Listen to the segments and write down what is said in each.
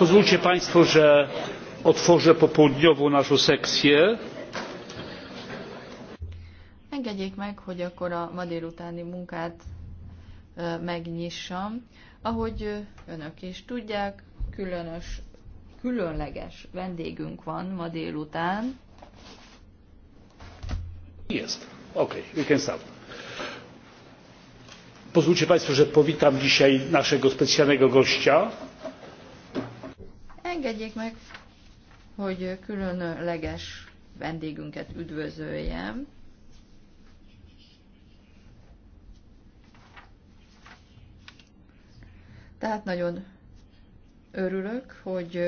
pozwólcie państwo że otworzę popołudniową naszą sekcję. Engedjék meg, hogy akkor a ma délutáni munkát megnyissam. Ahogy önök is tudják, különös, különleges vendégünk van ma délután. Jest. Ok, we can start. Pozwólcie Państwo, że powitam dzisiaj naszego specjalnego gościa, Engedjék meg, hogy különleges vendégünket üdvözöljem. Tehát nagyon örülök, hogy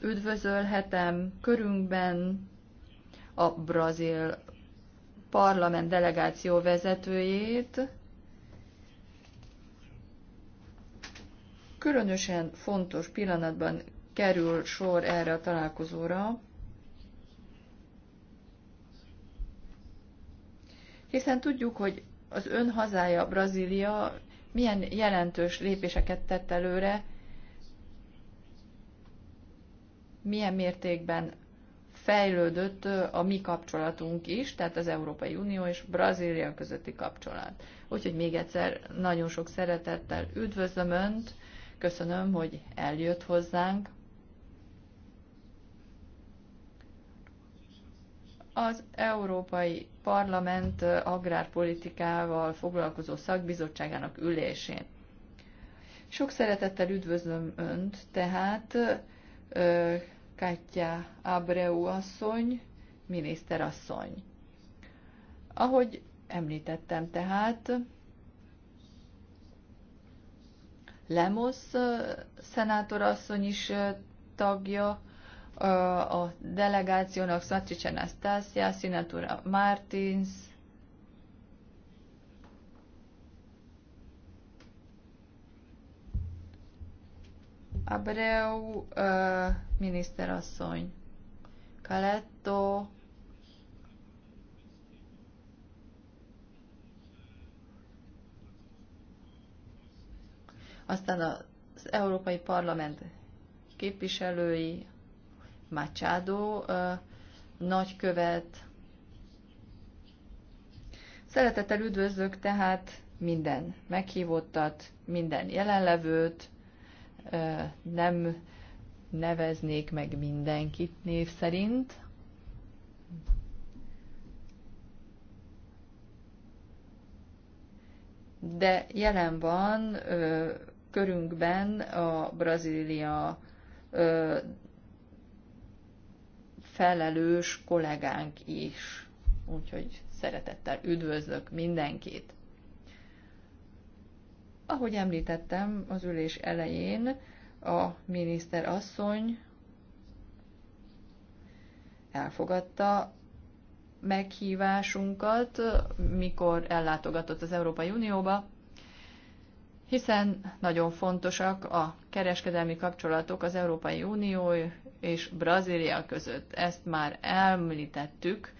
üdvözölhetem körünkben a brazil parlament delegáció vezetőjét, különösen fontos pillanatban kerül sor erre a találkozóra, hiszen tudjuk, hogy az ön hazája, Brazília milyen jelentős lépéseket tett előre, milyen mértékben fejlődött a mi kapcsolatunk is, tehát az Európai Unió és Brazília közötti kapcsolat. Úgyhogy még egyszer nagyon sok szeretettel üdvözlöm Önt, Köszönöm, hogy eljött hozzánk. Az Európai Parlament agrárpolitikával foglalkozó szakbizottságának ülésén. Sok szeretettel üdvözlöm Önt, tehát Katya Abreu asszony, miniszterasszony. Ahogy említettem tehát, Lemos szenátorasszony is tagja a delegációnak, Szatrics Anastasia, Sinatura Martins, Abreu miniszterasszony, Kaletto, Aztán az Európai Parlament képviselői, Machado nagykövet. Szeretettel üdvözlök tehát minden meghívottat, minden jelenlevőt, nem neveznék meg mindenkit név szerint. De jelen van körünkben a Brazília felelős kollégánk is. Úgyhogy szeretettel üdvözlök mindenkit. Ahogy említettem az ülés elején, a miniszter asszony elfogadta meghívásunkat, mikor ellátogatott az Európai Unióba, hiszen nagyon fontosak a kereskedelmi kapcsolatok az Európai Unió és Brazília között. Ezt már említettük,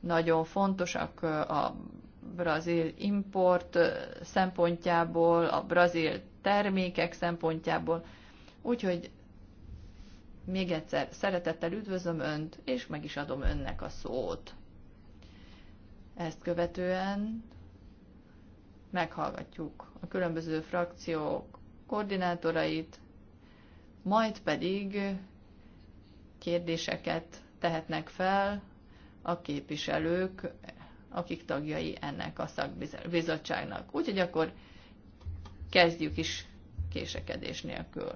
nagyon fontosak a brazil import szempontjából, a brazil termékek szempontjából. Úgyhogy még egyszer szeretettel üdvözlöm Önt, és meg is adom Önnek a szót. Ezt követően meghallgatjuk a különböző frakciók koordinátorait, majd pedig kérdéseket tehetnek fel a képviselők, akik tagjai ennek a szakbizottságnak. Úgyhogy akkor kezdjük is késekedés nélkül.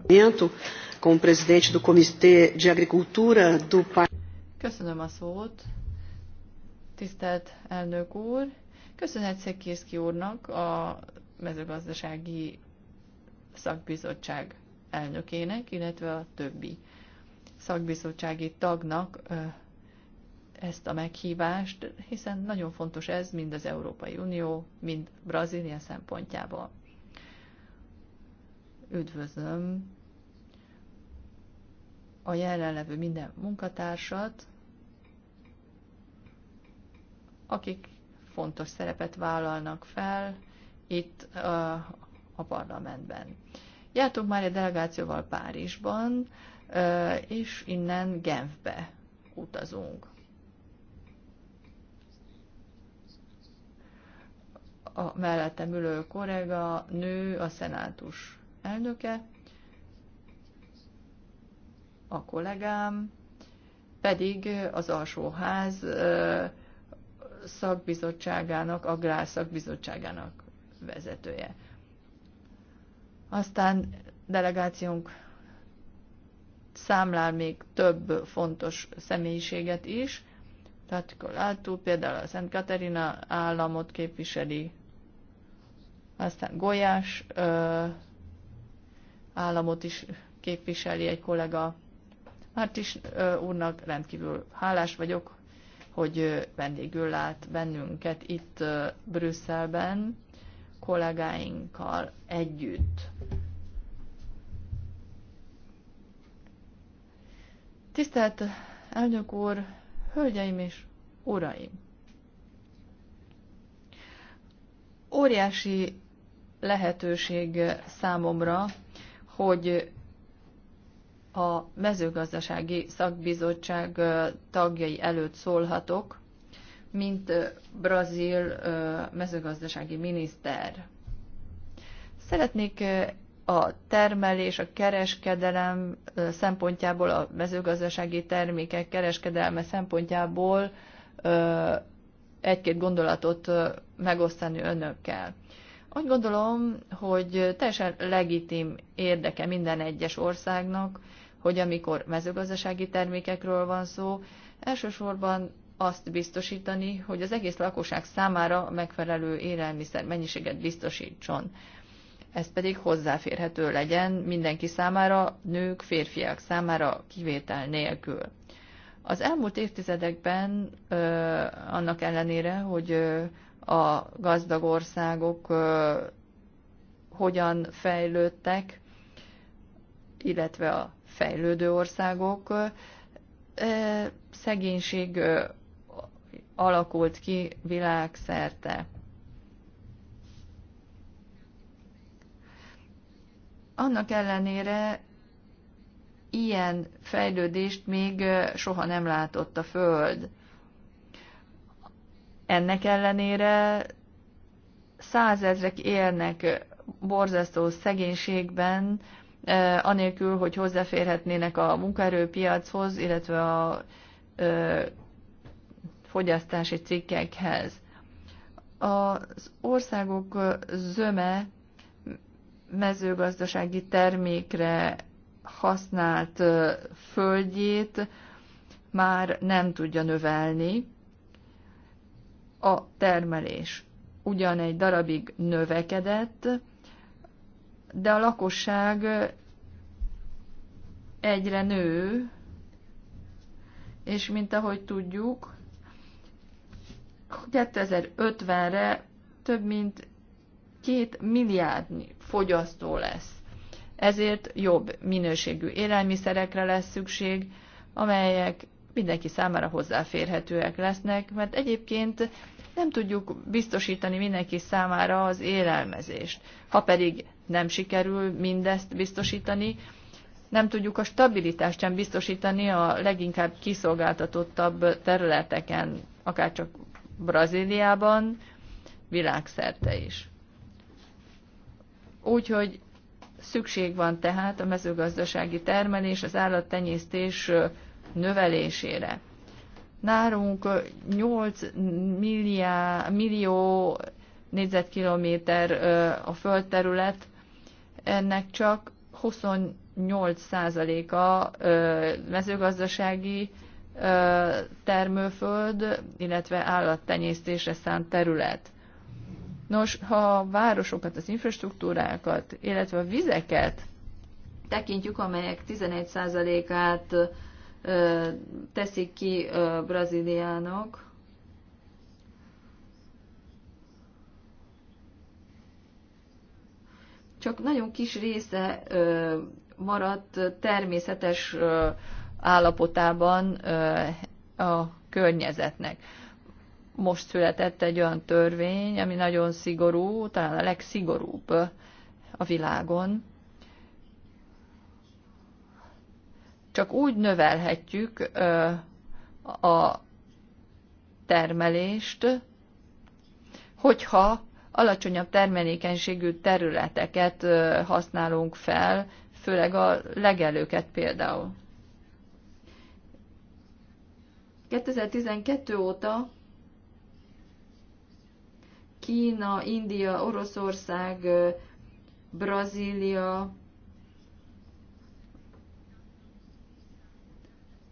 Köszönöm a szót, tisztelt elnök úr! Köszönet Szekészki úrnak, a mezőgazdasági szakbizottság elnökének, illetve a többi szakbizottsági tagnak ezt a meghívást, hiszen nagyon fontos ez mind az Európai Unió, mind Brazília szempontjából. Üdvözlöm a jelenlevő minden munkatársat, akik fontos szerepet vállalnak fel itt a parlamentben. Jártunk már egy delegációval Párizsban, és innen Genfbe utazunk. A mellettem ülő korega nő a szenátus elnöke, a kollégám, pedig az alsóház szakbizottságának, agrár szakbizottságának vezetője. Aztán delegációnk számlál még több fontos személyiséget is, tehát láttuk például a Szent Katerina államot képviseli, aztán Golyás ö, államot is képviseli egy kollega. is ö, úrnak rendkívül hálás vagyok, hogy vendégül lát bennünket itt Brüsszelben kollégáinkkal együtt. Tisztelt elnök úr, hölgyeim és uraim! Óriási lehetőség számomra, hogy a mezőgazdasági szakbizottság tagjai előtt szólhatok, mint brazil mezőgazdasági miniszter. Szeretnék a termelés, a kereskedelem szempontjából, a mezőgazdasági termékek kereskedelme szempontjából egy-két gondolatot megosztani önökkel. Úgy gondolom, hogy teljesen legitim érdeke minden egyes országnak, hogy amikor mezőgazdasági termékekről van szó, elsősorban azt biztosítani, hogy az egész lakosság számára megfelelő élelmiszer mennyiséget biztosítson. Ez pedig hozzáférhető legyen mindenki számára, nők, férfiak számára kivétel nélkül. Az elmúlt évtizedekben, annak ellenére, hogy a gazdag országok hogyan fejlődtek, illetve a fejlődő országok szegénység alakult ki világszerte. Annak ellenére ilyen fejlődést még soha nem látott a Föld. Ennek ellenére százezrek élnek borzasztó szegénységben, anélkül, hogy hozzáférhetnének a munkaerőpiachoz, illetve a fogyasztási cikkekhez. Az országok zöme mezőgazdasági termékre használt földjét már nem tudja növelni a termelés. Ugyan egy darabig növekedett, de a lakosság egyre nő, és mint ahogy tudjuk, 2050-re több mint két milliárdnyi fogyasztó lesz. Ezért jobb minőségű élelmiszerekre lesz szükség, amelyek mindenki számára hozzáférhetőek lesznek, mert egyébként nem tudjuk biztosítani mindenki számára az élelmezést. Ha pedig nem sikerül mindezt biztosítani, nem tudjuk a stabilitást sem biztosítani a leginkább kiszolgáltatottabb területeken, akárcsak Brazíliában, világszerte is. Úgyhogy szükség van tehát a mezőgazdasági termelés, az állattenyésztés növelésére. Nálunk 8 milliá, millió négyzetkilométer a földterület, ennek csak 28%-a mezőgazdasági termőföld, illetve állattenyésztésre szánt terület. Nos, ha a városokat, az infrastruktúrákat, illetve a vizeket tekintjük, amelyek 11%-át teszik ki Brazíliának, csak nagyon kis része maradt természetes állapotában a környezetnek. Most született egy olyan törvény, ami nagyon szigorú, talán a legszigorúbb a világon. Csak úgy növelhetjük a termelést, hogyha alacsonyabb termelékenységű területeket használunk fel, főleg a legelőket például. 2012 óta Kína, India, Oroszország, Brazília,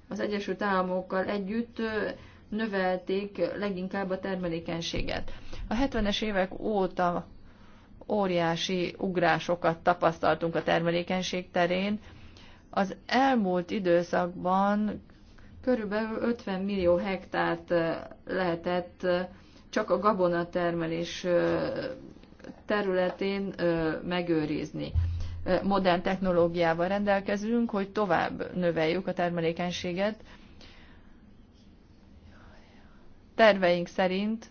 az Egyesült Államokkal együtt növelték leginkább a termelékenységet. A 70-es évek óta óriási ugrásokat tapasztaltunk a termelékenység terén. Az elmúlt időszakban körülbelül 50 millió hektárt eh, lehetett eh, csak a gabonatermelés eh, területén megőrizni. Modern technológiával rendelkezünk, hogy tovább növeljük a termelékenységet. Terveink szerint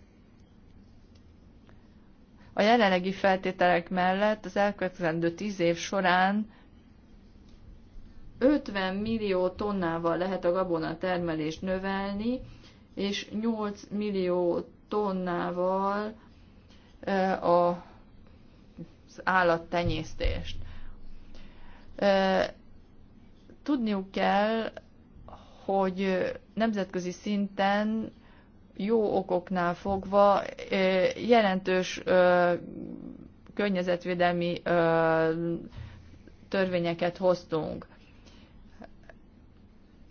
a jelenlegi feltételek mellett az elkövetkezendő 10 év során 50 millió tonnával lehet a gabona termelést növelni, és 8 millió tonnával a, az állattenyésztést. Tudniuk kell, hogy nemzetközi szinten jó okoknál fogva jelentős környezetvédelmi törvényeket hoztunk.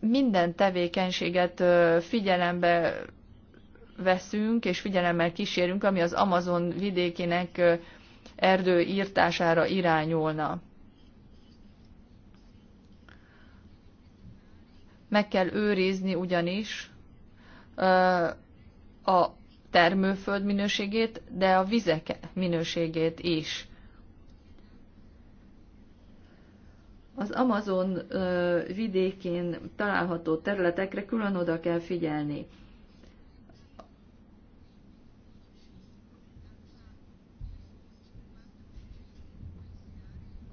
Minden tevékenységet figyelembe veszünk és figyelemmel kísérünk, ami az Amazon vidékének erdő írtására irányulna. Meg kell őrizni ugyanis a termőföld minőségét, de a vizek minőségét is. Az Amazon vidékén található területekre külön oda kell figyelni.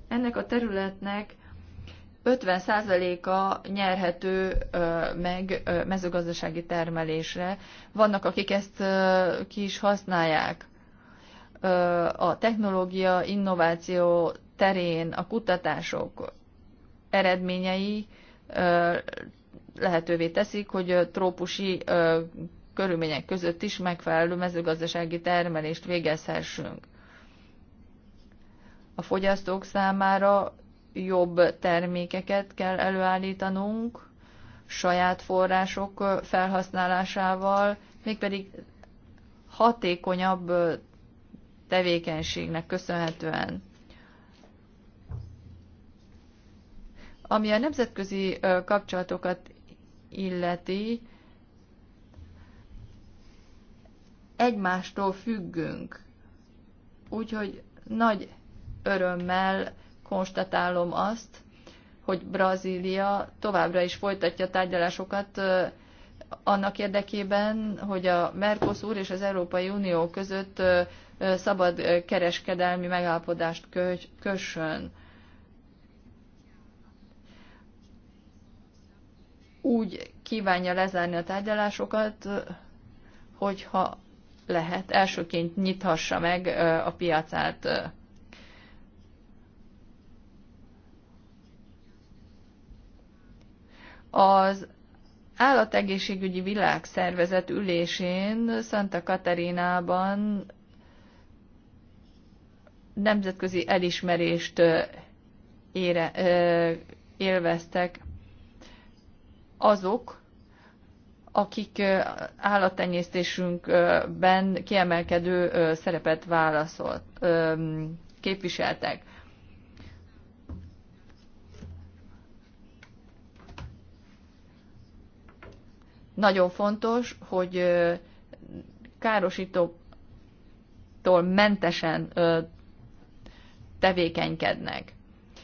Ennek a területnek 50%-a nyerhető meg mezőgazdasági termelésre. Vannak, akik ezt ki is használják. A technológia, innováció terén a kutatások eredményei lehetővé teszik, hogy trópusi körülmények között is megfelelő mezőgazdasági termelést végezhessünk. A fogyasztók számára jobb termékeket kell előállítanunk saját források felhasználásával, mégpedig hatékonyabb tevékenységnek köszönhetően. Ami a nemzetközi kapcsolatokat illeti, egymástól függünk. Úgyhogy nagy örömmel konstatálom azt, hogy Brazília továbbra is folytatja tárgyalásokat annak érdekében, hogy a Mercosur és az Európai Unió között szabad kereskedelmi megállapodást kössön. Úgy kívánja lezárni a tárgyalásokat, hogyha lehet, elsőként nyithassa meg a piacát Az Állategészségügyi Világszervezet ülésén Santa Katarinában nemzetközi elismerést ére, élveztek azok, akik állattenyésztésünkben kiemelkedő szerepet válaszolt, képviseltek. Nagyon fontos, hogy károsítóktól mentesen tevékenykednek.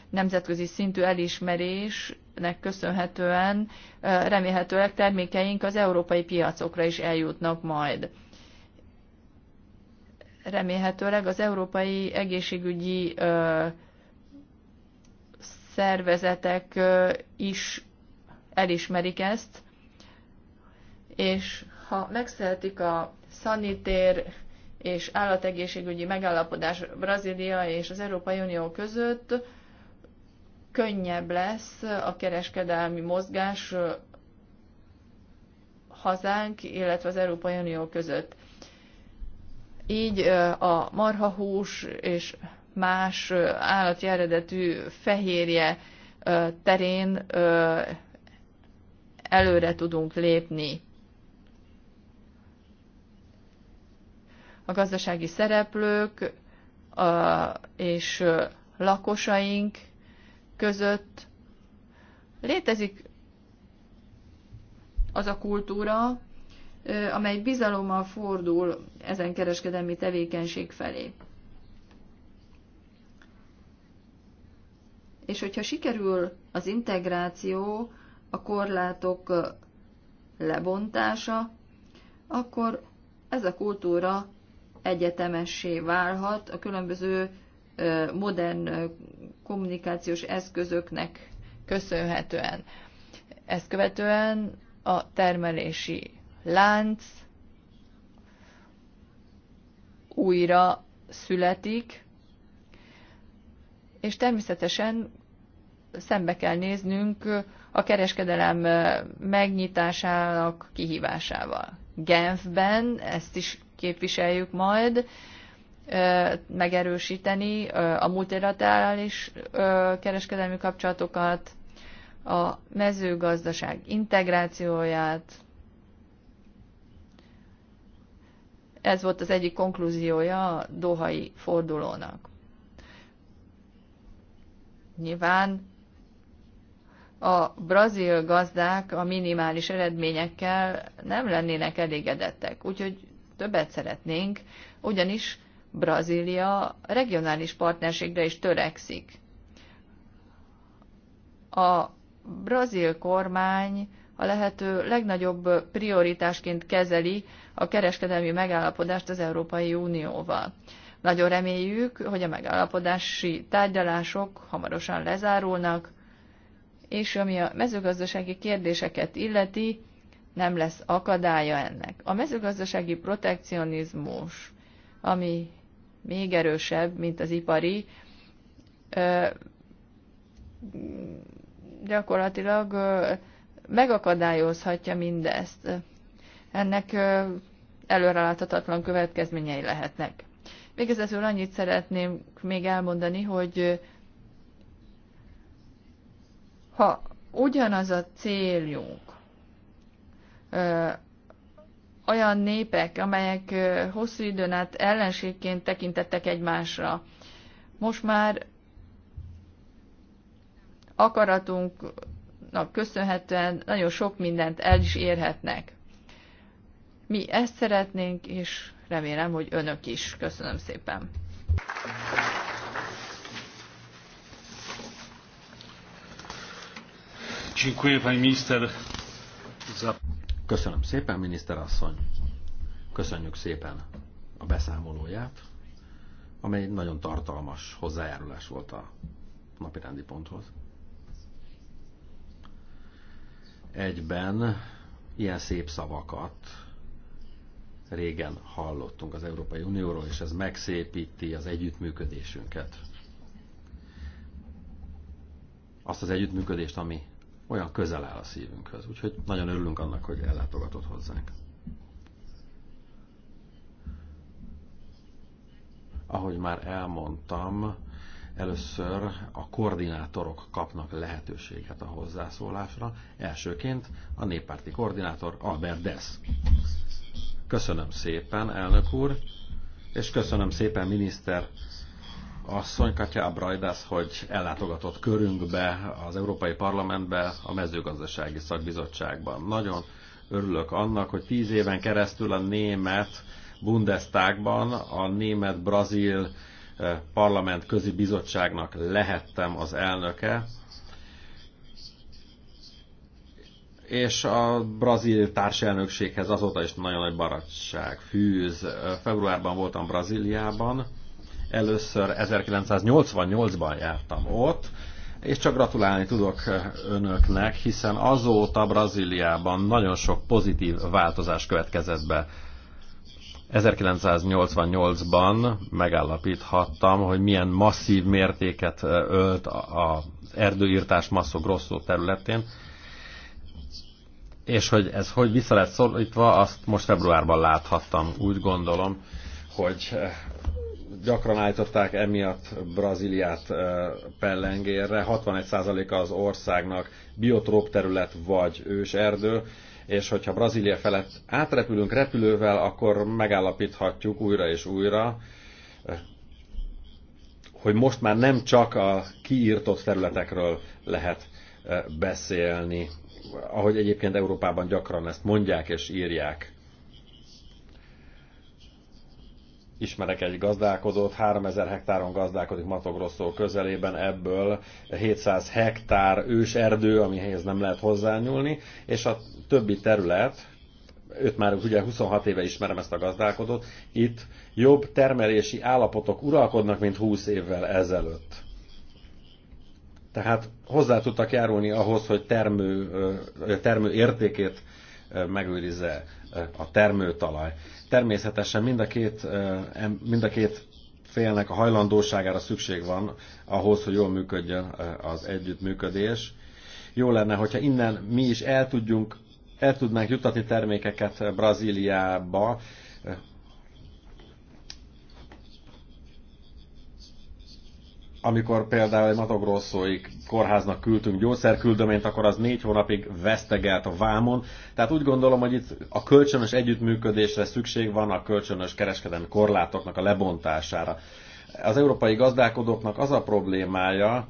Nemzetközi szintű elismerésnek köszönhetően remélhetőleg termékeink az európai piacokra is eljutnak majd remélhetőleg az európai egészségügyi szervezetek is elismerik ezt, és ha megszületik a szanitér és állategészségügyi megállapodás Brazília és az Európai Unió között, könnyebb lesz a kereskedelmi mozgás hazánk, illetve az Európai Unió között. Így a marhahús és más állati eredetű fehérje terén előre tudunk lépni. a gazdasági szereplők és lakosaink között létezik az a kultúra, amely bizalommal fordul ezen kereskedelmi tevékenység felé. És hogyha sikerül az integráció, a korlátok lebontása, akkor ez a kultúra egyetemessé válhat a különböző modern kommunikációs eszközöknek köszönhetően. Ezt követően a termelési lánc újra születik, és természetesen szembe kell néznünk a kereskedelem megnyitásának kihívásával. Genfben ezt is képviseljük majd, megerősíteni a multilaterális kereskedelmi kapcsolatokat, a mezőgazdaság integrációját. Ez volt az egyik konklúziója a dohai fordulónak. Nyilván a brazil gazdák a minimális eredményekkel nem lennének elégedettek, úgyhogy többet szeretnénk, ugyanis Brazília regionális partnerségre is törekszik. A brazil kormány a lehető legnagyobb prioritásként kezeli a kereskedelmi megállapodást az Európai Unióval. Nagyon reméljük, hogy a megállapodási tárgyalások hamarosan lezárulnak, és ami a mezőgazdasági kérdéseket illeti, nem lesz akadálya ennek. A mezőgazdasági protekcionizmus, ami még erősebb, mint az ipari, gyakorlatilag megakadályozhatja mindezt. Ennek előreláthatatlan következményei lehetnek. Végezetül annyit szeretném még elmondani, hogy ha ugyanaz a céljunk, olyan népek, amelyek hosszú időn át ellenségként tekintettek egymásra. Most már akaratunknak köszönhetően nagyon sok mindent el is érhetnek. Mi ezt szeretnénk, és remélem, hogy önök is. Köszönöm szépen. Dziękuję pani minister za Köszönöm szépen, miniszterasszony. Köszönjük szépen a beszámolóját, amely egy nagyon tartalmas hozzájárulás volt a napirendi ponthoz. Egyben ilyen szép szavakat régen hallottunk az Európai Unióról, és ez megszépíti az együttműködésünket. Azt az együttműködést, ami olyan közel áll a szívünkhöz. Úgyhogy nagyon örülünk annak, hogy ellátogatott hozzánk. Ahogy már elmondtam, először a koordinátorok kapnak lehetőséget a hozzászólásra. Elsőként a néppárti koordinátor Albert Dess. Köszönöm szépen, elnök úr, és köszönöm szépen, miniszter asszony, Katja Abrajdász, hogy ellátogatott körünkbe az Európai Parlamentbe, a mezőgazdasági szakbizottságban. Nagyon örülök annak, hogy tíz éven keresztül a német Bundestagban, a német-brazil eh, parlament közi bizottságnak lehettem az elnöke, és a brazil társelnökséghez azóta is nagyon nagy barátság fűz. Eh, februárban voltam Brazíliában, Először 1988-ban jártam ott, és csak gratulálni tudok önöknek, hiszen azóta Brazíliában nagyon sok pozitív változás következett be. 1988-ban megállapíthattam, hogy milyen masszív mértéket ölt az erdőírtás Masso Grosso területén, és hogy ez hogy vissza lett szólítva, azt most februárban láthattam. Úgy gondolom, hogy gyakran állították emiatt Brazíliát pellengérre. 61%-a az országnak biotróp terület vagy őserdő, és hogyha Brazília felett átrepülünk repülővel, akkor megállapíthatjuk újra és újra, hogy most már nem csak a kiírtott területekről lehet beszélni, ahogy egyébként Európában gyakran ezt mondják és írják. Ismerek egy gazdálkodót 3000 hektáron gazdálkodik Matogrosszó közelében, ebből 700 hektár ős erdő, amihez nem lehet hozzányúlni, és a többi terület, őt már ugye 26 éve ismerem ezt a gazdálkodót, itt jobb termelési állapotok uralkodnak, mint 20 évvel ezelőtt. Tehát hozzá tudtak járulni ahhoz, hogy termő, termő értékét megőrizze a termőtalaj. Természetesen mind a két, mind a két félnek a hajlandóságára szükség van ahhoz, hogy jól működjön az együttműködés. Jó lenne, hogyha innen mi is el tudjunk el tudnánk jutatni termékeket Brazíliába, amikor például egy matogrosszói kórháznak küldtünk gyógyszerküldöményt, akkor az négy hónapig vesztegelt a vámon. Tehát úgy gondolom, hogy itt a kölcsönös együttműködésre szükség van a kölcsönös kereskedelmi korlátoknak a lebontására. Az európai gazdálkodóknak az a problémája,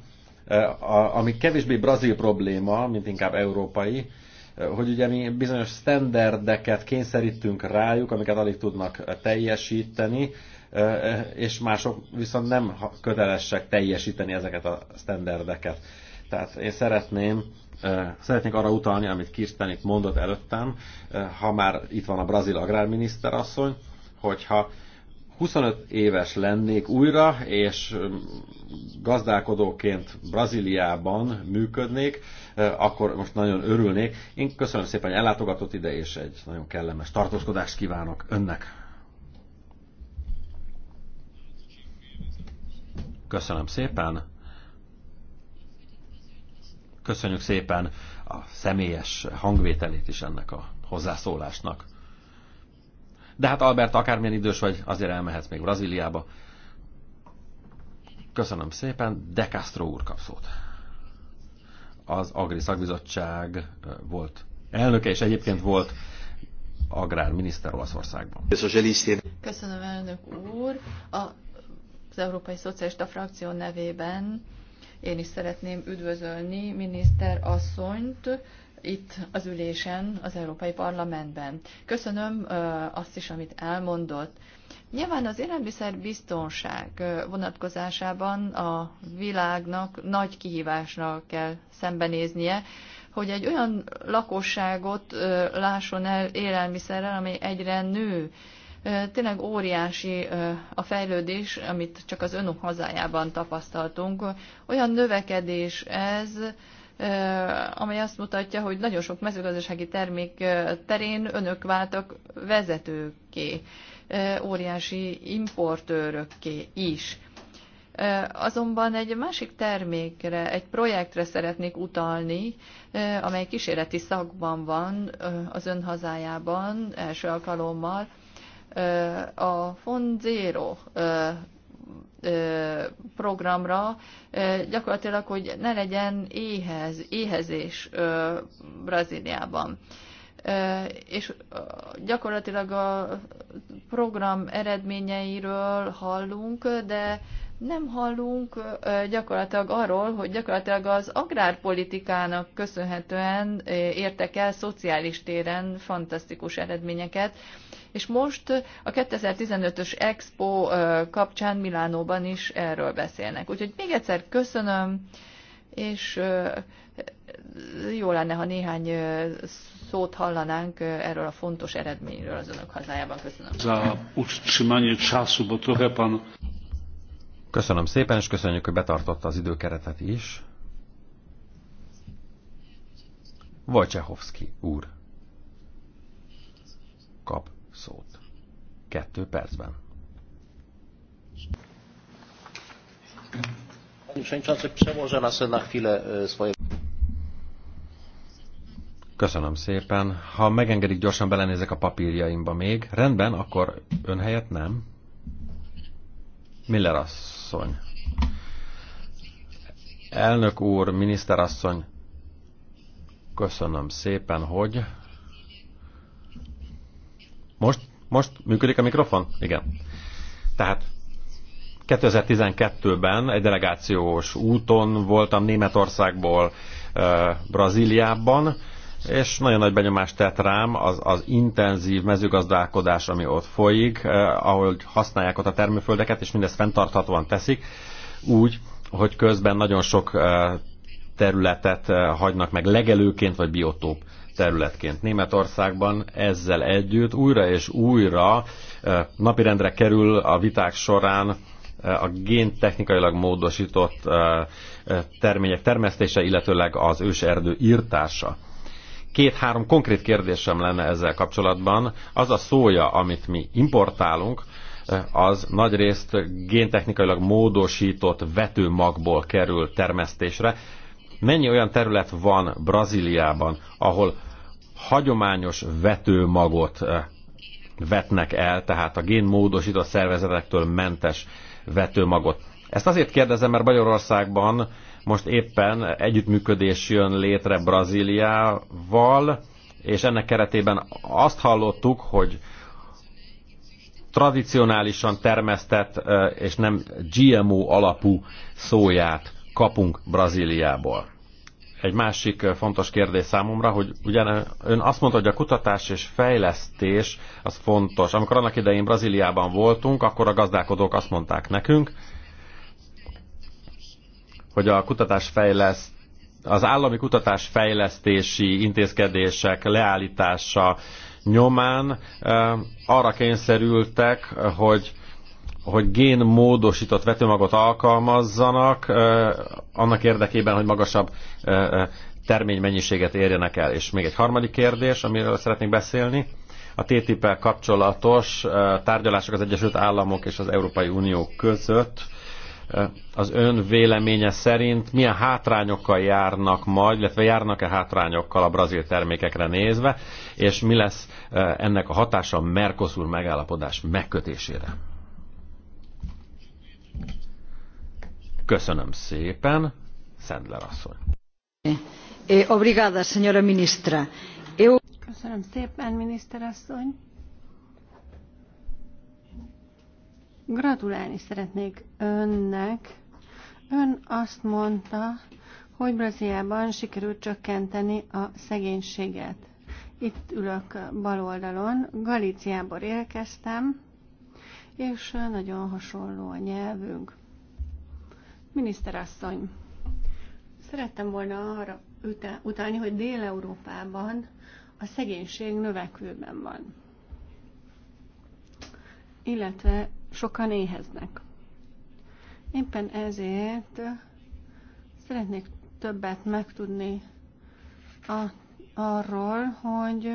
e, ami kevésbé brazil probléma, mint inkább európai, e, hogy ugye mi bizonyos standardeket kényszerítünk rájuk, amiket alig tudnak teljesíteni, és mások viszont nem kötelesek teljesíteni ezeket a standardeket. Tehát én szeretném, szeretnék arra utalni, amit Kirsten itt mondott előttem, ha már itt van a brazil agrárminiszter asszony, hogyha 25 éves lennék újra, és gazdálkodóként Brazíliában működnék, akkor most nagyon örülnék. Én köszönöm szépen, hogy ellátogatott ide, és egy nagyon kellemes tartózkodást kívánok önnek. Köszönöm szépen. Köszönjük szépen a személyes hangvételét is ennek a hozzászólásnak. De hát Albert, akármilyen idős vagy, azért elmehetsz még Brazíliába. Köszönöm szépen. De Castro úr kap szót. Az Agri Szakbizottság volt elnöke, és egyébként volt agrárminiszter Olaszországban. Köszönöm, elnök úr. A az Európai Szocialista Frakció nevében én is szeretném üdvözölni miniszter asszonyt itt az ülésen, az Európai Parlamentben. Köszönöm azt is, amit elmondott. Nyilván az élelmiszer biztonság vonatkozásában a világnak nagy kihívásnak kell szembenéznie, hogy egy olyan lakosságot lásson el élelmiszerrel, amely egyre nő, Tényleg óriási a fejlődés, amit csak az önök hazájában tapasztaltunk. Olyan növekedés ez, amely azt mutatja, hogy nagyon sok mezőgazdasági termék terén önök váltak vezetőké, óriási importőrökké is. Azonban egy másik termékre, egy projektre szeretnék utalni, amely kísérleti szakban van az ön hazájában első alkalommal a Fond Zero programra, gyakorlatilag, hogy ne legyen éhez, éhezés Brazíliában. És gyakorlatilag a program eredményeiről hallunk, de nem hallunk gyakorlatilag arról, hogy gyakorlatilag az agrárpolitikának köszönhetően értek el szociális téren fantasztikus eredményeket, és most a 2015-ös Expo kapcsán Milánóban is erről beszélnek. Úgyhogy még egyszer köszönöm, és jó lenne, ha néhány szót hallanánk erről a fontos eredményről az önök hazájában. Köszönöm. Za utrzymanie czasu, bo trochę pan... Köszönöm szépen, és köszönjük, hogy betartotta az időkeretet is. Wojciechowski úr kap szót. Kettő percben. E, Köszönöm szépen. Ha megengedik, gyorsan belenézek a papírjaimba még. Rendben, akkor ön helyett nem. Miller asszony. Elnök úr, miniszterasszony, köszönöm szépen, hogy... Most, most működik a mikrofon? Igen. Tehát 2012-ben egy delegációs úton voltam Németországból Brazíliában, és nagyon nagy benyomást tett rám az, az intenzív mezőgazdálkodás, ami ott folyik, eh, ahol használják ott a termőföldeket, és mindezt fenntarthatóan teszik, úgy, hogy közben nagyon sok eh, területet eh, hagynak meg legelőként vagy biotóp területként. Németországban ezzel együtt újra és újra eh, napirendre kerül a viták során eh, a géntechnikailag módosított eh, eh, termények termesztése, illetőleg az őserdő írtása két-három konkrét kérdésem lenne ezzel kapcsolatban. Az a szója, amit mi importálunk, az nagyrészt géntechnikailag módosított vetőmagból kerül termesztésre. Mennyi olyan terület van Brazíliában, ahol hagyományos vetőmagot eh, vetnek el, tehát a génmódosított szervezetektől mentes vetőmagot? Ezt azért kérdezem, mert Magyarországban most éppen együttműködés jön létre Brazíliával, és ennek keretében azt hallottuk, hogy tradicionálisan termesztett és nem GMO alapú szóját kapunk Brazíliából. Egy másik fontos kérdés számomra, hogy ugyan ön azt mondta, hogy a kutatás és fejlesztés az fontos. Amikor annak idején Brazíliában voltunk, akkor a gazdálkodók azt mondták nekünk, hogy a kutatás fejleszt az állami kutatás fejlesztési intézkedések leállítása nyomán arra kényszerültek, hogy hogy génmódosított vetőmagot alkalmazzanak annak érdekében, hogy magasabb terménymennyiséget érjenek el. És még egy harmadik kérdés, amiről szeretnék beszélni. A TTIP-el kapcsolatos tárgyalások az Egyesült Államok és az Európai Unió között az ön véleménye szerint milyen hátrányokkal járnak majd, illetve járnak-e hátrányokkal a brazil termékekre nézve, és mi lesz e, ennek a hatása a Mercosur megállapodás megkötésére? Köszönöm szépen, Szendler asszony. Eh, obrigada, señora ministra. Köszönöm szépen, miniszter asszony. Gratulálni szeretnék önnek. Ön azt mondta, hogy Brazíliában sikerült csökkenteni a szegénységet. Itt ülök bal oldalon, Galíciából érkeztem, és nagyon hasonló a nyelvünk. Miniszterasszony, szerettem volna arra utalni, hogy Dél-Európában a szegénység növekvőben van, illetve sokan éheznek. Éppen ezért szeretnék többet megtudni a, arról, hogy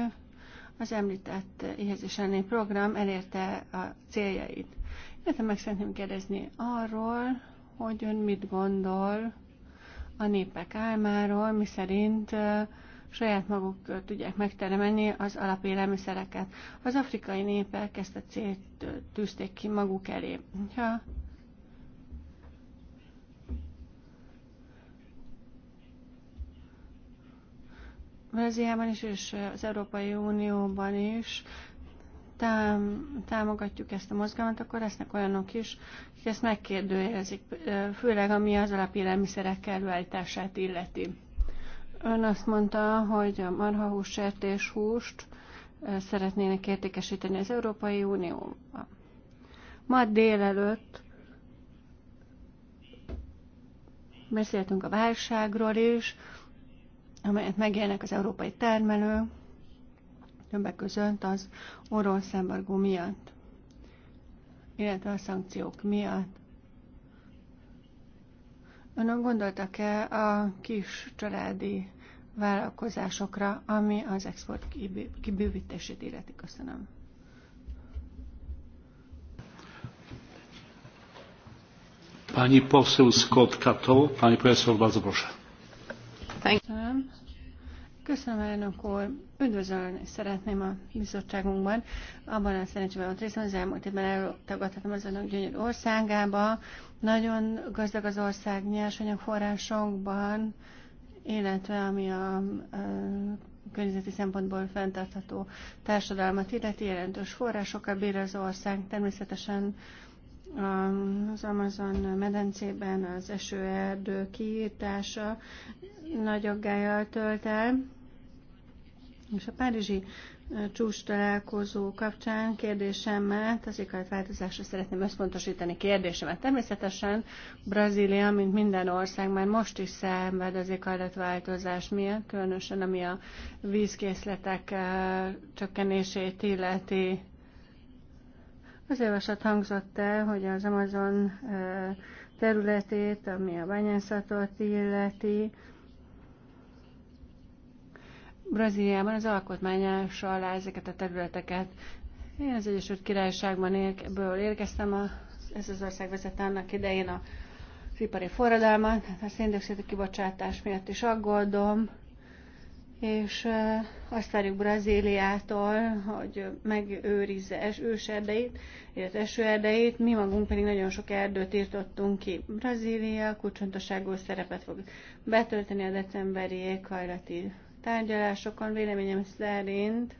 az említett éhezés elleni program elérte a céljait. Illetve meg szeretném kérdezni arról, hogy ön mit gondol a népek álmáról, miszerint szerint saját maguk tudják megtermelni az alapélelmiszereket. Az afrikai népek ezt a célt tűzték ki maguk elé. Ha Brazíliában is, és az Európai Unióban is tám, támogatjuk ezt a mozgalmat, akkor lesznek olyanok is, akik ezt megkérdőjelezik, főleg ami az alapélelmiszerek előállítását illeti. Ön azt mondta, hogy a marhahús sertéshúst szeretnének értékesíteni az Európai Unióban. Ma délelőtt beszéltünk a válságról is, amelyet megélnek az európai termelő, többek között az orosz embargó miatt, illetve a szankciók miatt. Önök gondoltak-e a kis családi vállalkozásokra, ami az export kibővítését illeti? Köszönöm. Pani poseł Scott Kato, pani profesor, bardzo proszę. Thank you. Köszönöm, elnök úr. Üdvözölni szeretném a bizottságunkban. Abban a szerencsében ott részben az elmúlt évben eltagadhatom az önök gyönyörű országába. Nagyon gazdag az ország forrásokban illetve ami a, a környezeti szempontból fenntartható társadalmat illeti jelentős forrásokkal bír az ország. Természetesen az Amazon medencében az esőerdő kiírtása nagyobb gájjal tölt el. És a párizsi csúcs találkozó kapcsán kérdésemmel, az éghajlatváltozásra szeretném összpontosítani kérdésemet. Természetesen Brazília, mint minden ország, már most is szenved az éghajlatváltozás miatt, különösen ami a vízkészletek csökkenését illeti. Az javaslat hangzott el, hogy az Amazon területét, ami a bányászatot illeti, Brazíliában az alkotmányás alá ezeket a területeket. Én az Egyesült Királyságban érből érkeztem, a, ez az ország vezet annak idején a ipari forradalmat, hát a széndiokszid kibocsátás miatt is aggódom, és azt várjuk Brazíliától, hogy megőrizze őserdeit, illetve esőerdeit, mi magunk pedig nagyon sok erdőt írtottunk ki. Brazília kulcsontosságú szerepet fog betölteni a decemberi éghajlati tárgyalásokon véleményem szerint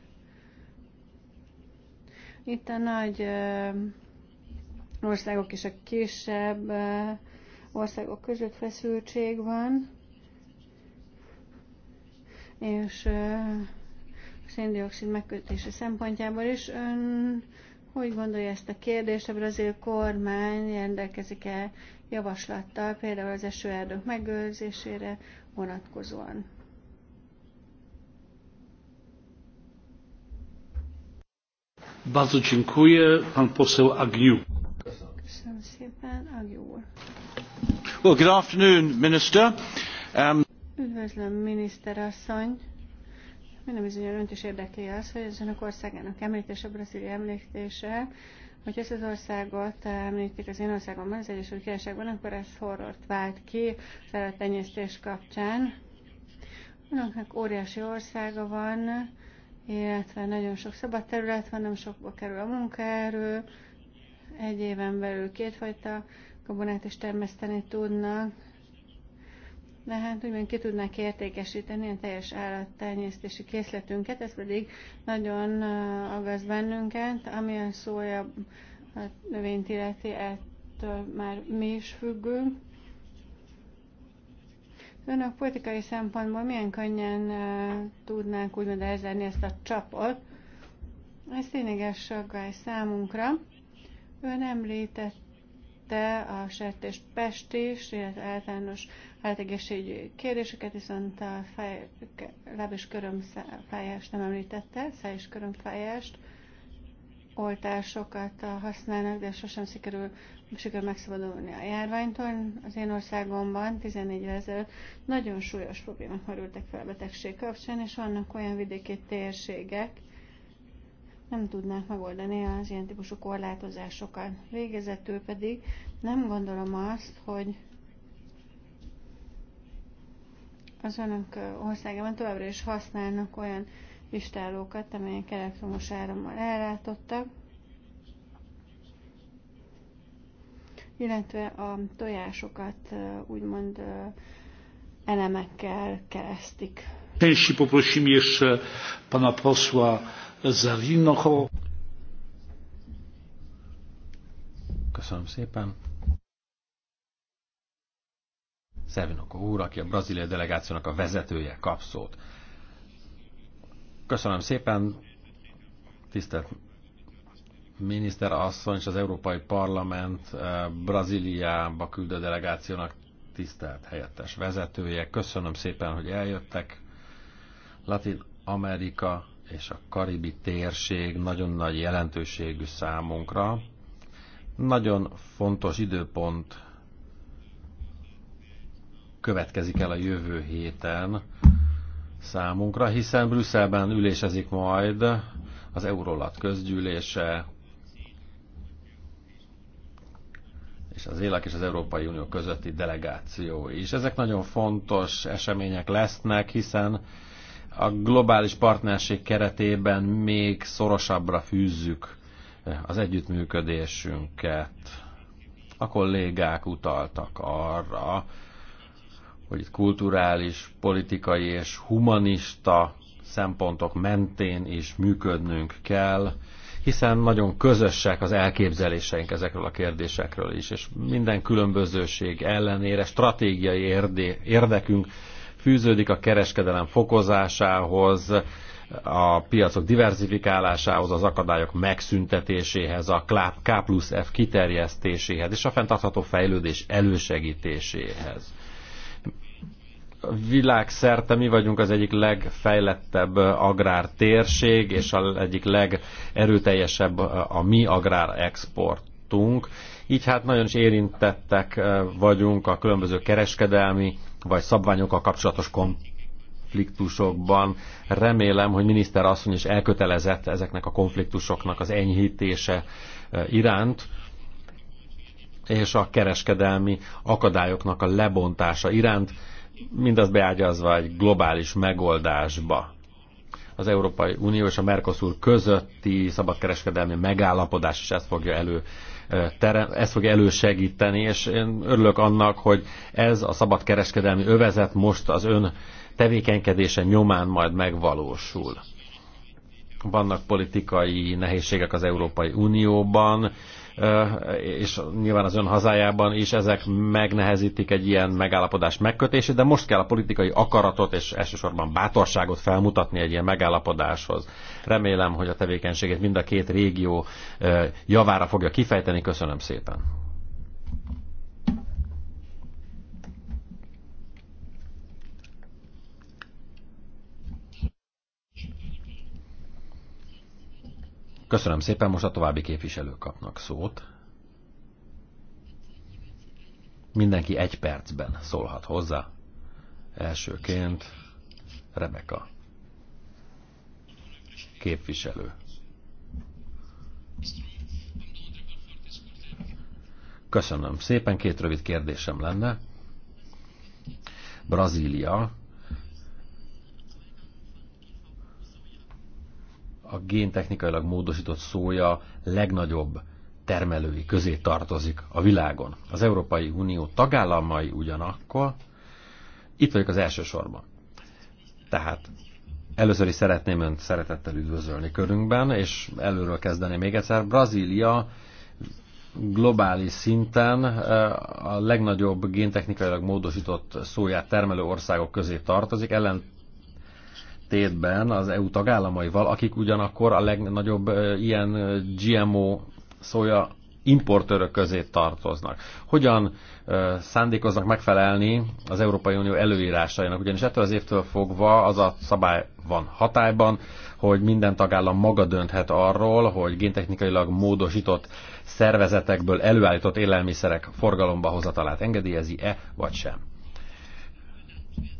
itt a nagy országok és a kisebb országok között feszültség van, és a széndiokszid megkötése szempontjából is ön hogy gondolja ezt a kérdést, a brazil kormány rendelkezik-e javaslattal például az esőerdők megőrzésére vonatkozóan? Bardzo dziękuję. Pan poseł Agniu. Well, good afternoon, Minister. Um... Üdvözlöm, miniszterasszony. Minden bizonyal önt is érdekli az, hogy az önök országának említése, Brazília említése, hogy ezt az országot említik az én országomban, az Egyesült Királyságban, akkor ez horrort vált ki az állattenyésztés kapcsán. Önöknek óriási országa van, illetve nagyon sok szabad terület van, nem sokba kerül a munkaerő, egy éven belül kétfajta gabonát is termeszteni tudnak, de hát úgymond ki tudnák értékesíteni a teljes állattenyésztési készletünket, ez pedig nagyon agaz bennünket, ami a szója a növényt illeti, ettől már mi is függünk. Önök politikai szempontból milyen könnyen tudnánk úgymond elzárni ezt a csapot. Ez tényleges aggály számunkra. Ön említette a sertés pestés, illetve általános áltegészségügyi kérdéseket, viszont a fáj, láb és körömfájást nem említette, száj és körömfájást oltásokat használnak, de sosem sikerül sikerül megszabadulni a járványtól. Az én országomban 14 ezelőtt nagyon súlyos problémák merültek fel a betegség kapcsán, és vannak olyan vidéki térségek, nem tudnák megoldani az ilyen típusú korlátozásokat. Végezetül pedig nem gondolom azt, hogy az önök országában továbbra is használnak olyan listálókat, amelyek elektromos árammal ellátottak, illetve a tojásokat úgymond elemekkel keresztik. Części poprosim jeszcze pana posła Zarinoho. Köszönöm szépen. Szervinoko úr, aki a brazília delegációnak a vezetője, kap szót. Köszönöm szépen, tisztelt miniszter asszony és az Európai Parlament eh, Brazíliába küldő delegációnak tisztelt helyettes vezetője. Köszönöm szépen, hogy eljöttek. Latin Amerika és a karibi térség nagyon nagy jelentőségű számunkra. Nagyon fontos időpont következik el a jövő héten számunkra, hiszen Brüsszelben ülésezik majd az Eurolat közgyűlése, és az élek és az Európai Unió közötti delegáció is. Ezek nagyon fontos események lesznek, hiszen a globális partnerség keretében még szorosabbra fűzzük az együttműködésünket. A kollégák utaltak arra, hogy itt kulturális, politikai és humanista szempontok mentén is működnünk kell, hiszen nagyon közösek az elképzeléseink ezekről a kérdésekről is, és minden különbözőség ellenére stratégiai érdé, érdekünk fűződik a kereskedelem fokozásához, a piacok diversifikálásához, az akadályok megszüntetéséhez, a K plusz F kiterjesztéséhez és a fenntartható fejlődés elősegítéséhez világszerte mi vagyunk az egyik legfejlettebb agrártérség, és az egyik legerőteljesebb a mi agrárexportunk. Így hát nagyon is érintettek vagyunk a különböző kereskedelmi vagy szabványokkal kapcsolatos konfliktusokban. Remélem, hogy miniszter asszony is elkötelezett ezeknek a konfliktusoknak az enyhítése iránt és a kereskedelmi akadályoknak a lebontása iránt mindaz beágyazva egy globális megoldásba. Az Európai Unió és a Mercosur közötti szabadkereskedelmi megállapodás is ezt fogja elő eh, terem, ezt fogja elősegíteni, és én örülök annak, hogy ez a szabadkereskedelmi övezet most az ön tevékenykedése nyomán majd megvalósul. Vannak politikai nehézségek az Európai Unióban, és nyilván az ön hazájában is ezek megnehezítik egy ilyen megállapodás megkötését, de most kell a politikai akaratot és elsősorban bátorságot felmutatni egy ilyen megállapodáshoz. Remélem, hogy a tevékenységét mind a két régió javára fogja kifejteni. Köszönöm szépen. Köszönöm szépen, most a további képviselők kapnak szót. Mindenki egy percben szólhat hozzá. Elsőként Rebeka. Képviselő. Köszönöm szépen, két rövid kérdésem lenne. Brazília a géntechnikailag módosított szója legnagyobb termelői közé tartozik a világon. Az Európai Unió tagállamai ugyanakkor, itt vagyok az első sorban. Tehát először is szeretném Önt szeretettel üdvözölni körünkben, és előről kezdeni még egyszer. Brazília globális szinten eh, a legnagyobb géntechnikailag módosított szóját termelő országok közé tartozik, ellen ellentétben az EU tagállamaival, akik ugyanakkor a legnagyobb ilyen GMO szója importőrök közé tartoznak. Hogyan szándékoznak megfelelni az Európai Unió előírásainak? Ugyanis ettől az évtől fogva az a szabály van hatályban, hogy minden tagállam maga dönthet arról, hogy géntechnikailag módosított szervezetekből előállított élelmiszerek forgalomba hozatalát engedélyezi-e vagy sem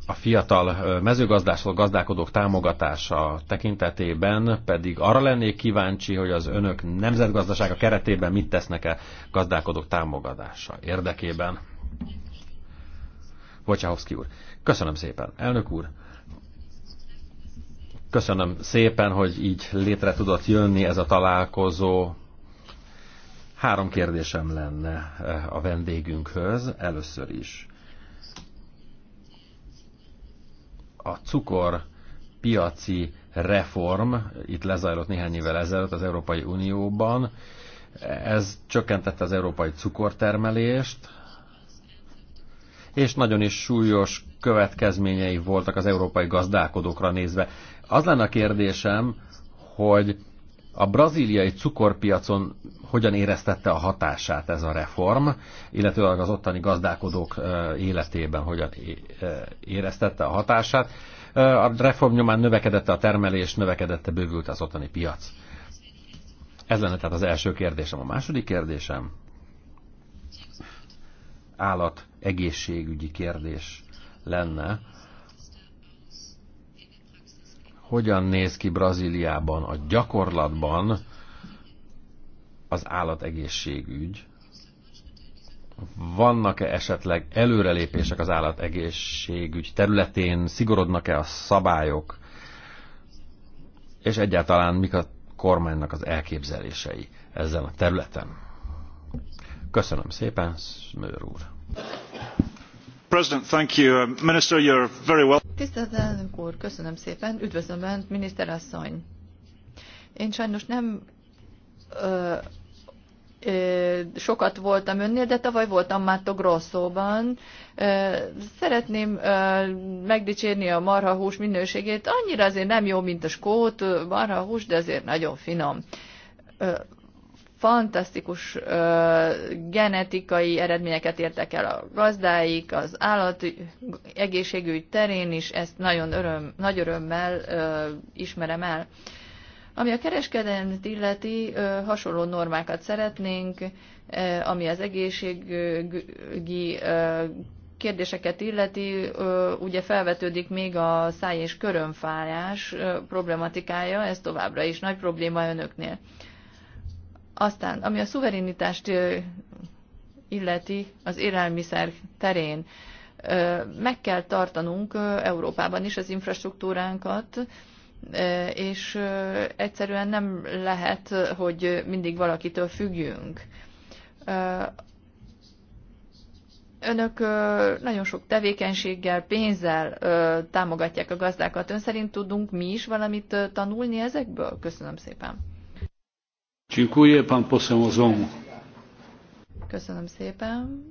a fiatal mezőgazdásról gazdálkodók támogatása tekintetében pedig arra lennék kíváncsi, hogy az önök nemzetgazdasága keretében mit tesznek-e gazdálkodók támogatása érdekében. Bocsáhovszki úr. Köszönöm szépen. Elnök úr, köszönöm szépen, hogy így létre tudott jönni ez a találkozó. Három kérdésem lenne a vendégünkhöz először is a cukor piaci reform itt lezajlott néhány évvel ezelőtt az Európai Unióban. Ez csökkentette az európai cukortermelést, és nagyon is súlyos következményei voltak az európai gazdálkodókra nézve. Az lenne a kérdésem, hogy a braziliai cukorpiacon hogyan éreztette a hatását ez a reform, illetőleg az ottani gazdálkodók életében hogyan éreztette a hatását. A reform nyomán növekedett a termelés, növekedette, bővült az ottani piac. Ez lenne tehát az első kérdésem. A második kérdésem állat egészségügyi kérdés lenne. Hogyan néz ki Brazíliában a gyakorlatban az állategészségügy? Vannak-e esetleg előrelépések az állategészségügy területén? Szigorodnak-e a szabályok? És egyáltalán mik a kormánynak az elképzelései ezzel a területen? Köszönöm szépen, Smőr úr! Um, tisztelt elnök úr köszönöm szépen üdvözlöm önt miniszter asszony én sajnos nem ö, ö, sokat voltam önnél, de tavaly voltam Mato Grosszóban. szeretném ö, megdicsérni a marhahús minőségét. Annyira azért nem jó, mint a skót marhahús, de azért nagyon finom. Ö, fantasztikus ö, genetikai eredményeket értek el a gazdáik, az állat egészségügy terén is, ezt nagyon öröm, nagy örömmel ö, ismerem el. Ö, ami a kereskedelmet illeti, hasonló normákat szeretnénk, ami az egészségügyi kérdéseket illeti, ugye felvetődik még a száj és körömfájás problematikája, ez továbbra is nagy probléma önöknél. Aztán, ami a szuverenitást illeti az élelmiszer terén, meg kell tartanunk Európában is az infrastruktúránkat, és egyszerűen nem lehet, hogy mindig valakitől függjünk. Önök nagyon sok tevékenységgel, pénzzel támogatják a gazdákat. Ön szerint tudunk mi is valamit tanulni ezekből? Köszönöm szépen. Köszönöm szépen.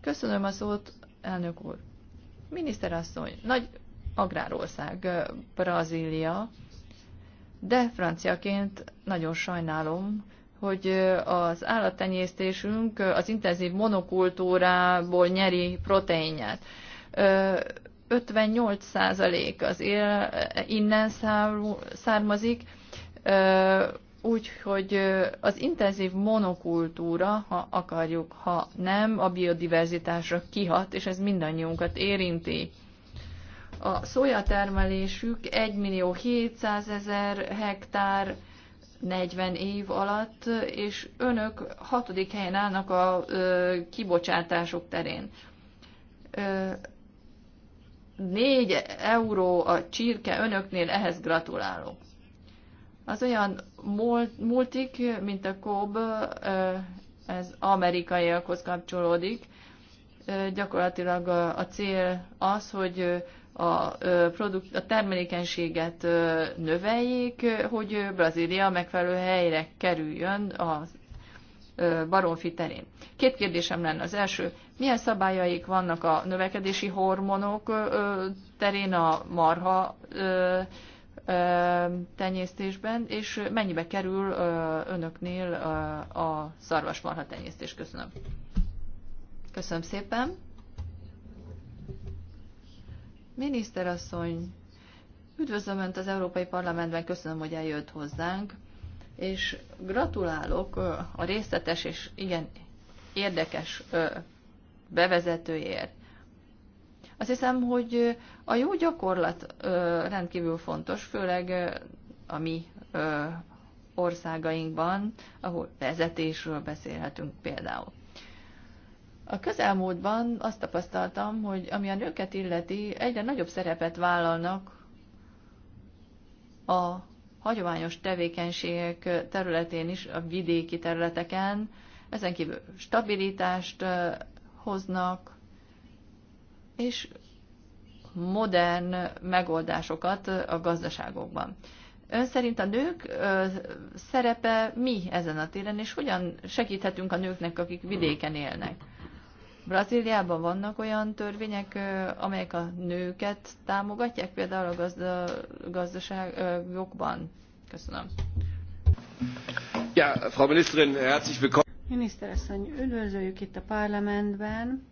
Köszönöm a szót, elnök úr. Miniszterasszony, nagy agrárország Brazília, de franciaként nagyon sajnálom, hogy az állattenyésztésünk az intenzív monokultúrából nyeri proteinját. 58% az él, innen származik, úgyhogy az intenzív monokultúra, ha akarjuk, ha nem, a biodiverzitásra kihat, és ez mindannyiunkat érinti. A szójatermelésük 1 millió 700 ezer hektár 40 év alatt, és önök hatodik helyen állnak a ö, kibocsátások terén. Ö, 4 euró a csirke önöknél, ehhez gratulálok. Az olyan multik, mint a Cobb, ez amerikaiakhoz kapcsolódik. Gyakorlatilag a cél az, hogy a, produkt, a termelékenységet növeljék, hogy Brazília megfelelő helyre kerüljön a baromfi terén. Két kérdésem lenne. Az első, milyen szabályaik vannak a növekedési hormonok terén a marha tenyésztésben, és mennyibe kerül önöknél a szarvasmarha tenyésztés? Köszönöm. Köszönöm szépen. Miniszterasszony, üdvözlöm Önt az Európai Parlamentben, köszönöm, hogy eljött hozzánk, és gratulálok a részletes és igen érdekes bevezetőért. Azt hiszem, hogy a jó gyakorlat rendkívül fontos, főleg a mi országainkban, ahol vezetésről beszélhetünk például. A közelmúltban azt tapasztaltam, hogy ami a nőket illeti, egyre nagyobb szerepet vállalnak a hagyományos tevékenységek területén is, a vidéki területeken. Ezen kívül stabilitást hoznak, és modern megoldásokat a gazdaságokban. Ön szerint a nők szerepe mi ezen a téren, és hogyan segíthetünk a nőknek, akik vidéken élnek? Brazíliában vannak olyan törvények, amelyek a nőket támogatják, például a gazda, gazdaságokban. Köszönöm. Ja, Frau Ministerin, herzlich willkommen. Miniszteresszony, üdvözöljük itt a parlamentben.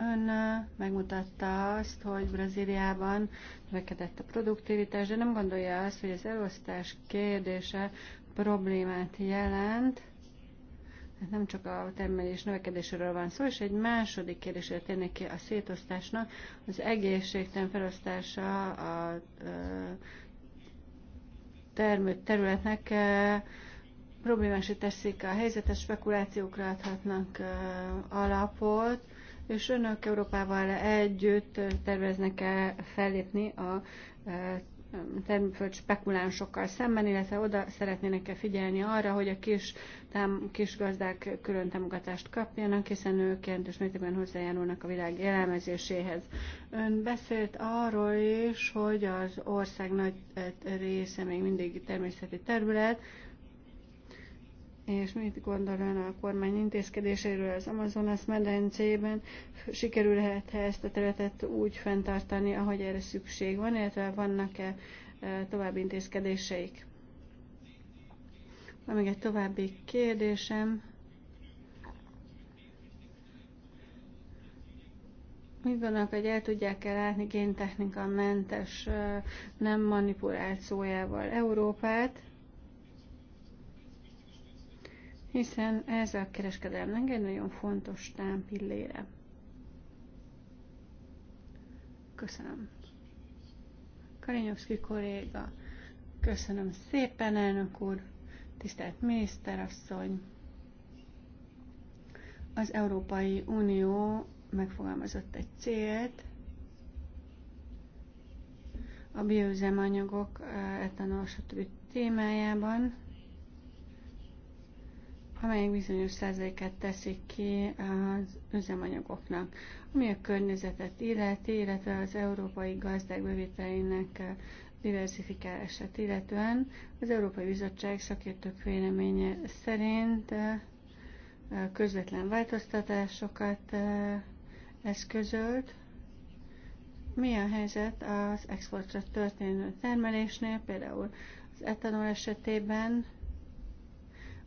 Ön megmutatta azt, hogy Brazíliában növekedett a produktivitás, de nem gondolja azt, hogy az elosztás kérdése problémát jelent nem csak a termelés növekedéséről van szó, és egy második kérdésre térnék ki a szétosztásnak. Az egészségtelen felosztása a termő területnek problémási teszik a helyzetet, spekulációkra adhatnak alapot, és önök Európával együtt terveznek-e fellépni a termőföld spekulánsokkal szemben, illetve oda szeretnének-e figyelni arra, hogy a kis, tám, kis gazdák külön támogatást kapjanak, hiszen ők jelentős mértékben hozzájárulnak a világ élelmezéséhez. Ön beszélt arról is, hogy az ország nagy eh, része még mindig természeti terület, és mit gondol ön a kormány intézkedéseiről az Amazonas medencében? Sikerülhet -e ezt a területet úgy fenntartani, ahogy erre szükség van, illetve vannak-e e, további intézkedéseik? Van még egy további kérdésem. Mit gondolnak, hogy el tudják-e látni géntechnika mentes, e, nem manipulált szójával Európát? hiszen ez a kereskedelmnek egy nagyon fontos támpillére. Köszönöm. Karinyovszki kolléga, köszönöm szépen, elnök úr, tisztelt miniszterasszony. Az Európai Unió megfogalmazott egy célt, a bioüzemanyagok, etanol, stb. témájában amelyek bizonyos százalékát teszik ki az üzemanyagoknak, ami a környezetet illeti, illetve az európai gazdák bevételének diversifikálását illetően. Az Európai Bizottság szakértők véleménye szerint közvetlen változtatásokat eszközölt. Mi a helyzet az exportra történő termelésnél, például az etanol esetében,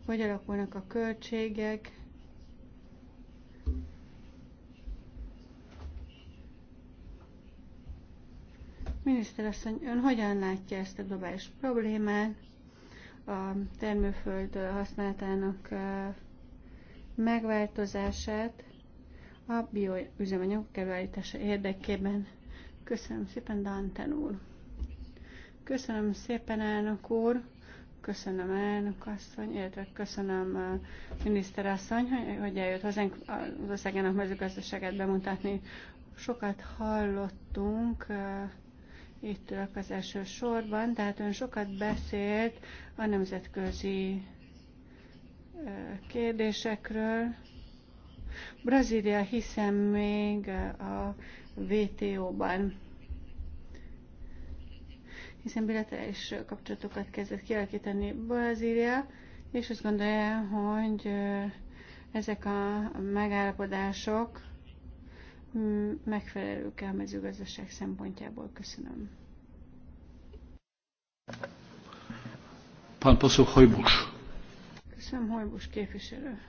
hogy alakulnak a költségek, Miniszterasszony, ön hogyan látja ezt a globális problémát, a termőföld használatának megváltozását a bioüzemanyagok előállítása érdekében? Köszönöm szépen, Danten úr! Köszönöm szépen, elnök úr! Köszönöm elnök asszony, illetve köszönöm uh, miniszter asszony, hogy eljött hozzánk az országának mezőgazdaságát bemutatni. Sokat hallottunk uh, itt ülök az első sorban, tehát ön sokat beszélt a nemzetközi uh, kérdésekről. Brazília hiszem még a vto ban hiszen bilaterális kapcsolatokat kezdett kialakítani Brazília, és azt gondolja, hogy ezek a megállapodások mm, megfelelők a mezőgazdaság szempontjából. Köszönöm. Pán poszó Hajbus. Köszönöm, Hajbus képviselő.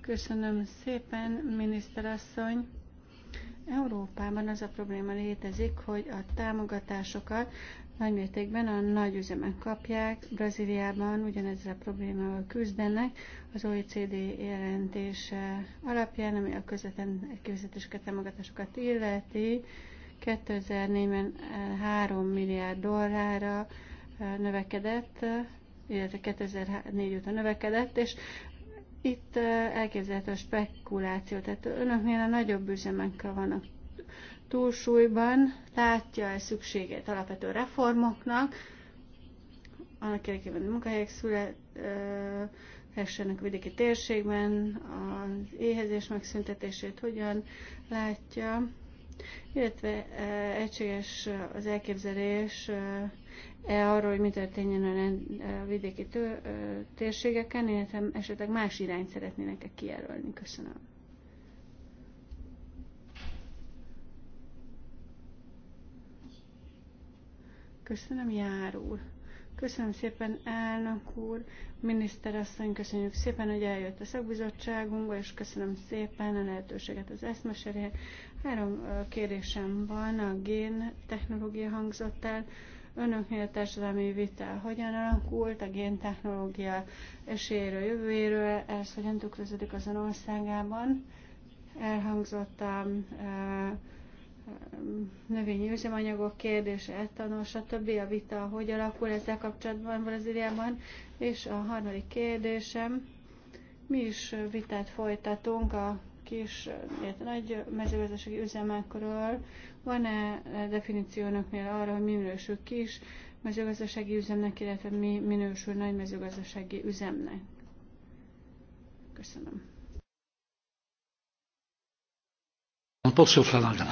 Köszönöm szépen, miniszterasszony. Európában az a probléma létezik, hogy a támogatásokat nagymértékben a nagy üzemek kapják, Brazíliában ugyanezzel a problémával küzdenek, az OECD jelentése alapján, ami a közvetlen támogatásokat illeti, 2004-ben 3 eh, milliárd dollárra eh, növekedett, illetve 2004 óta növekedett, és itt elképzelhető a spekuláció, tehát önöknél a nagyobb üzemekkel vannak túlsúlyban, látja-e szükségét alapvető reformoknak, annak érdekében munkahelyek születhessenek a vidéki térségben, az éhezés megszüntetését hogyan látja, illetve egységes az elképzelés E, arról, hogy mi történjen a e, vidéki tő, e, térségeken, illetve esetleg más irányt szeretnének-e kijelölni. Köszönöm. Köszönöm, Jár úr. Köszönöm szépen, elnök úr, miniszterasszony, köszönjük szépen, hogy eljött a szakbizottságunkba, és köszönöm szépen a lehetőséget az eszmeserére. Három kérésem van, a gén technológia hangzott el önöknél a társadalmi vita hogyan alakult, a géntechnológia esélyéről, jövőjéről, ez hogyan tükröződik az ön országában. Elhangzott a e, e, növényi üzemanyagok kérdése, etanol, stb. a vita, hogy alakul ezzel kapcsolatban Brazíliában. És a harmadik kérdésem, mi is vitát folytatunk a kis, illetve nagy mezőgazdasági üzemekről, van-e definíciónaknél arra, hogy mi minősül kis mezőgazdasági üzemnek, illetve mi minősül nagy mezőgazdasági üzemnek? Köszönöm. Flanagan.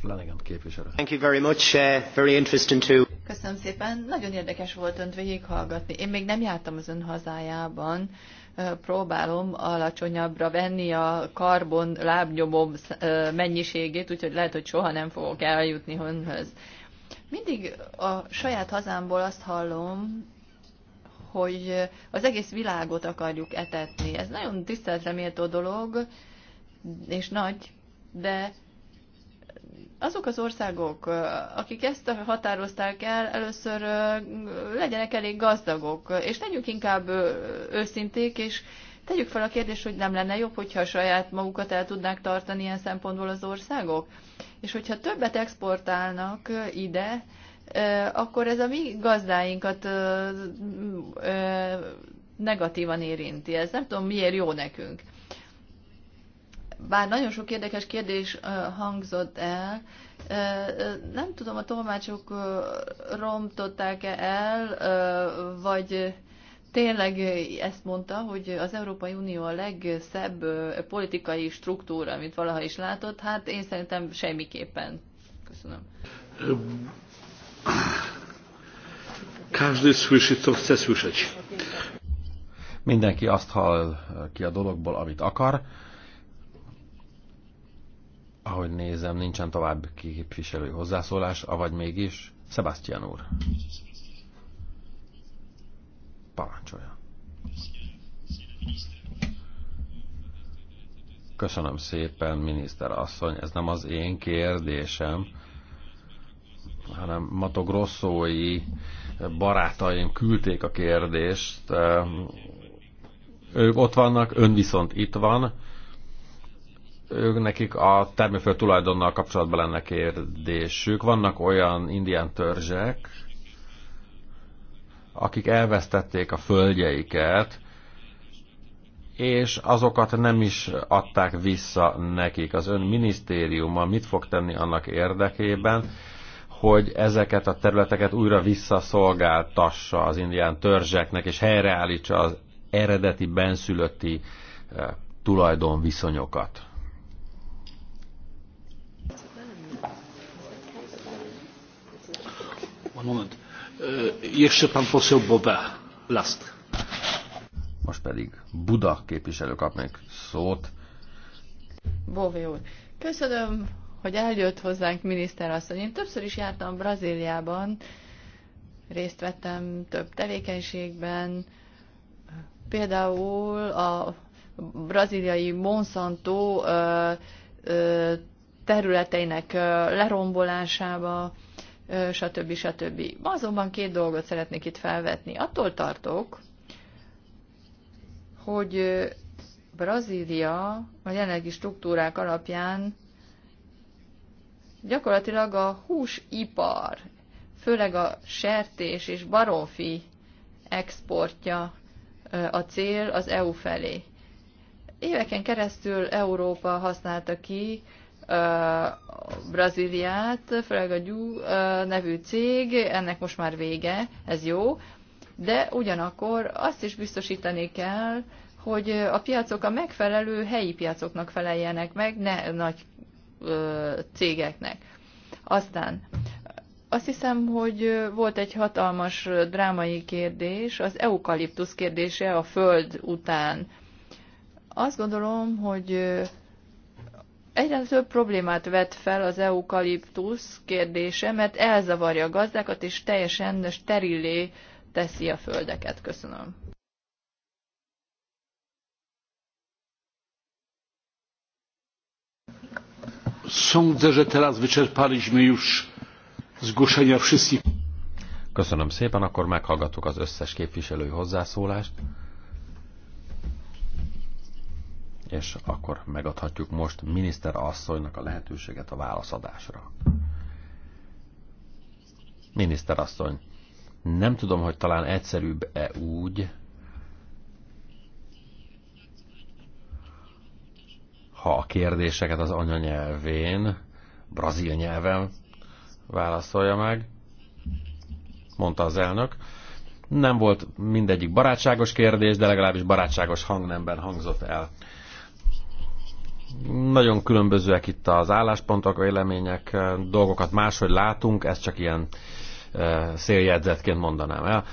Flanagan képviselő. Thank you very much, uh, very interesting too. Köszönöm szépen, nagyon érdekes volt önt végighallgatni. Én még nem jártam az ön hazájában, uh, próbálom alacsonyabbra venni a karbon lábnyomom mennyiségét, úgyhogy lehet, hogy soha nem fogok eljutni önhöz. Mindig a saját hazámból azt hallom, hogy az egész világot akarjuk etetni. Ez nagyon tiszteletre méltó dolog, és nagy, de azok az országok, akik ezt határozták el, először legyenek elég gazdagok, és legyünk inkább őszinték, és tegyük fel a kérdést, hogy nem lenne jobb, hogyha a saját magukat el tudnák tartani ilyen szempontból az országok? És hogyha többet exportálnak ide, akkor ez a mi gazdáinkat negatívan érinti. Ez nem tudom, miért jó nekünk bár nagyon sok érdekes kérdés hangzott el, nem tudom, a tolmácsok romtották-e el, vagy tényleg ezt mondta, hogy az Európai Unió a legszebb politikai struktúra, amit valaha is látott. Hát én szerintem semmiképpen. Köszönöm. Každý slyší, co chce slyšet. Mindenki azt hall ki a dologból, amit akar. Ahogy nézem, nincsen tovább képviselő hozzászólás, avagy mégis Sebastian úr. Parancsolja. Köszönöm szépen, miniszter asszony, ez nem az én kérdésem, hanem Matogrosszói barátaim küldték a kérdést. Ők ott vannak, ön viszont itt van ők nekik a termőföld tulajdonnal kapcsolatban lenne kérdésük. Vannak olyan indián törzsek, akik elvesztették a földjeiket, és azokat nem is adták vissza nekik. Az ön minisztériuma mit fog tenni annak érdekében, hogy ezeket a területeket újra visszaszolgáltassa az indián törzseknek, és helyreállítsa az eredeti benszülötti eh, tulajdonviszonyokat? Moment. Jeszcze pan poseł Boba. Last. Most pedig Buda képviselő kap meg szót. Bóvé úr, köszönöm, hogy eljött hozzánk miniszter asszony. Én többször is jártam Brazíliában, részt vettem több tevékenységben, például a braziliai Monsanto területeinek lerombolásába, stb. stb. Azonban két dolgot szeretnék itt felvetni. Attól tartok, hogy Brazília a jelenlegi struktúrák alapján gyakorlatilag a húsipar, főleg a sertés és baromfi exportja a cél az EU felé. Éveken keresztül Európa használta ki Brazíliát, főleg a Gyú nevű cég, ennek most már vége, ez jó, de ugyanakkor azt is biztosítani kell, hogy a piacok a megfelelő helyi piacoknak feleljenek meg, ne nagy cégeknek. Aztán azt hiszem, hogy volt egy hatalmas drámai kérdés, az eukaliptusz kérdése a föld után. Azt gondolom, hogy egyre több problémát vet fel az eukaliptusz kérdése, mert elzavarja a gazdákat, és teljesen sterillé teszi a földeket. Köszönöm. Sądzę, że teraz wyczerpaliśmy już zgłoszenia wszystkich. Köszönöm szépen, akkor meghallgattuk az összes képviselői hozzászólást. és akkor megadhatjuk most miniszter asszonynak a lehetőséget a válaszadásra. Miniszter asszony, nem tudom, hogy talán egyszerűbb-e úgy, ha a kérdéseket az anyanyelvén, brazil nyelven válaszolja meg, mondta az elnök. Nem volt mindegyik barátságos kérdés, de legalábbis barátságos hangnemben hangzott el nagyon különbözőek itt az álláspontok, vélemények, dolgokat máshogy látunk, ezt csak ilyen e, széljegyzetként mondanám el.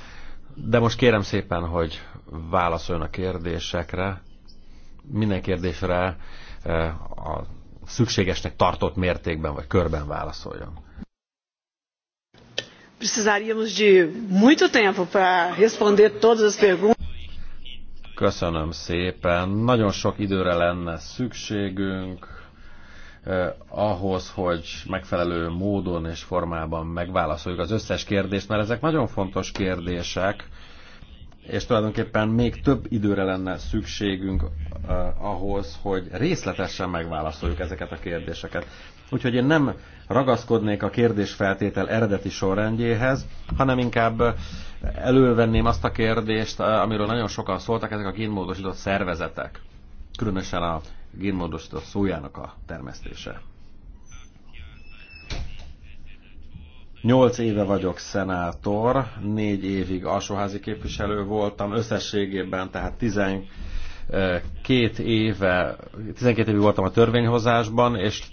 De most kérem szépen, hogy válaszoljon a kérdésekre, minden kérdésre e, a szükségesnek tartott mértékben vagy körben válaszoljon. Precisaríamos de muito tempo para responder todas as perguntas. Köszönöm szépen. Nagyon sok időre lenne szükségünk eh, ahhoz, hogy megfelelő módon és formában megválaszoljuk az összes kérdést, mert ezek nagyon fontos kérdések, és tulajdonképpen még több időre lenne szükségünk eh, ahhoz, hogy részletesen megválaszoljuk ezeket a kérdéseket. Úgyhogy én nem ragaszkodnék a kérdésfeltétel eredeti sorrendjéhez, hanem inkább elővenném azt a kérdést, eh, amiről nagyon sokan szóltak, ezek a génmódosított szervezetek, különösen a génmódosított szójának a termesztése. Nyolc éve vagyok szenátor, négy évig alsóházi képviselő voltam, összességében tehát 12 eh, éve, 12 évig voltam a törvényhozásban, és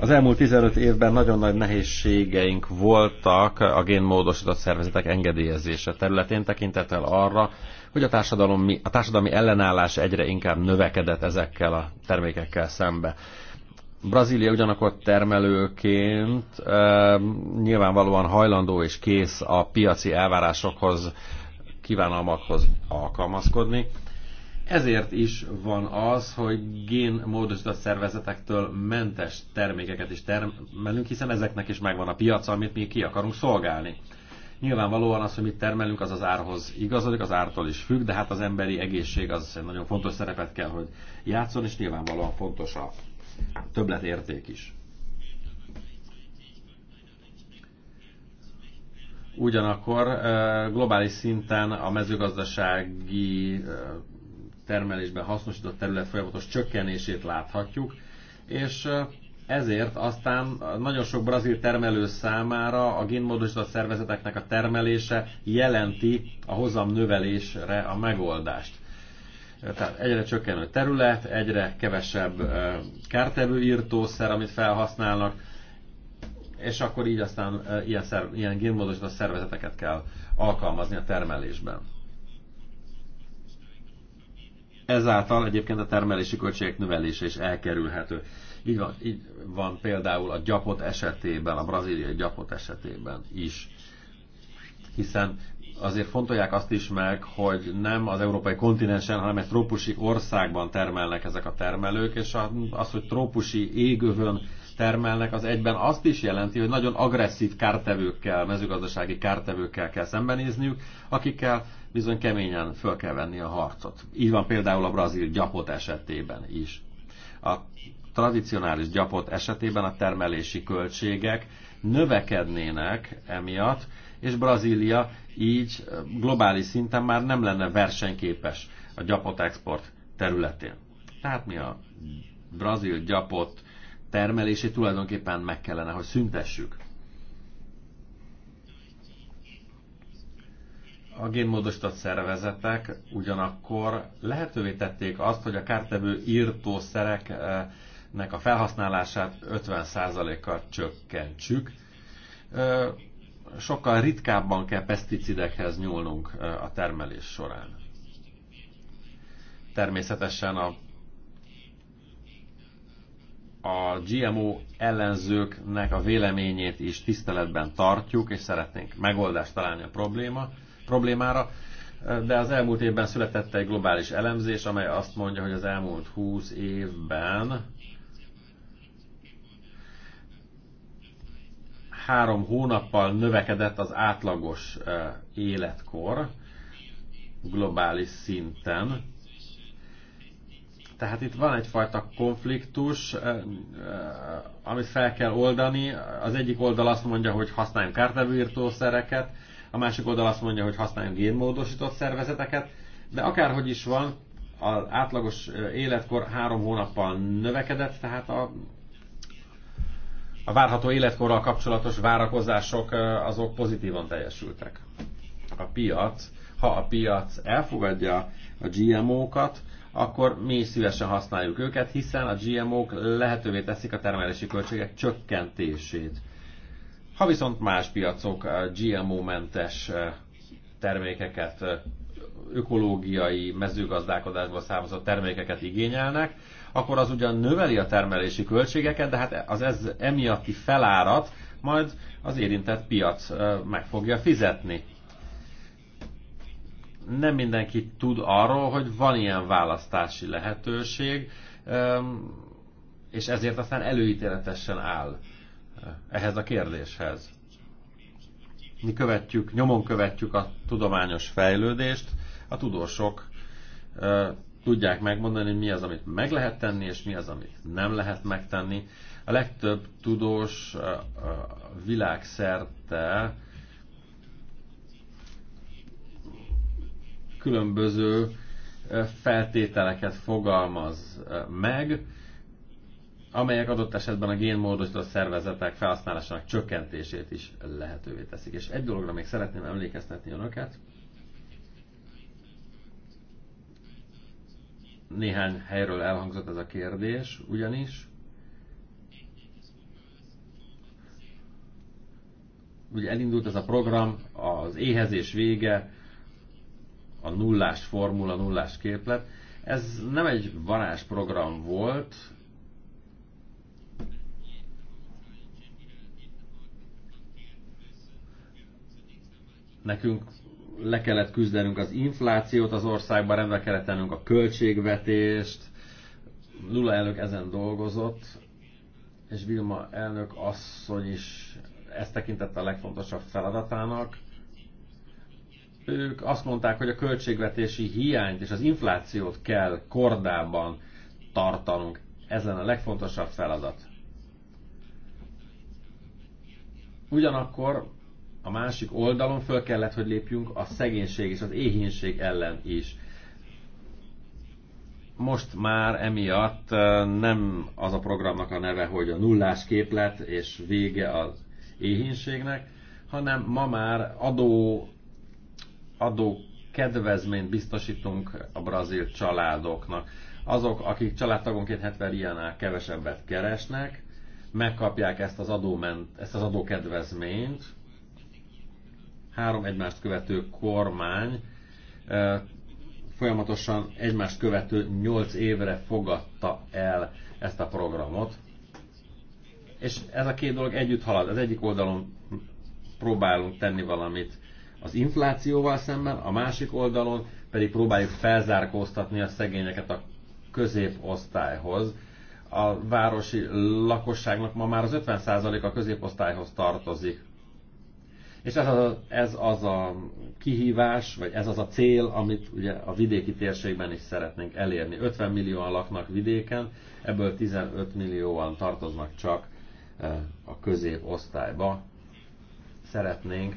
az elmúlt 15 évben nagyon nagy nehézségeink voltak a génmódosított szervezetek engedélyezése területén tekintettel arra, hogy a, társadalom, a társadalmi ellenállás egyre inkább növekedett ezekkel a termékekkel szembe. Brazília ugyanakkor termelőként e, nyilvánvalóan hajlandó és kész a piaci elvárásokhoz, kívánalmakhoz alkalmazkodni, ezért is van az, hogy génmódosított szervezetektől mentes termékeket is termelünk, hiszen ezeknek is megvan a piac, amit mi ki akarunk szolgálni. Nyilvánvalóan az, hogy mit termelünk, az az árhoz igazodik, az ártól is függ, de hát az emberi egészség az egy nagyon fontos szerepet kell, hogy játszon, és nyilvánvalóan fontos a többletérték is. Ugyanakkor globális szinten a mezőgazdasági termelésben hasznosított terület folyamatos csökkenését láthatjuk, és ezért aztán nagyon sok brazil termelő számára a génmódosított szervezeteknek a termelése jelenti a hozam növelésre a megoldást. Tehát egyre csökkenő terület, egyre kevesebb kártevő írtószer, amit felhasználnak, és akkor így aztán ilyen, szer, ilyen génmódosított szervezeteket kell alkalmazni a termelésben. Ezáltal egyébként a termelési költségek növelése is elkerülhető. Így van, így van például a gyapot esetében, a braziliai gyapot esetében is. Hiszen azért fontolják azt is meg, hogy nem az európai kontinensen, hanem egy trópusi országban termelnek ezek a termelők, és az, hogy trópusi égövön termelnek, az egyben azt is jelenti, hogy nagyon agresszív kártevőkkel, mezőgazdasági kártevőkkel kell szembenézniük, akikkel bizony keményen föl kell venni a harcot. Így van például a brazil gyapot esetében is. A tradicionális gyapot esetében a termelési költségek növekednének emiatt, és Brazília így globális szinten már nem lenne versenyképes a gyapot export területén. Tehát mi a brazil gyapot termelését tulajdonképpen meg kellene, hogy szüntessük. a génmódosított szervezetek ugyanakkor lehetővé tették azt, hogy a kártevő írtószereknek a felhasználását 50%-kal csökkentsük. Sokkal ritkábban kell peszticidekhez nyúlnunk a termelés során. Természetesen a a GMO ellenzőknek a véleményét is tiszteletben tartjuk, és szeretnénk megoldást találni a probléma problémára, de az elmúlt évben született egy globális elemzés, amely azt mondja, hogy az elmúlt 20 évben három hónappal növekedett az átlagos életkor globális szinten. Tehát itt van egyfajta konfliktus, amit fel kell oldani. Az egyik oldal azt mondja, hogy használjunk szereket a másik oldal azt mondja, hogy használjunk génmódosított szervezeteket, de akárhogy is van, az átlagos eh, életkor három hónappal növekedett, tehát a, a várható életkorral kapcsolatos várakozások eh, azok pozitívan teljesültek. A piac, ha a piac elfogadja a GMO-kat, akkor mi is szívesen használjuk őket, hiszen a GMO-k lehetővé teszik a termelési költségek csökkentését. Ha viszont más piacok eh, GMO-mentes eh, termékeket, eh, ökológiai mezőgazdálkodásból származó termékeket igényelnek, akkor az ugyan növeli a termelési költségeket, de hát az ez emiatti felárat majd az érintett piac meg fogja fizetni. Nem mindenki tud arról, hogy van ilyen választási lehetőség, ehm, és ezért aztán előítéletesen áll ehhez a kérdéshez. Mi követjük, nyomon követjük a tudományos fejlődést, a tudósok tudják megmondani, mi az, amit meg lehet tenni, és mi az, amit nem lehet megtenni. A legtöbb tudós világszerte különböző feltételeket fogalmaz meg, amelyek adott esetben a génmódosított szervezetek felhasználásának csökkentését is lehetővé teszik. És egy dologra még szeretném emlékeztetni önöket. Néhány helyről elhangzott ez a kérdés, ugyanis ugye elindult ez a program, az éhezés vége, a nullás formula, nullás képlet. Ez nem egy varázsprogram volt, nekünk le kellett küzdenünk az inflációt az országban, rendbe kellett tennünk a költségvetést, Lula elnök ezen dolgozott, és Vilma elnök asszony is ezt tekintette a legfontosabb feladatának. Ők azt mondták, hogy a költségvetési hiányt és az inflációt kell kordában tartanunk. Ez lenne a legfontosabb feladat. Ugyanakkor a másik oldalon föl kellett, hogy lépjünk a szegénység és az éhínség ellen is. Most már emiatt nem az a programnak a neve, hogy a nullás képlet és vége az éhínségnek, hanem ma már adó, adó kedvezményt biztosítunk a brazil családoknak. Azok, akik családtagonként 70 ilyenál kevesebbet keresnek, megkapják ezt az, adóment, ezt az adókedvezményt, három egymást követő kormány folyamatosan egymást követő nyolc évre fogadta el ezt a programot. És ez a két dolog együtt halad. Az egyik oldalon próbálunk tenni valamit az inflációval szemben, a másik oldalon pedig próbáljuk felzárkóztatni a szegényeket a középosztályhoz. A városi lakosságnak ma már az 50% a középosztályhoz tartozik. És ez az, ez az a kihívás, vagy ez az a cél, amit ugye a vidéki térségben is szeretnénk elérni. 50 millióan laknak vidéken, ebből 15 millióan tartoznak csak eh, a középosztályba. Szeretnénk,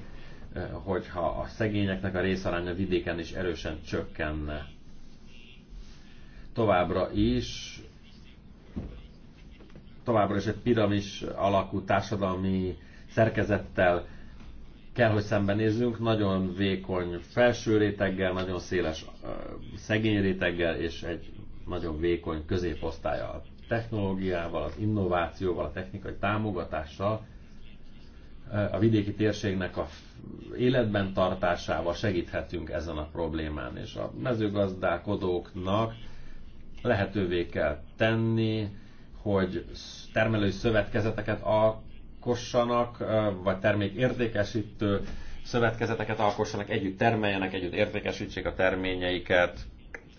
eh, hogyha a szegényeknek a részaránya vidéken is erősen csökkenne. Továbbra is továbbra is egy piramis alakú társadalmi szerkezettel kell, hogy szembenézzünk, nagyon vékony felső réteggel, nagyon széles szegény réteggel, és egy nagyon vékony középosztálya a technológiával, az innovációval, a technikai támogatással, a vidéki térségnek a életben tartásával segíthetünk ezen a problémán, és a mezőgazdálkodóknak lehetővé kell tenni, hogy termelői szövetkezeteket alkotnak, alkossanak, vagy termékértékesítő szövetkezeteket alkossanak, együtt termeljenek, együtt értékesítsék a terményeiket,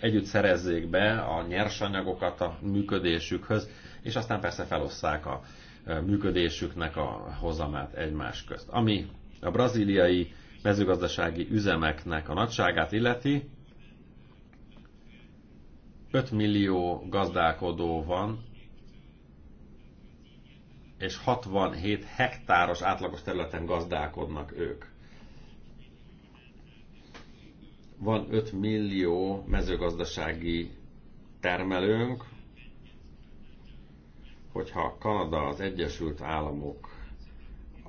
együtt szerezzék be a nyersanyagokat a működésükhöz, és aztán persze felosszák a működésüknek a hozamát egymás közt. Ami a braziliai mezőgazdasági üzemeknek a nagyságát illeti, 5 millió gazdálkodó van, és 67 hektáros átlagos területen gazdálkodnak ők. Van 5 millió mezőgazdasági termelőnk, hogyha Kanada, az Egyesült Államok,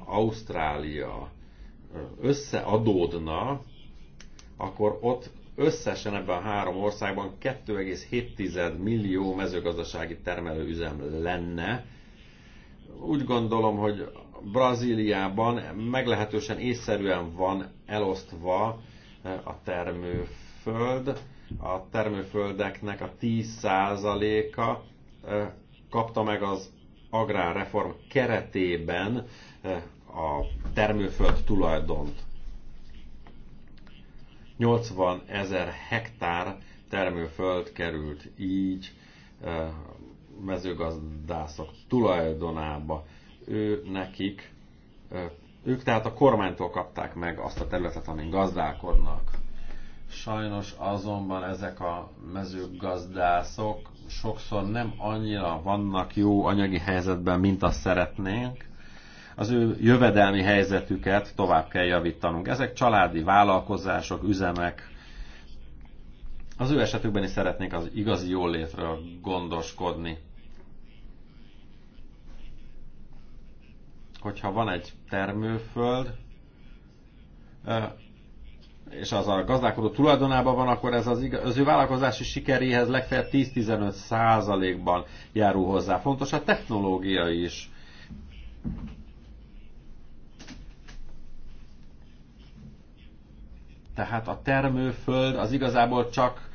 Ausztrália összeadódna, akkor ott összesen ebben a három országban 2,7 millió mezőgazdasági termelőüzem lenne, úgy gondolom, hogy Brazíliában meglehetősen észszerűen van elosztva eh, a termőföld. A termőföldeknek a 10%-a eh, kapta meg az agrárreform keretében eh, a termőföld tulajdont. 80 ezer hektár termőföld került így mezőgazdászok tulajdonába. Ő nekik, ők tehát a kormánytól kapták meg azt a területet, amin gazdálkodnak. Sajnos azonban ezek a mezőgazdászok sokszor nem annyira vannak jó anyagi helyzetben, mint azt szeretnénk. Az ő jövedelmi helyzetüket tovább kell javítanunk. Ezek családi vállalkozások, üzemek, az ő esetükben is szeretnék az igazi jólétről gondoskodni. Hogyha van egy termőföld, és az a gazdálkodó tulajdonában van, akkor ez az, igaz, az ő vállalkozási sikeréhez legfeljebb 10-15 százalékban járul hozzá. Fontos a technológia is. Tehát a termőföld az igazából csak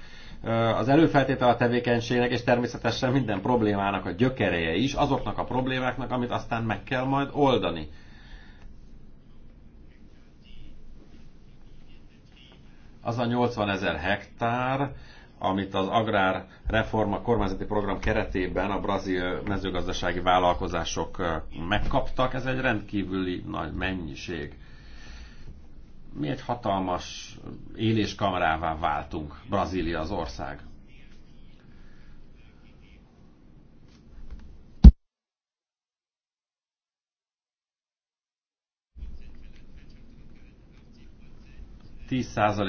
az előfeltétel a tevékenységnek, és természetesen minden problémának a gyökereje is, azoknak a problémáknak, amit aztán meg kell majd oldani. Az a 80 ezer hektár, amit az agrárreforma kormányzati program keretében a brazil mezőgazdasági vállalkozások megkaptak, ez egy rendkívüli nagy mennyiség mi egy hatalmas éléskamrává váltunk, Brazília az ország.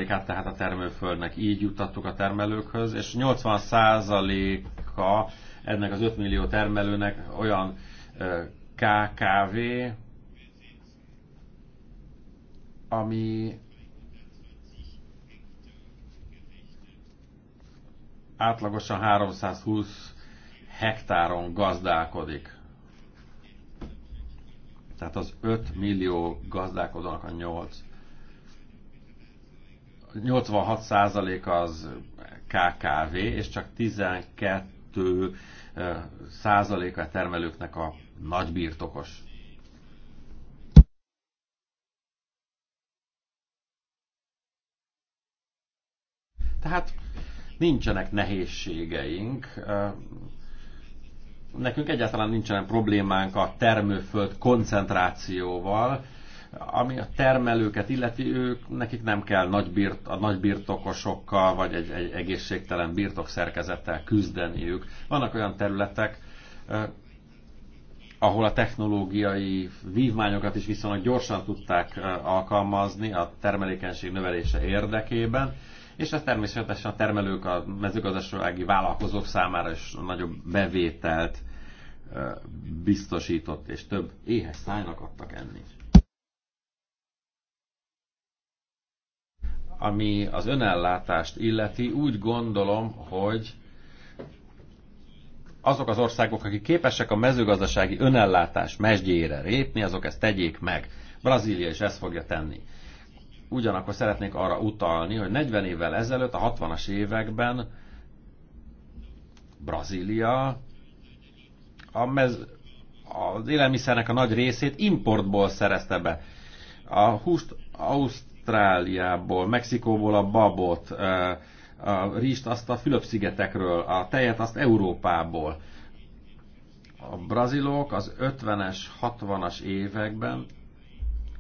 át tehát a termőföldnek így juttattuk a termelőkhöz, és 80%-a ennek az 5 millió termelőnek olyan KKV, ami átlagosan 320 hektáron gazdálkodik. Tehát az 5 millió gazdálkodónak a 8. 86% az KKV, és csak 12 százaléka termelőknek a nagybirtokos. Tehát nincsenek nehézségeink, nekünk egyáltalán nincsenek problémánk a termőföld koncentrációval, ami a termelőket illeti, ők, nekik nem kell nagy birt, a nagy birtokosokkal, vagy egy, egy egészségtelen birtokszerkezettel küzdeniük. Vannak olyan területek, eh, ahol a technológiai vívmányokat is viszonylag gyorsan tudták eh, alkalmazni a termelékenység növelése érdekében, és ez természetesen a termelők, a mezőgazdasági vállalkozók számára is nagyobb bevételt biztosított, és több éhes szájnak adtak enni. Ami az önellátást illeti, úgy gondolom, hogy azok az országok, akik képesek a mezőgazdasági önellátás mesdjére répni, azok ezt tegyék meg. Brazília is ezt fogja tenni ugyanakkor szeretnék arra utalni, hogy 40 évvel ezelőtt, a 60-as években Brazília a mez, az élelmiszernek a nagy részét importból szerezte be. A húst Ausztráliából, Mexikóból a babot, a rist azt a Fülöp-szigetekről, a tejet azt Európából. A brazilok az 50-es, 60-as években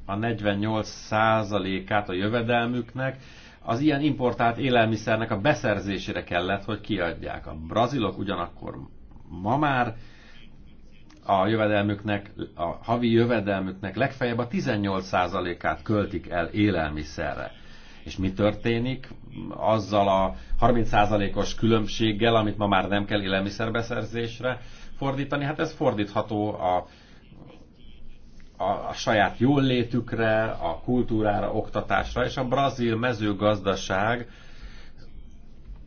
a 48%-át a jövedelmüknek, az ilyen importált élelmiszernek a beszerzésére kellett, hogy kiadják. A brazilok ugyanakkor ma már a jövedelmüknek, a havi jövedelmüknek legfeljebb a 18%-át költik el élelmiszerre. És mi történik azzal a 30%-os különbséggel, amit ma már nem kell élelmiszerbeszerzésre fordítani? Hát ez fordítható a a, a saját jólétükre, a kultúrára, oktatásra, és a brazil mezőgazdaság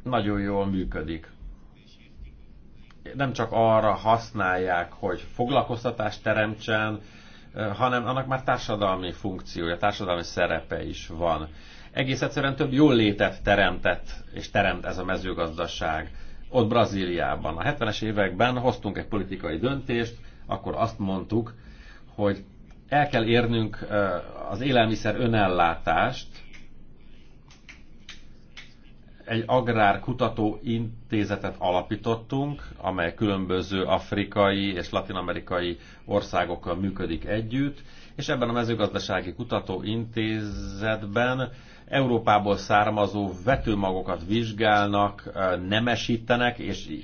nagyon jól működik. Nem csak arra használják, hogy foglalkoztatást teremtsen, hanem annak már társadalmi funkciója, társadalmi szerepe is van. Egész egyszerűen több jól létet teremtett és teremt ez a mezőgazdaság. Ott Brazíliában. A 70-es években hoztunk egy politikai döntést, akkor azt mondtuk, hogy el kell érnünk az élelmiszer önellátást, egy agrár kutató intézetet alapítottunk, amely különböző afrikai és latinamerikai országokkal működik együtt, és ebben a mezőgazdasági kutatóintézetben Európából származó vetőmagokat vizsgálnak, nemesítenek, és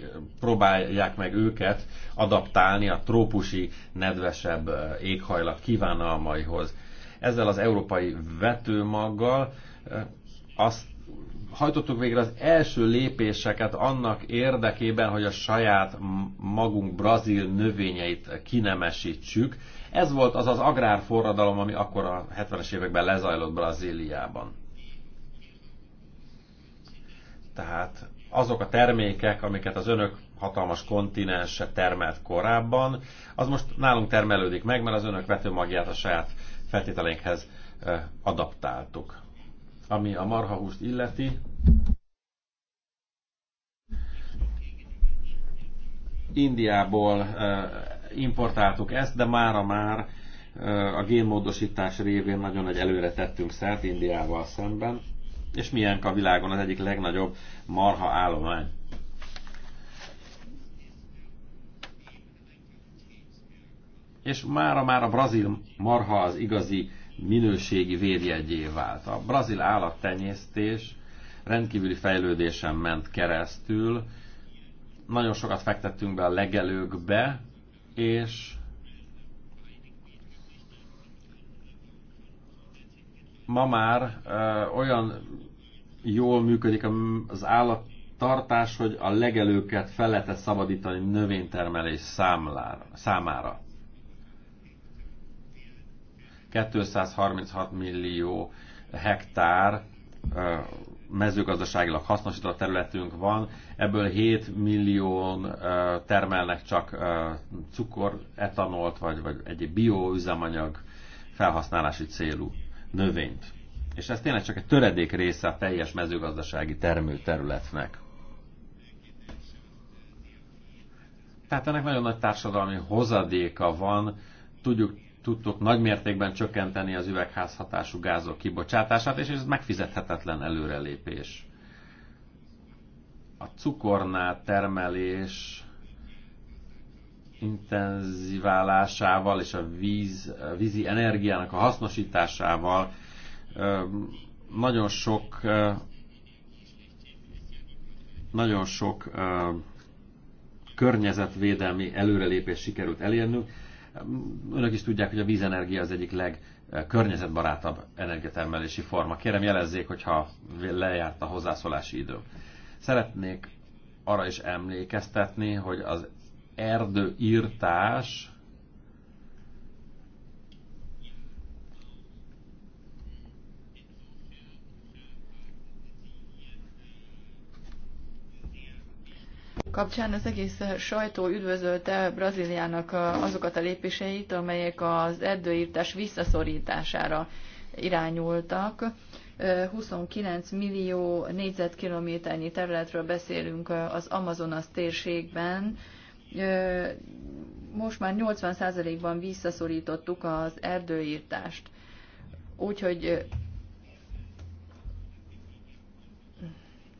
próbálják meg őket adaptálni a trópusi, nedvesebb éghajlat kívánalmaihoz. Ezzel az európai vetőmaggal azt hajtottuk végre az első lépéseket annak érdekében, hogy a saját magunk brazil növényeit kinemesítsük. Ez volt az az agrárforradalom, ami akkor a 70-es években lezajlott Brazíliában. Tehát azok a termékek, amiket az önök hatalmas kontinense termelt korábban, az most nálunk termelődik meg, mert az önök vetőmagját a saját feltételénkhez adaptáltuk. Ami a marhahúst illeti, Indiából importáltuk ezt, de mára már a génmódosítás révén nagyon nagy előre tettünk szert Indiával szemben és milyen a világon az egyik legnagyobb marha állomány. És mára már a brazil marha az igazi minőségi védjegyé vált. A brazil állattenyésztés rendkívüli fejlődésen ment keresztül, nagyon sokat fektettünk be a legelőkbe, és ma már olyan jól működik az állattartás, hogy a legelőket fel lehet szabadítani növénytermelés számlára, számára. 236 millió hektár mezőgazdaságilag hasznosított területünk van, ebből 7 millión termelnek csak cukor, etanolt, vagy, vagy egy bioüzemanyag felhasználási célú növényt. És ez tényleg csak egy töredék része a teljes mezőgazdasági termőterületnek. Tehát ennek nagyon nagy társadalmi hozadéka van. Tudjuk, tudtuk nagymértékben csökkenteni az üvegházhatású gázok kibocsátását, és ez megfizethetetlen előrelépés. A cukornál termelés intenziválásával és a víz, a vízi energiának a hasznosításával nagyon sok nagyon sok környezetvédelmi előrelépés sikerült elérnünk. Önök is tudják, hogy a vízenergia az egyik legkörnyezetbarátabb energiatermelési forma. Kérem jelezzék, hogyha lejárt a hozzászólási idő. Szeretnék arra is emlékeztetni, hogy az erdőírtás kapcsán az egész sajtó üdvözölte Brazíliának azokat a lépéseit, amelyek az erdőírtás visszaszorítására irányultak. 29 millió négyzetkilométernyi területről beszélünk az Amazonas térségben, most már 80%-ban visszaszorítottuk az erdőírtást. Úgyhogy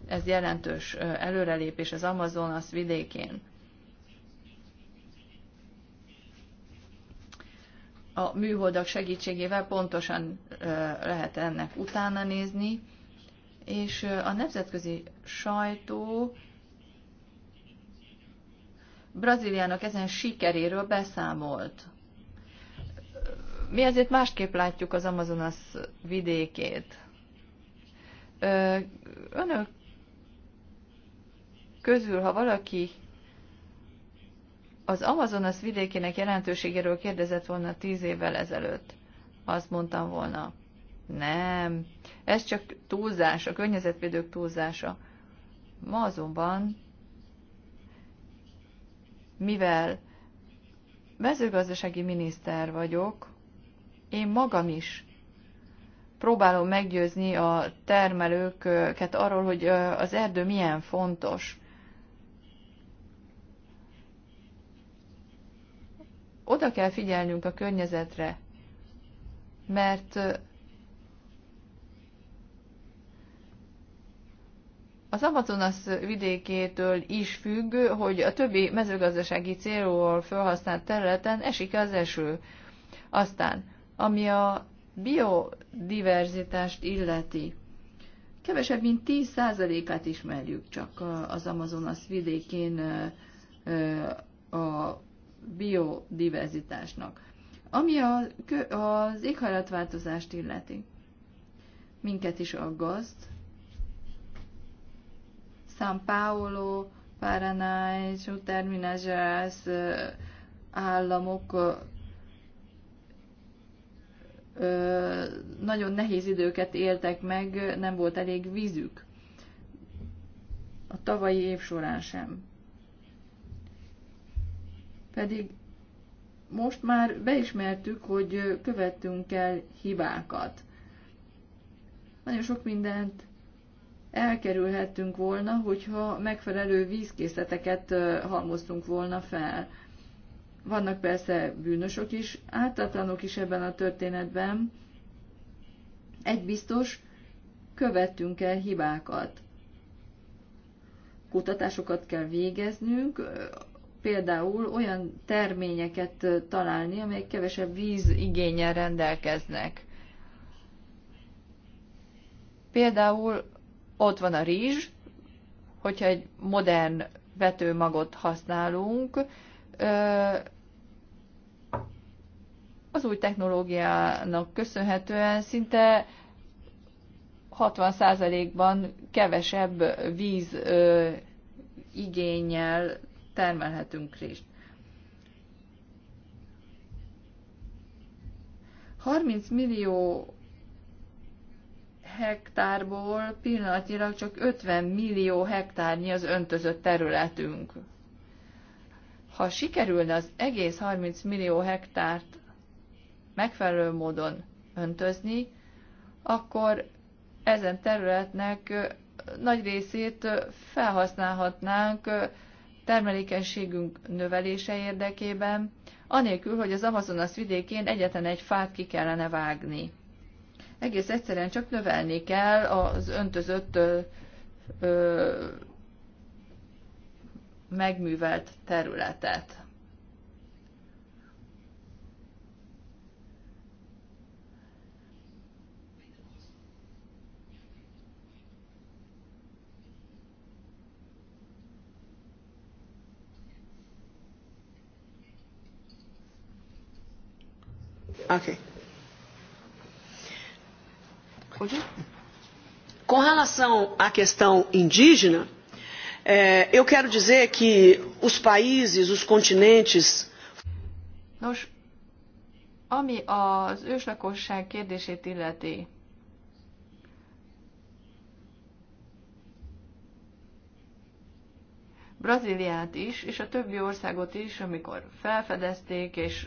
ez jelentős előrelépés az Amazonas vidékén. A műholdak segítségével pontosan lehet ennek utána nézni, és a nemzetközi sajtó Brazíliának ezen sikeréről beszámolt. Mi azért másképp látjuk az Amazonas vidékét. Önök közül, ha valaki az Amazonas vidékének jelentőségéről kérdezett volna tíz évvel ezelőtt, azt mondtam volna, nem, ez csak túlzás, a környezetvédők túlzása. Ma azonban mivel mezőgazdasági miniszter vagyok, én magam is próbálom meggyőzni a termelőket arról, hogy az erdő milyen fontos. Oda kell figyelnünk a környezetre, mert Az Amazonas vidékétől is függ, hogy a többi mezőgazdasági célról felhasznált területen esik az eső. Aztán, ami a biodiverzitást illeti, kevesebb, mint 10%-át ismerjük csak az Amazonas vidékén a biodiverzitásnak. Ami a, az éghajlatváltozást illeti, minket is aggaszt, São Paulo, Paraná és utána Gerais államok nagyon nehéz időket éltek meg, nem volt elég vízük. A tavalyi év során sem. Pedig most már beismertük, hogy követtünk el hibákat. Nagyon sok mindent elkerülhettünk volna, hogyha megfelelő vízkészleteket halmoztunk volna fel. Vannak persze bűnösök is, ártatlanok is ebben a történetben. Egy biztos, követtünk el hibákat. Kutatásokat kell végeznünk, például olyan terményeket találni, amelyek kevesebb víz igényel rendelkeznek. Például ott van a rizs, hogyha egy modern vetőmagot használunk, az új technológiának köszönhetően szinte 60%-ban kevesebb víz igényel termelhetünk rizst. 30 millió hektárból pillanatilag csak 50 millió hektárnyi az öntözött területünk. Ha sikerülne az egész 30 millió hektárt megfelelő módon öntözni, akkor ezen területnek nagy részét felhasználhatnánk termelékenységünk növelése érdekében, anélkül, hogy az Amazonas vidékén egyetlen egy fát ki kellene vágni egész egyszerűen csak növelni kell az öntözött ö, megművelt területet. Okay. Com relação à questão indígena, é, eu quero dizer que os países, os continentes. Nos, ami az őslakosság kérdését illeti, Brazíliát is, és a többi országot is, amikor felfedezték és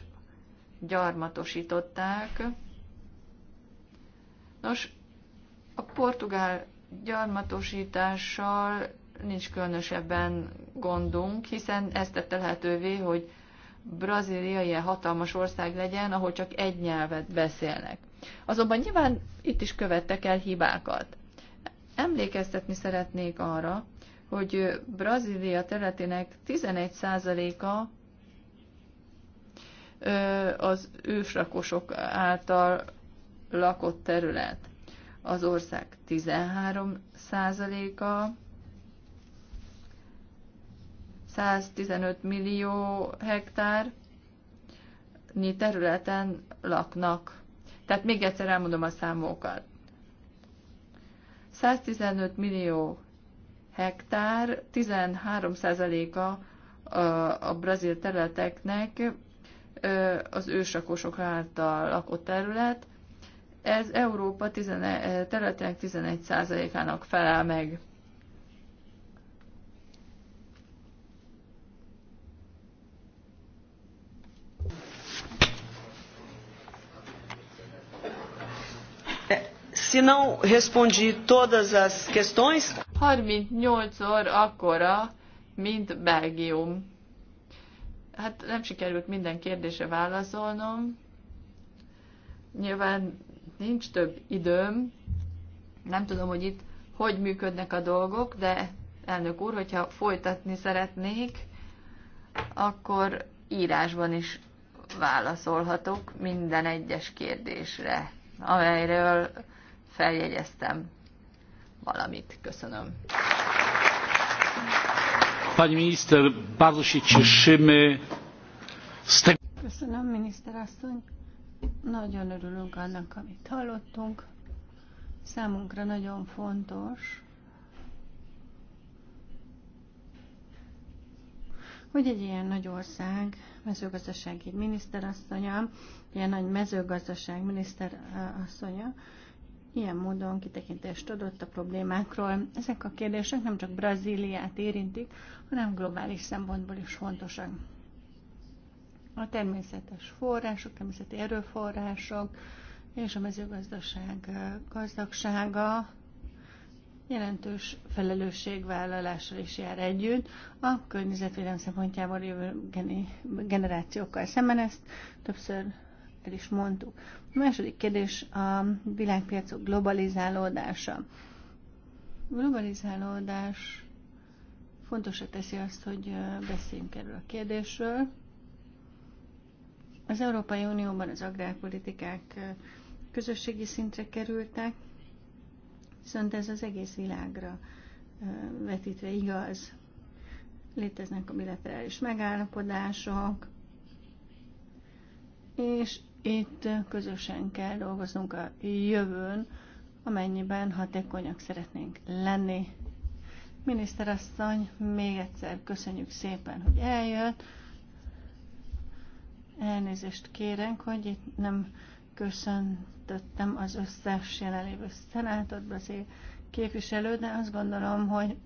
gyarmatosították. Nos, a portugál gyarmatosítással nincs különösebben gondunk, hiszen ezt tette lehetővé, hogy Brazília ilyen hatalmas ország legyen, ahol csak egy nyelvet beszélnek. Azonban nyilván itt is követtek el hibákat. Emlékeztetni szeretnék arra, hogy Brazília területének 11%-a az őslakosok által lakott terület az ország 13%-a, 115 millió hektár területen laknak. Tehát még egyszer elmondom a számokat. 115 millió hektár, 13%-a a brazil területeknek az ősakosok által lakott terület, ez Európa eh, területének 11%-ának felel meg. Eh, se não respondi todas as questões. 38-szor akkora, mint Belgium. Hát nem sikerült minden kérdése válaszolnom. Nyilván nincs több időm, nem tudom, hogy itt hogy működnek a dolgok, de elnök úr, hogyha folytatni szeretnék, akkor írásban is válaszolhatok minden egyes kérdésre, amelyről feljegyeztem valamit. Köszönöm. Pani minister, bardzo się cieszymy Köszönöm, miniszter asszony. Nagyon örülünk annak, amit hallottunk. Számunkra nagyon fontos, hogy egy ilyen nagy ország mezőgazdasági miniszterasszonya, ilyen nagy mezőgazdaság miniszterasszonya, ilyen módon kitekintést adott a problémákról. Ezek a kérdések nem csak Brazíliát érintik, hanem globális szempontból is fontosak a természetes források, természeti erőforrások és a mezőgazdaság gazdagsága jelentős felelősségvállalással is jár együtt a környezetvédelem szempontjából jövő generációkkal szemben ezt többször el is mondtuk. A második kérdés a világpiacok globalizálódása. A globalizálódás fontosra teszi azt, hogy beszéljünk erről a kérdésről, az Európai Unióban az agrárpolitikák közösségi szintre kerültek, viszont ez az egész világra vetítve igaz. Léteznek a bilaterális megállapodások, és itt közösen kell dolgoznunk a jövőn, amennyiben hatékonyak szeretnénk lenni. Miniszterasszony, még egyszer köszönjük szépen, hogy eljött. Elnézést kérek, hogy itt nem köszöntöttem az összes jelenlévő szenátot, beszél képviselő, de azt gondolom, hogy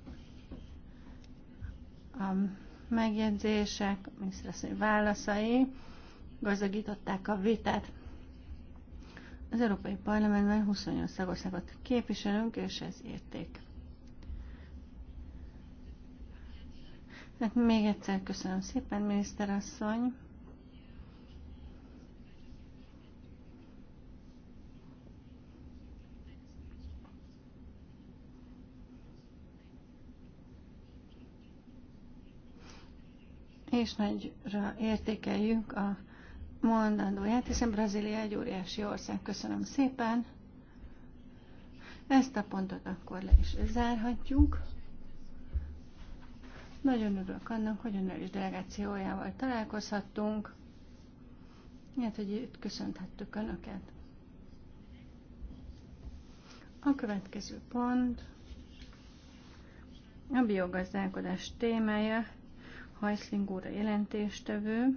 a megjegyzések, a miniszterasszony válaszai gazdagították a vitát. Az Európai Parlamentben 28 szagországot képviselünk, és ez érték. Hát még egyszer köszönöm szépen, miniszterasszony! és nagyra értékeljük a mondandóját, hiszen Brazília egy óriási ország. Köszönöm szépen. Ezt a pontot akkor le is zárhatjuk. Nagyon örülök annak, hogy önnel is delegációjával találkozhattunk, illetve hát, hogy itt köszönthettük Önöket. A következő pont a biogazdálkodás témája Hajszling úr a jelentéstevő.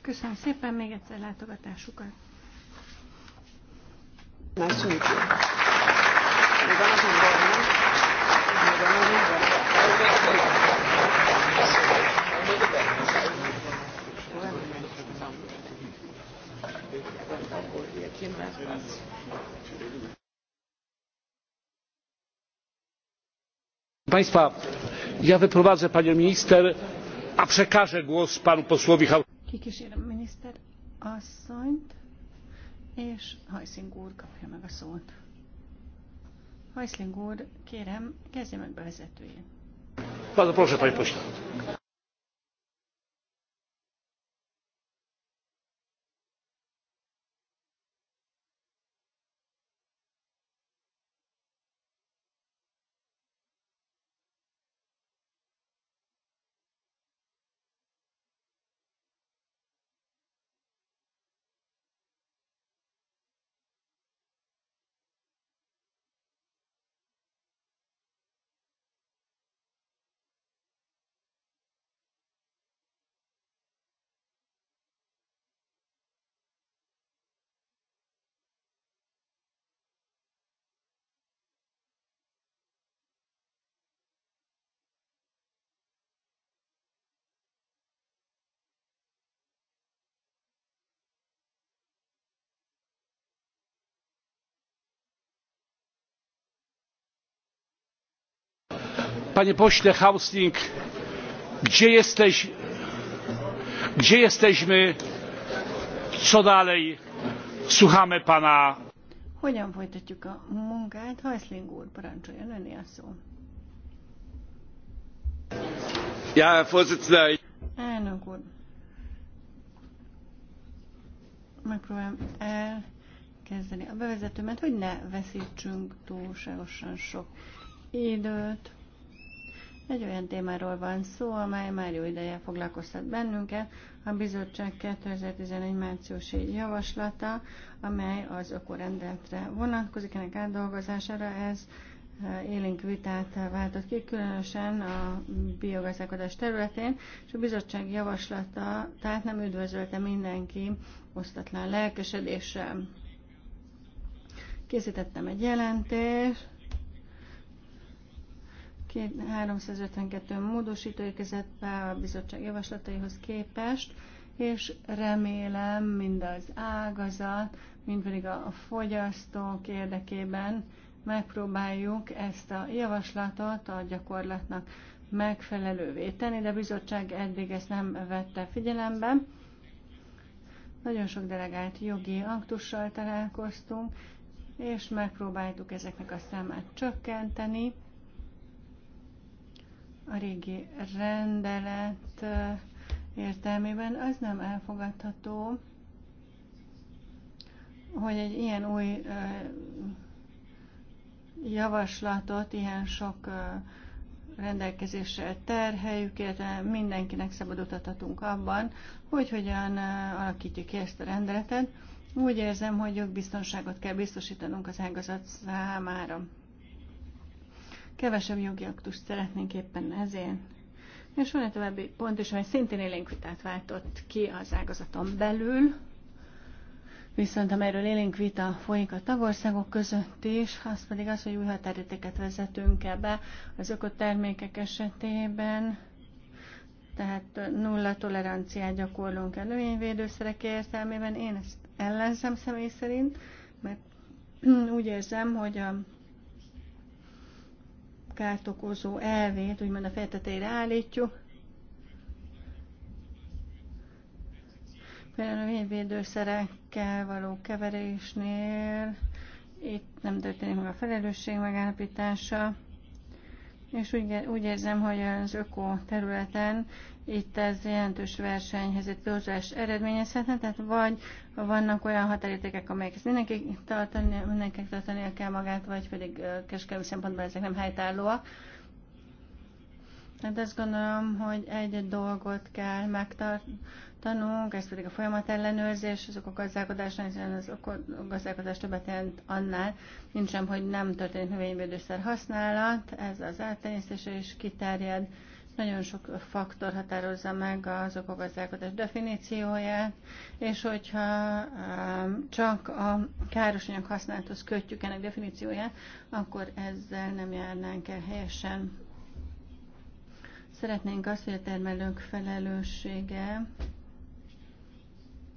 Köszönöm szépen még egyszer látogatásukat. Thank you. Państwa, ja wyprowadzę panią minister, a przekażę głos panu posłowi. Kikísérem miniszter asszonyt, és kapja meg a szót. kérem, Panie pośle husling gdzie jesteś? Gdzie jesteśmy? Co dalej? Słuchamy pana. Hogyan folytatjuk a munkát? úr, parancsoljon a szó. Ja, Herr Elnök úr. Megpróbálom elkezdeni kezdeni a bevezetőmet, hogy ne veszítsünk túlságosan sok időt. Egy olyan témáról van szó, amely már jó ideje foglalkoztat bennünket, a bizottság 2011 márciusi javaslata, amely az ökorendeltre vonatkozik, ennek átdolgozására ez e, élénk vitát váltott ki, különösen a biogazdálkodás területén, és a bizottság javaslata, tehát nem üdvözölte mindenki osztatlan lelkesedéssel. Készítettem egy jelentést, 352 módosító érkezett be a bizottság javaslataihoz képest, és remélem mind az ágazat, mind pedig a fogyasztók érdekében megpróbáljuk ezt a javaslatot a gyakorlatnak megfelelővé tenni, de a bizottság eddig ezt nem vette figyelembe. Nagyon sok delegált jogi aktussal találkoztunk, és megpróbáltuk ezeknek a számát csökkenteni a régi rendelet értelmében az nem elfogadható, hogy egy ilyen új javaslatot ilyen sok rendelkezéssel terheljük, illetve mindenkinek szabad utat abban, hogy hogyan alakítjuk ki ezt a rendeletet. Úgy érzem, hogy jogbiztonságot kell biztosítanunk az ágazat számára. Kevesebb jogi aktust szeretnénk éppen ezért. És van egy további pont is, amely szintén élénkvitát váltott ki az ágazaton belül, Viszont amelyről élénkvita vita folyik a tagországok között is, az pedig az, hogy új határértéket vezetünk ebbe az ökotermékek esetében, tehát nulla toleranciát gyakorlunk a növényvédőszerek értelmében. Én ezt ellenzem személy szerint, mert úgy érzem, hogy a kárt okozó elvét úgymond a fejtetére állítjuk. Például a védőszerekkel való keverésnél itt nem történik meg a felelősség megállapítása, és úgy, úgy érzem, hogy az öko területen itt ez jelentős egy torzulás eredményezhetne, tehát vagy vannak olyan határértékek, ezt mindenki tartani, mindenki tartani kell magát, vagy pedig kereskedelmi szempontból ezek nem helytállóak. Hát azt gondolom, hogy egy, -egy dolgot kell megtartanunk, ez pedig a folyamat ellenőrzés, azok a gazdálkodásnál, hiszen az a gazdálkodás többet jelent annál, nincsen, hogy nem történik növényvédőszer használat, ez az áttenyésztésre is kiterjed. Nagyon sok faktor határozza meg az okogazdálkodás definícióját, és hogyha um, csak a káros anyag használathoz kötjük ennek definícióját, akkor ezzel nem járnánk el helyesen. Szeretnénk azt, hogy a termelők felelőssége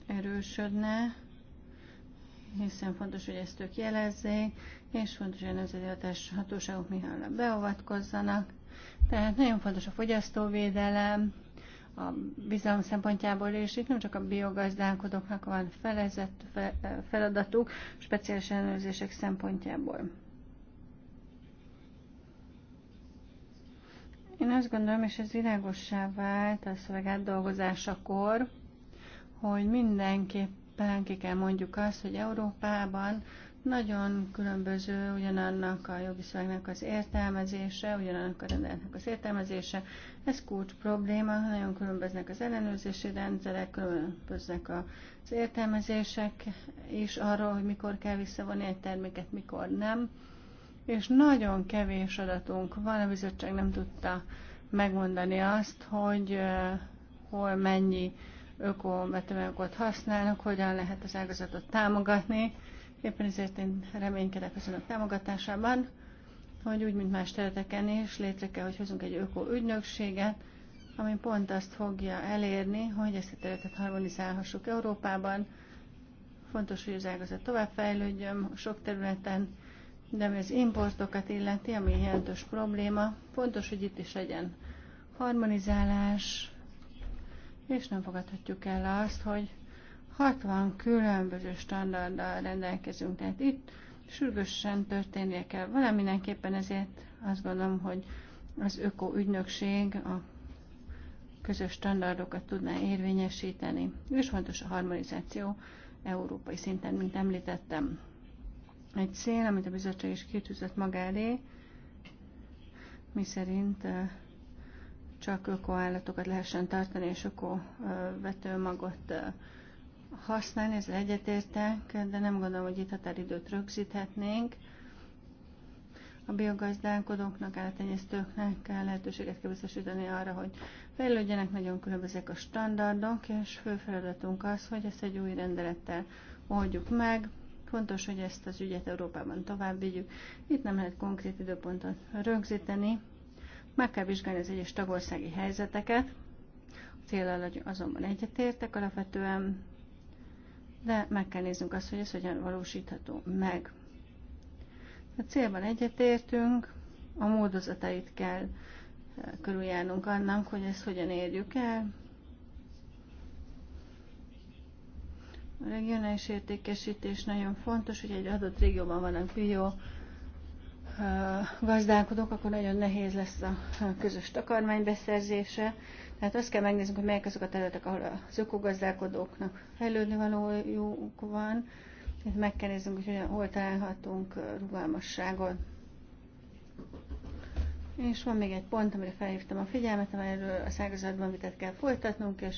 erősödne, hiszen fontos, hogy ezt ők jelezzék, és fontos, hogy a nemzeti hatóságok mihelyre beavatkozzanak, tehát nagyon fontos a fogyasztóvédelem, a bizalom szempontjából, és itt nem csak a biogazdálkodóknak van felezett feladatuk, speciális ellenőrzések szempontjából. Én azt gondolom, és ez világossá vált a szöveg átdolgozásakor, hogy mindenképpen ki kell mondjuk azt, hogy Európában nagyon különböző ugyanannak a jogi szövegnek az értelmezése, ugyanannak a rendeletnek az értelmezése. Ez kulcs probléma, nagyon különböznek az ellenőrzési rendszerek, különböznek az értelmezések és arról, hogy mikor kell visszavonni egy terméket, mikor nem. És nagyon kevés adatunk van, a bizottság nem tudta megmondani azt, hogy eh, hol mennyi ökometemenkot használnak, hogyan lehet az ágazatot támogatni Éppen ezért én reménykedek az önök támogatásában, hogy úgy, mint más területeken is létre kell, hogy hozunk egy öko ügynökséget, ami pont azt fogja elérni, hogy ezt a területet harmonizálhassuk Európában. Fontos, hogy az ágazat továbbfejlődjön sok területen, de ami az importokat illeti, ami jelentős probléma, fontos, hogy itt is legyen harmonizálás, és nem fogadhatjuk el azt, hogy 60 különböző standarddal rendelkezünk, tehát itt sürgősen történnie kell valaminenképpen ezért azt gondolom, hogy az öko ügynökség a közös standardokat tudná érvényesíteni. És fontos a harmonizáció európai szinten, mint említettem. Egy cél, amit a bizottság is kitűzött magálé, mi szerint csak ökoállatokat lehessen tartani, és öko vetőmagot használni, ez egyetértek, de nem gondolom, hogy itt határidőt rögzíthetnénk. A biogazdálkodóknak, kell lehetőséget kell biztosítani arra, hogy fejlődjenek, nagyon különbözőek a standardok, és fő feladatunk az, hogy ezt egy új rendelettel oldjuk meg. Fontos, hogy ezt az ügyet Európában tovább vigyük. Itt nem lehet konkrét időpontot rögzíteni. Meg kell vizsgálni az egyes tagországi helyzeteket. A azonban egyetértek alapvetően de meg kell néznünk azt, hogy ez hogyan valósítható meg. A célban egyetértünk, a módozatait kell eh, körüljárnunk annak, hogy ezt hogyan érjük el. A regionális értékesítés nagyon fontos, hogy egy adott régióban vannak jó eh, gazdálkodók, akkor nagyon nehéz lesz a közös takarmány beszerzése, tehát azt kell megnéznünk, hogy melyek azok a területek, ahol az ökogazdálkodóknak fejlődni valójuk van. Tehát meg kell néznünk, hogy hol találhatunk rugalmasságot. És van még egy pont, amire felhívtam a figyelmet, amelyről a szágazatban vitet kell folytatnunk, és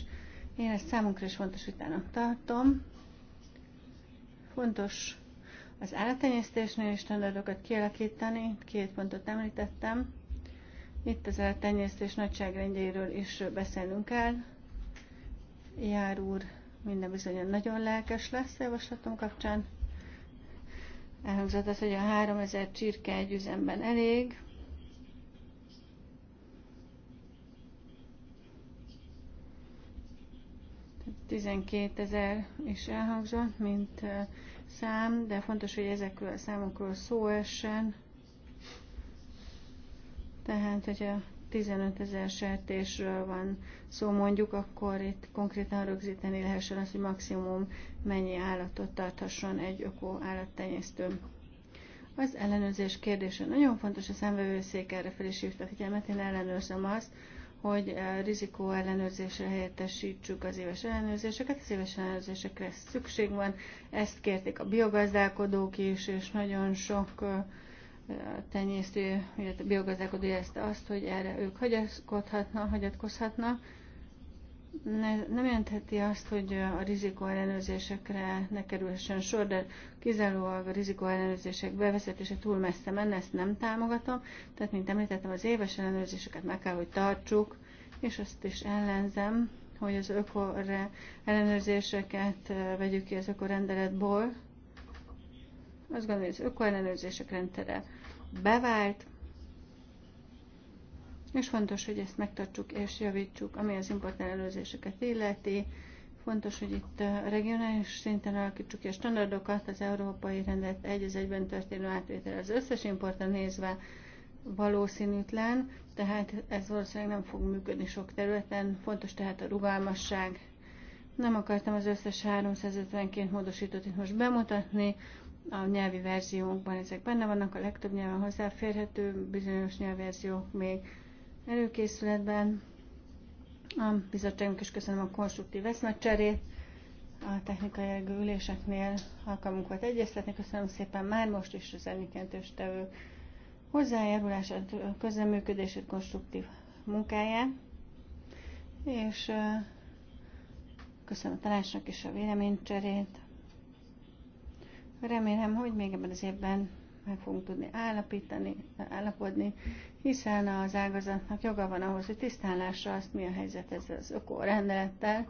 én ezt számunkra is fontos vitának tartom. Fontos az állattenyésztésnél is standardokat kialakítani, két pontot említettem. Itt az tenyésztés nagyságrendjéről is beszélnünk kell. Jár úr minden bizonyan nagyon lelkes lesz javaslatom kapcsán. Elhangzott az, hogy a 3000 csirke egy üzemben elég. ezer is elhangzott, mint szám, de fontos, hogy ezekről a számokról szó essen. Tehát, hogyha 15 ezer sertésről van szó mondjuk, akkor itt konkrétan rögzíteni lehessen az, hogy maximum mennyi állatot tarthasson egy ökó állattenyésztő. Az ellenőrzés kérdése nagyon fontos, a szemvevőszék erre fel is hívta figyelmet, én ellenőrzöm azt, hogy e, rizikó ellenőrzésre helyettesítsük az éves ellenőrzéseket, az éves ellenőrzésekre szükség van, ezt kérték a biogazdálkodók is, és nagyon sok uh, tenyésztő, illetve biogazdálkodó jelezte azt, hogy erre ők hagyatkozhatnak, Ne, Nem jelentheti azt, hogy a rizikóellenőrzésekre ne kerülhessen sor, de kizárólag a rizikóellenőrzések bevezetése túl messze menne, ezt nem támogatom. Tehát, mint említettem, az éves ellenőrzéseket meg kell, hogy tartsuk, és azt is ellenzem, hogy az ökor ellenőrzéseket eh, vegyük ki az rendeletből. Azt gondolom, hogy az ökoellenőrzések rendszere bevált, és fontos, hogy ezt megtartsuk és javítsuk, ami az import ellenőrzéseket illeti. Fontos, hogy itt a regionális szinten alakítsuk ki a standardokat, az európai rendet egy az egyben történő átvétel az összes importra nézve valószínűtlen, tehát ez valószínűleg nem fog működni sok területen. Fontos tehát a rugalmasság. Nem akartam az összes 352 módosítót itt most bemutatni, a nyelvi verziónkban ezek benne vannak, a legtöbb nyelven hozzáférhető, bizonyos nyelvverziók még előkészületben. A bizottságunk is köszönöm a konstruktív eszmecserét, a technikai jelgő üléseknél alkalmunk volt egyeztetni. Köszönöm szépen már most is az elnökentős tevő hozzájárulását, közleműködését, konstruktív munkáját, és köszönöm a tanácsnak is a véleménycserét. Remélem, hogy még ebben az évben meg fogunk tudni állapítani, állapodni, hiszen az ágazatnak joga van ahhoz, hogy tisztánlásra azt, mi a helyzet ezzel az ökó rendelettel.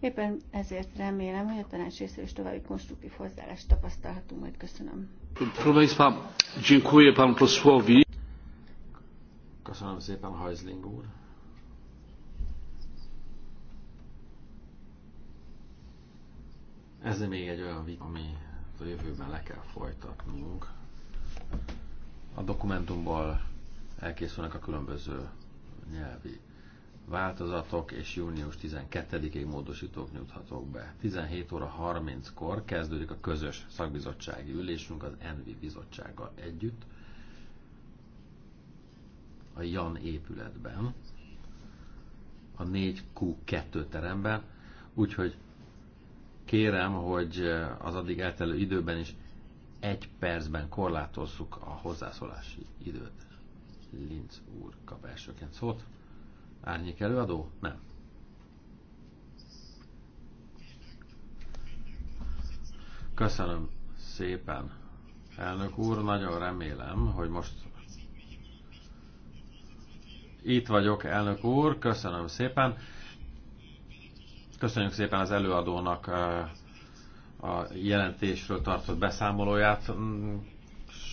Éppen ezért remélem, hogy a tanács részéről is további konstruktív hozzáállást tapasztalhatunk majd. Köszönöm. Köszönöm szépen, Hajzling úr. Ez még egy olyan vita, ami a jövőben le kell folytatnunk. A dokumentumból elkészülnek a különböző nyelvi változatok, és június 12-ig módosítók nyújthatók be. 17 óra 30-kor kezdődik a közös szakbizottsági ülésünk az ENVI bizottsággal együtt a Jan épületben, a 4Q2 teremben, úgyhogy kérem, hogy eh, az addig eltelő időben is egy percben korlátozzuk a hozzászólási időt. Linz úr kap elsőként szót. Árnyék előadó? Nem. Köszönöm szépen, elnök úr. Nagyon remélem, hogy most itt vagyok, elnök úr. Köszönöm szépen. Köszönjük szépen az előadónak eh, a jelentésről tartott beszámolóját. Mm,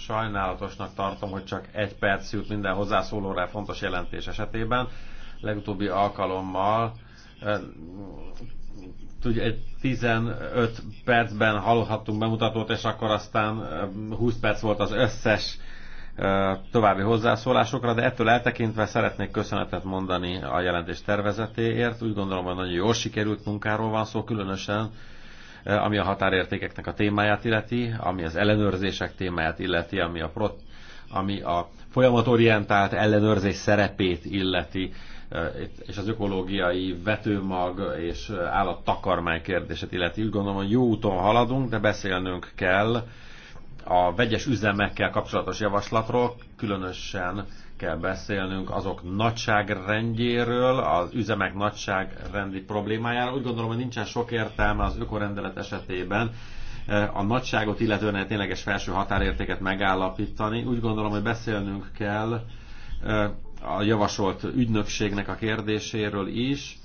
sajnálatosnak tartom, hogy csak egy perc jut minden hozzászólóra fontos jelentés esetében. Legutóbbi alkalommal eh, ugye egy 15 percben hallhattunk bemutatót, és akkor aztán 20 eh, perc volt az összes további hozzászólásokra, de ettől eltekintve szeretnék köszönetet mondani a jelentés tervezetéért. Úgy gondolom, hogy nagyon jól sikerült munkáról van szó, különösen ami a határértékeknek a témáját illeti, ami az ellenőrzések témáját illeti, ami a, prot, ami a folyamatorientált ellenőrzés szerepét illeti, és az ökológiai vetőmag és állattakarmány kérdését illeti. Úgy gondolom, hogy jó úton haladunk, de beszélnünk kell a vegyes üzemekkel kapcsolatos javaslatról különösen kell beszélnünk azok nagyságrendjéről, az üzemek nagyságrendi problémájára. Úgy gondolom, hogy nincsen sok értelme az ökorendelet esetében eh, a nagyságot, illetően egy tényleges felső határértéket megállapítani. Úgy gondolom, hogy beszélnünk kell eh, a javasolt ügynökségnek a kérdéséről is,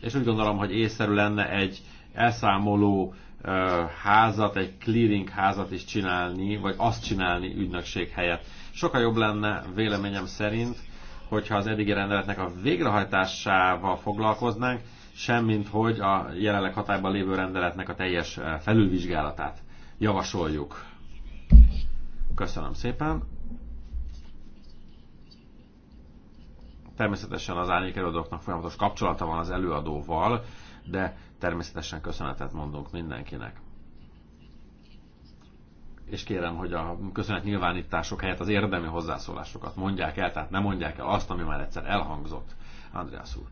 és úgy gondolom, hogy észszerű lenne egy elszámoló házat, egy clearing házat is csinálni, vagy azt csinálni ügynökség helyett. Sokkal jobb lenne véleményem szerint, hogyha az eddigi rendeletnek a végrehajtásával foglalkoznánk, semmint hogy a jelenleg hatályban lévő rendeletnek a teljes felülvizsgálatát javasoljuk. Köszönöm szépen. Természetesen az árnyékelődőknek folyamatos kapcsolata van az előadóval, de Természetesen köszönetet mondunk mindenkinek. És kérem, hogy a köszönet nyilvánítások helyett az érdemi hozzászólásokat mondják el, tehát ne mondják el azt, ami már egyszer elhangzott. András úr.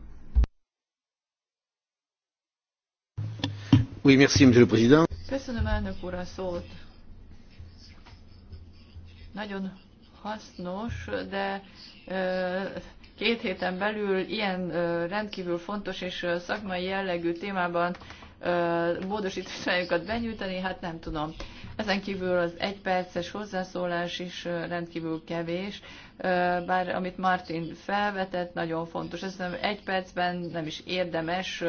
Oui, merci, monsieur le président. Köszönöm elnök úr a szót. Nagyon hasznos, de euh, két héten belül ilyen rendkívül fontos és szakmai jellegű témában módosítványokat benyújtani, hát nem tudom. Ezen kívül az egyperces hozzászólás is rendkívül kevés, bár amit Martin felvetett, nagyon fontos. Ez nem egy percben nem is érdemes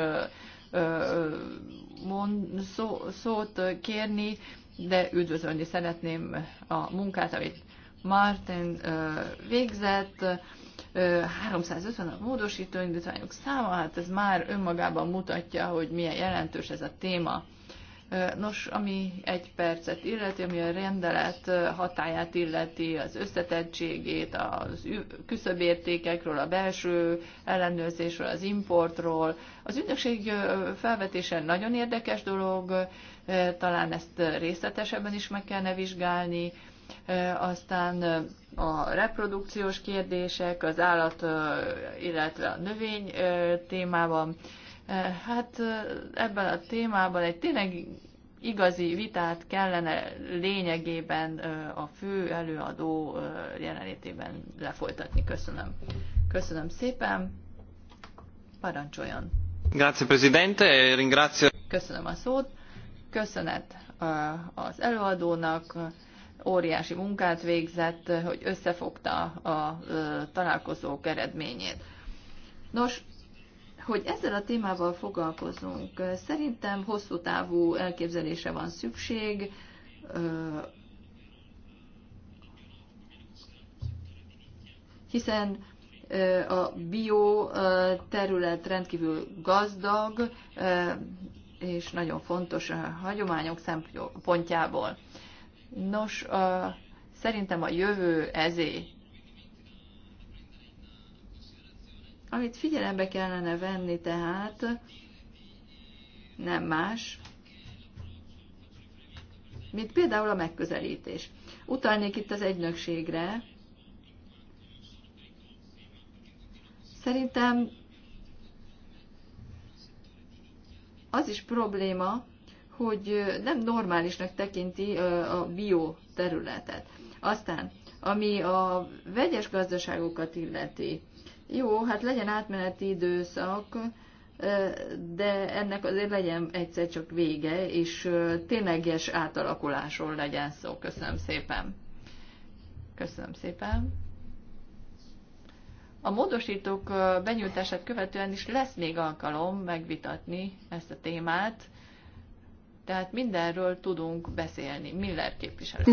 mond, szó, szót kérni, de üdvözölni szeretném a munkát, amit Martin végzett 350 a módosító indítványok száma, hát ez már önmagában mutatja, hogy milyen jelentős ez a téma. Nos, ami egy percet illeti, ami a rendelet hatáját illeti, az összetettségét, az küszöbértékekről, a belső ellenőrzésről, az importról. Az ügynökség felvetése nagyon érdekes dolog, talán ezt részletesebben is meg kellene vizsgálni, aztán a reprodukciós kérdések, az állat, illetve a növény témában. Hát ebben a témában egy tényleg igazi vitát kellene lényegében a fő előadó jelenlétében lefolytatni. Köszönöm. Köszönöm szépen. Parancsoljon. Grazie, Presidente. E ringrazio. Köszönöm a szót. Köszönet az előadónak óriási munkát végzett, hogy összefogta a találkozók eredményét. Nos, hogy ezzel a témával foglalkozunk, szerintem hosszú távú elképzelése van szükség, hiszen a bio terület rendkívül gazdag, és nagyon fontos a hagyományok szempontjából. Nos, a, szerintem a jövő ezé. Amit figyelembe kellene venni tehát, nem más, mint például a megközelítés. Utalnék itt az egynökségre. Szerintem az is probléma, hogy nem normálisnak tekinti a bio területet. Aztán, ami a vegyes gazdaságokat illeti, jó, hát legyen átmeneti időszak, de ennek azért legyen egyszer csak vége, és tényleges átalakulásról legyen szó. Köszönöm szépen. Köszönöm szépen. A módosítók benyújtását követően is lesz még alkalom megvitatni ezt a témát tehát mindenről tudunk beszélni. Miller képviselő.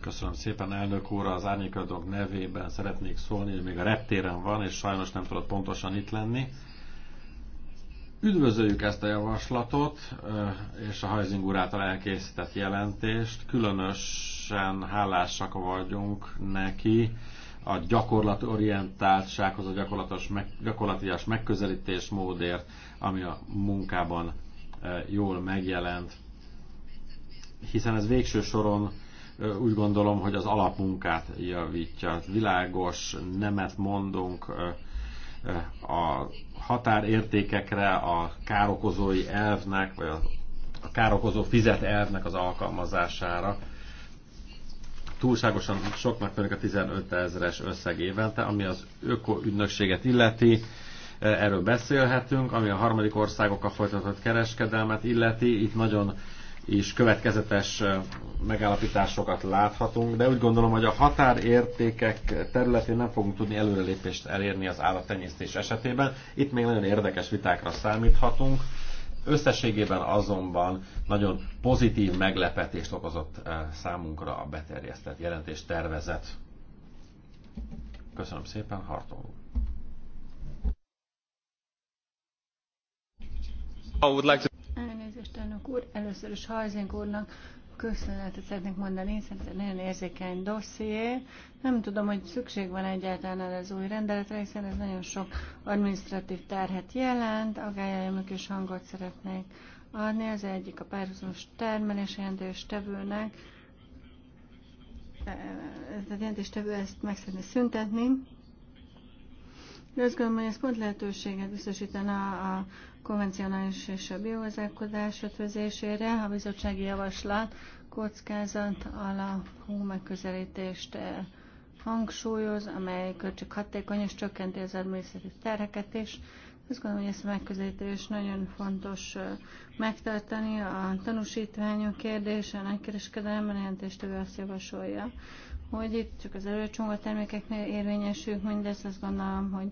Köszönöm szépen, elnök úr. Az árnyékadók nevében szeretnék szólni, hogy még a reptéren van, és sajnos nem tudott pontosan itt lenni. Üdvözöljük ezt a javaslatot, és a Hajzing úr által elkészített jelentést. Különösen hálásak vagyunk neki a gyakorlatorientáltsághoz, a gyakorlatos meg, gyakorlatias megközelítés ami a munkában jól megjelent, hiszen ez végső soron úgy gondolom, hogy az alapmunkát javítja. Világos nemet mondunk a határértékekre, a károkozói elvnek, vagy a károkozó fizet elvnek az alkalmazására. Túlságosan soknak pedig a 15 ezeres összeg évente, ami az ökoügynökséget illeti erről beszélhetünk, ami a harmadik országokkal folytatott kereskedelmet illeti. Itt nagyon is következetes megállapításokat láthatunk, de úgy gondolom, hogy a határértékek területén nem fogunk tudni előrelépést elérni az állattenyésztés esetében. Itt még nagyon érdekes vitákra számíthatunk. Összességében azonban nagyon pozitív meglepetést okozott számunkra a beterjesztett jelentés tervezet. Köszönöm szépen, Hartong Elnézést, elnök úr, először is Hajzénk úrnak köszönetet szeretnék mondani, hiszen ez nagyon érzékeny dosszié. Nem tudom, hogy szükség van egyáltalán erre az új rendeletre, hiszen ez nagyon sok administratív terhet jelent, A gályájának is hangot szeretnék adni. Az egyik a párhuzamos termelés jelentős tevőnek, jelentős tevő ezt meg szeretné szüntetni. De azt gondolom, hogy ez pont lehetőséget biztosítana a konvencionális és a biogazdálkodás ötvözésére. A bizottsági javaslat kockázat alapú megközelítést eh, hangsúlyoz, amely csak hatékony és csökkenti az adminisztratív terheket is. Azt gondolom, hogy ezt a megközelítés nagyon fontos eh, megtartani. A tanúsítványok kérdése a nagykereskedelemben jelentéstevő azt javasolja, hogy itt csak az termékeknél érvényesül, mindez azt gondolom, hogy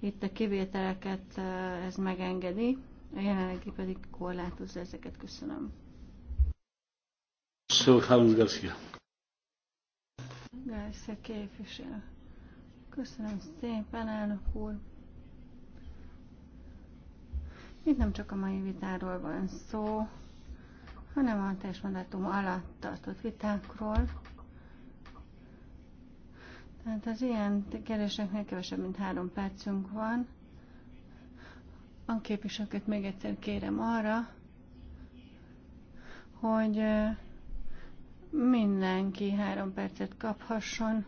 itt a kivételeket ez megengedi, a jelenlegi pedig korlátozza ezeket. Köszönöm. Szóval Garcia. képviselő. Köszönöm szépen, elnök úr. Itt nem csak a mai vitáról van szó, hanem a testmandátum alatt tartott vitákról, Hát az ilyen kérdéseknél kevesebb, mint három percünk van. A képviselőket még egyszer kérem arra, hogy mindenki három percet kaphasson.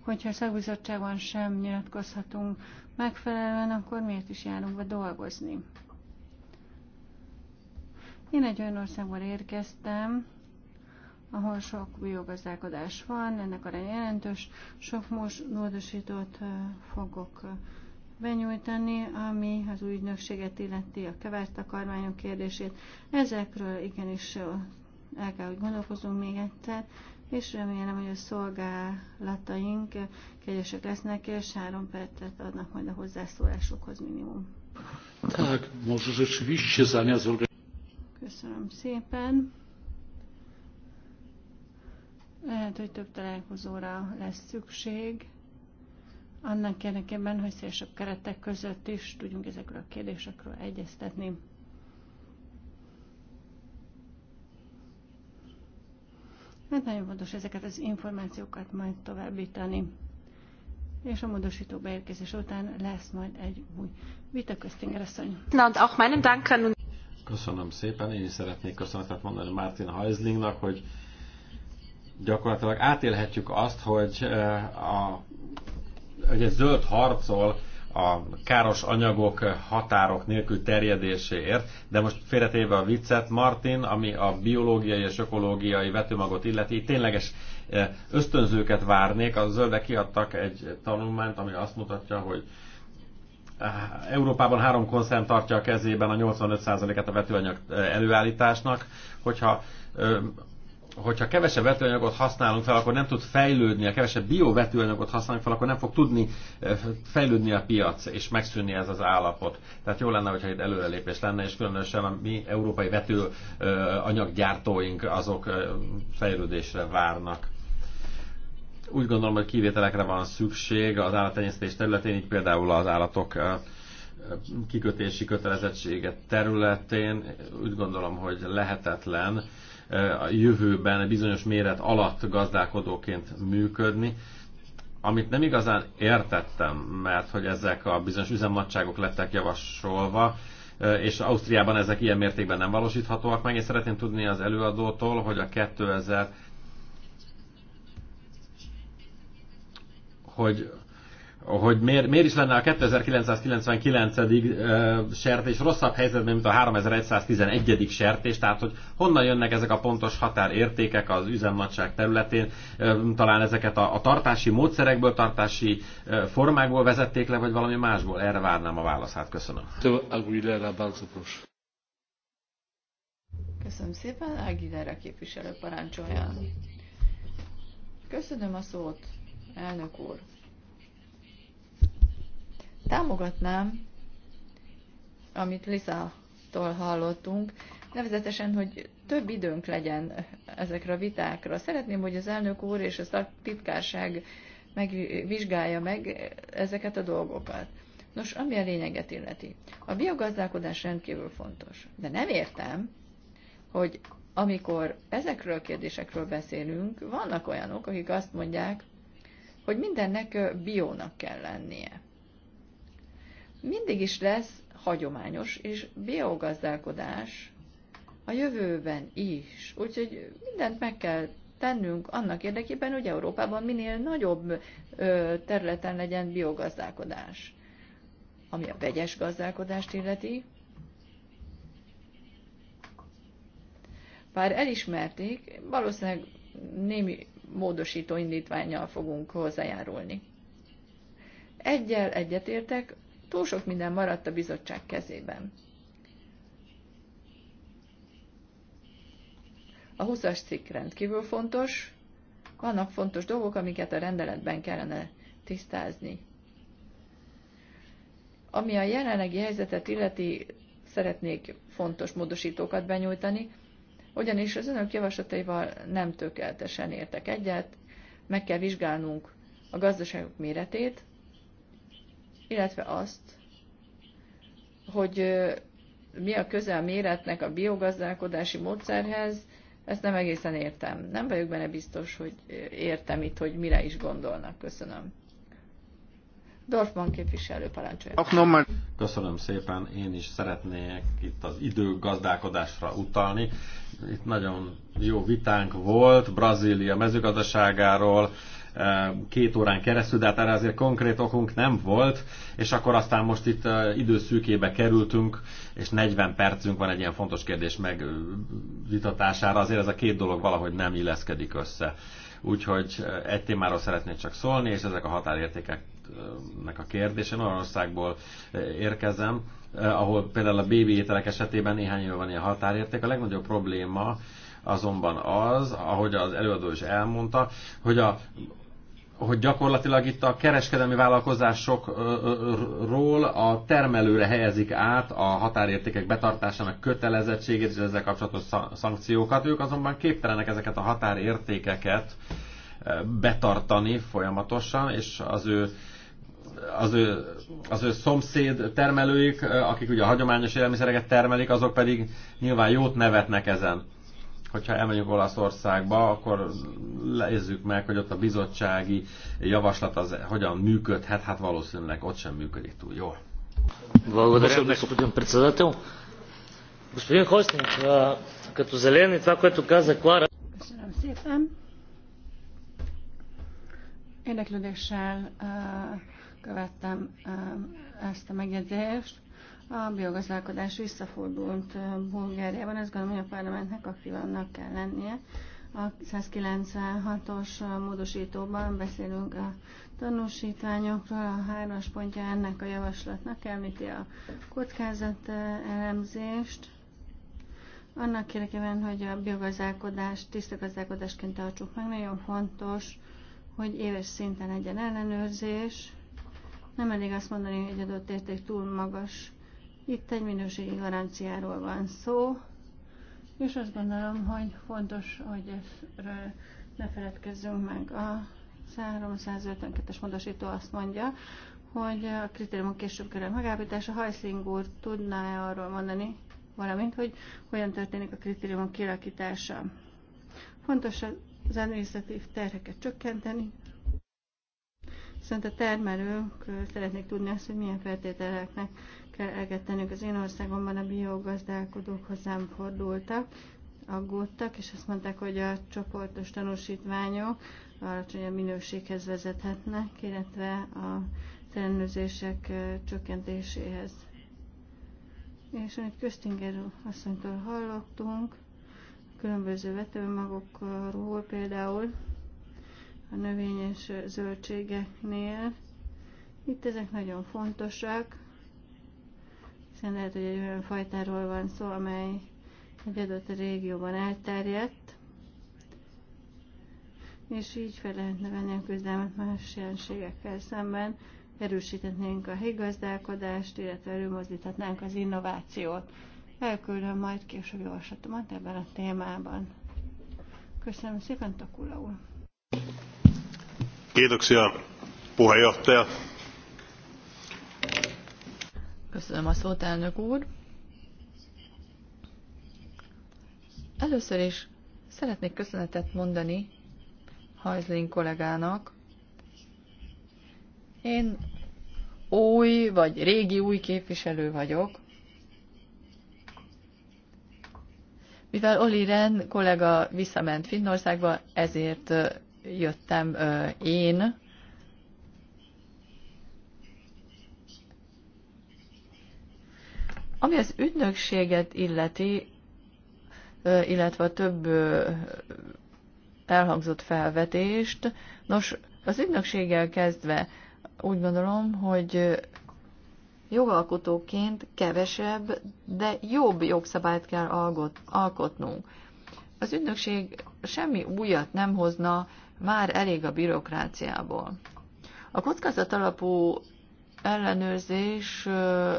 Hogyha a szakbizottságban sem nyilatkozhatunk megfelelően, akkor miért is járunk be dolgozni? Én egy olyan országból érkeztem, ahol sok biogazdálkodás van, ennek arány jelentős, sok most módosítót fogok benyújtani, ami az új ügynökséget illeti a takarmányok kérdését. Ezekről igenis el kell, hogy gondolkozunk még egyszer, és remélem, hogy a szolgálataink kegyesek lesznek, és három percet adnak majd a hozzászólásokhoz minimum. Tak, Köszönöm szépen. Lehet, hogy több találkozóra lesz szükség, annak érdekében, hogy szélesebb keretek között is tudjunk ezekről a kérdésekről egyeztetni. Mert hát nagyon fontos ezeket az információkat majd továbbítani. És a módosító beérkezés után lesz majd egy új vita köztinger asszony. Hát Köszönöm szépen, én is szeretnék köszönetet mondani Martin Heislingnak, hogy gyakorlatilag átélhetjük azt, hogy, eh, a, hogy egy zöld harcol a káros anyagok eh, határok nélkül terjedéséért, de most félretéve a viccet, Martin, ami a biológiai és ökológiai vetőmagot illeti, tényleges eh, ösztönzőket várnék. A zöldek kiadtak egy tanulmányt, ami azt mutatja, hogy Európában három koncern tartja a kezében a 85%-et a vetőanyag előállításnak, hogyha hogyha kevesebb vetőanyagot használunk fel, akkor nem tud fejlődni, a kevesebb biovetőanyagot használunk fel, akkor nem fog tudni eh, fejlődni a piac, és megszűnni ez az állapot. Tehát jó lenne, hogyha itt előrelépés lenne, és különösen a mi európai vetőanyaggyártóink eh, azok eh, fejlődésre várnak úgy gondolom, hogy kivételekre van szükség az állattenyésztés területén, így például az állatok kikötési kötelezettsége területén. Úgy gondolom, hogy lehetetlen a jövőben bizonyos méret alatt gazdálkodóként működni. Amit nem igazán értettem, mert hogy ezek a bizonyos üzemnagyságok lettek javasolva, és Ausztriában ezek ilyen mértékben nem valósíthatóak meg. Én szeretném tudni az előadótól, hogy a 2000 hogy hogy miért, miért is lenne a 2999. sertés rosszabb helyzetben, mint a 3111. sertés, tehát hogy honnan jönnek ezek a pontos határértékek az üzemnagyság területén, talán ezeket a, a tartási módszerekből, tartási formákból vezették le, vagy valami másból? Erre várnám a válaszát. Köszönöm. Köszönöm szépen, Aguilera képviselő parancsolja. Köszönöm a szót, elnök úr. Támogatnám, amit Lisa-tól hallottunk, nevezetesen, hogy több időnk legyen ezekre a vitákra. Szeretném, hogy az elnök úr és a titkárság megvizsgálja meg ezeket a dolgokat. Nos, ami a lényeget illeti. A biogazdálkodás rendkívül fontos. De nem értem, hogy amikor ezekről a kérdésekről beszélünk, vannak olyanok, akik azt mondják, hogy mindennek biónak kell lennie mindig is lesz hagyományos és biogazdálkodás a jövőben is. Úgyhogy mindent meg kell tennünk annak érdekében, hogy Európában minél nagyobb területen legyen biogazdálkodás. Ami a vegyes gazdálkodást illeti, bár elismerték, valószínűleg némi módosító indítványjal fogunk hozzájárulni. Egyel egyetértek, túl sok minden maradt a bizottság kezében. A 20-as cikk rendkívül fontos, vannak fontos dolgok, amiket a rendeletben kellene tisztázni. Ami a jelenlegi helyzetet illeti, szeretnék fontos módosítókat benyújtani, ugyanis az önök javaslataival nem tökéletesen értek egyet, meg kell vizsgálnunk a gazdaságok méretét, illetve azt, hogy mi a közel méretnek a biogazdálkodási módszerhez, ezt nem egészen értem. Nem vagyok benne biztos, hogy értem itt, hogy mire is gondolnak. Köszönöm. Dorfman képviselő parancsolja. Köszönöm szépen, én is szeretnék itt az időgazdálkodásra utalni. Itt nagyon jó vitánk volt Brazília mezőgazdaságáról, Eh, két órán keresztül, de hát erre azért konkrét okunk nem volt, és akkor aztán most itt eh, időszűkébe kerültünk, és 40 percünk van egy ilyen fontos kérdés megvitatására, azért ez a két dolog valahogy nem illeszkedik össze. Úgyhogy eh, egy témáról szeretnék csak szólni, és ezek a határértékeknek a kérdése. Olyan országból érkezem, ahol például a bébi ételek esetében néhány éve van ilyen határérték. A legnagyobb probléma azonban az, ahogy az előadó is elmondta, hogy a hogy gyakorlatilag itt a kereskedelmi vállalkozásokról a termelőre helyezik át a határértékek betartásának kötelezettségét és ezzel kapcsolatos szankciókat. Ők azonban képtelenek ezeket a határértékeket eh, betartani folyamatosan, és az ő az ő, az ő szomszéd termelőik, eh, akik ugye a hagyományos élelmiszereket termelik, azok pedig nyilván jót nevetnek ezen hogyha elmegyünk Olaszországba, akkor lezzük meg, hogy ott a bizottsági javaslat az hogyan működhet, hát valószínűleg ott sem működik túl jól. Köszönöm szépen. Érdeklődéssel követtem ezt a megjegyzést. A biogazdálkodás visszafordult Bulgáriában, ez gondolom, hogy a parlamentnek aktívannak kell lennie. A 196-os módosítóban beszélünk a tanúsítványokról, a hármas pontja ennek a javaslatnak említi a kockázat elemzést, annak érdekében, hogy a biogazdálkodás tiszta gazdálkodásként tartsuk meg, nagyon fontos, hogy éves szinten legyen ellenőrzés. Nem elég azt mondani, hogy egy adott érték túl magas itt egy minőségi garanciáról van szó, és azt gondolom, hogy fontos, hogy erről ne feledkezzünk meg. A 352-es módosító azt mondja, hogy a kritériumok később kerül megállapítása. Hajszling úr tudná -e arról mondani valamint, hogy hogyan történik a kritériumok kialakítása. Fontos az administratív terheket csökkenteni, viszont a termelők szeretnék tudni azt, hogy milyen feltételeknek kell elgettenünk. Az én országomban a biogazdálkodók hozzám fordultak, aggódtak, és azt mondták, hogy a csoportos tanúsítványok alacsonyabb minőséghez vezethetnek, illetve a ellenőrzések csökkentéséhez. És amit Köztinger asszonytól hallottunk, különböző vetőmagokról például a növény és zöldségeknél, itt ezek nagyon fontosak, hiszen lehet, hogy egy olyan fajtáról van szó, amely egy adott régióban elterjedt, és így fel lehetne venni a küzdelmet más jelenségekkel szemben, erősíthetnénk a helygazdálkodást, illetve erőmozdíthatnánk az innovációt. Elküldöm majd később javaslatomat ebben a témában. Köszönöm szépen, Takula úr! Kiitoksia, puheenjohtaja! Köszönöm a szót, elnök úr. Először is szeretnék köszönetet mondani Hajzlin kollégának. Én új vagy régi új képviselő vagyok. Mivel Oli Ren kollega visszament Finnországba, ezért jöttem én Ami az ügynökséget illeti, illetve a több elhangzott felvetést, nos, az ügynökséggel kezdve úgy gondolom, hogy jogalkotóként kevesebb, de jobb jogszabályt kell algot, alkotnunk. Az ügynökség semmi újat nem hozna, már elég a bürokráciából. A kockázat alapú ellenőrzés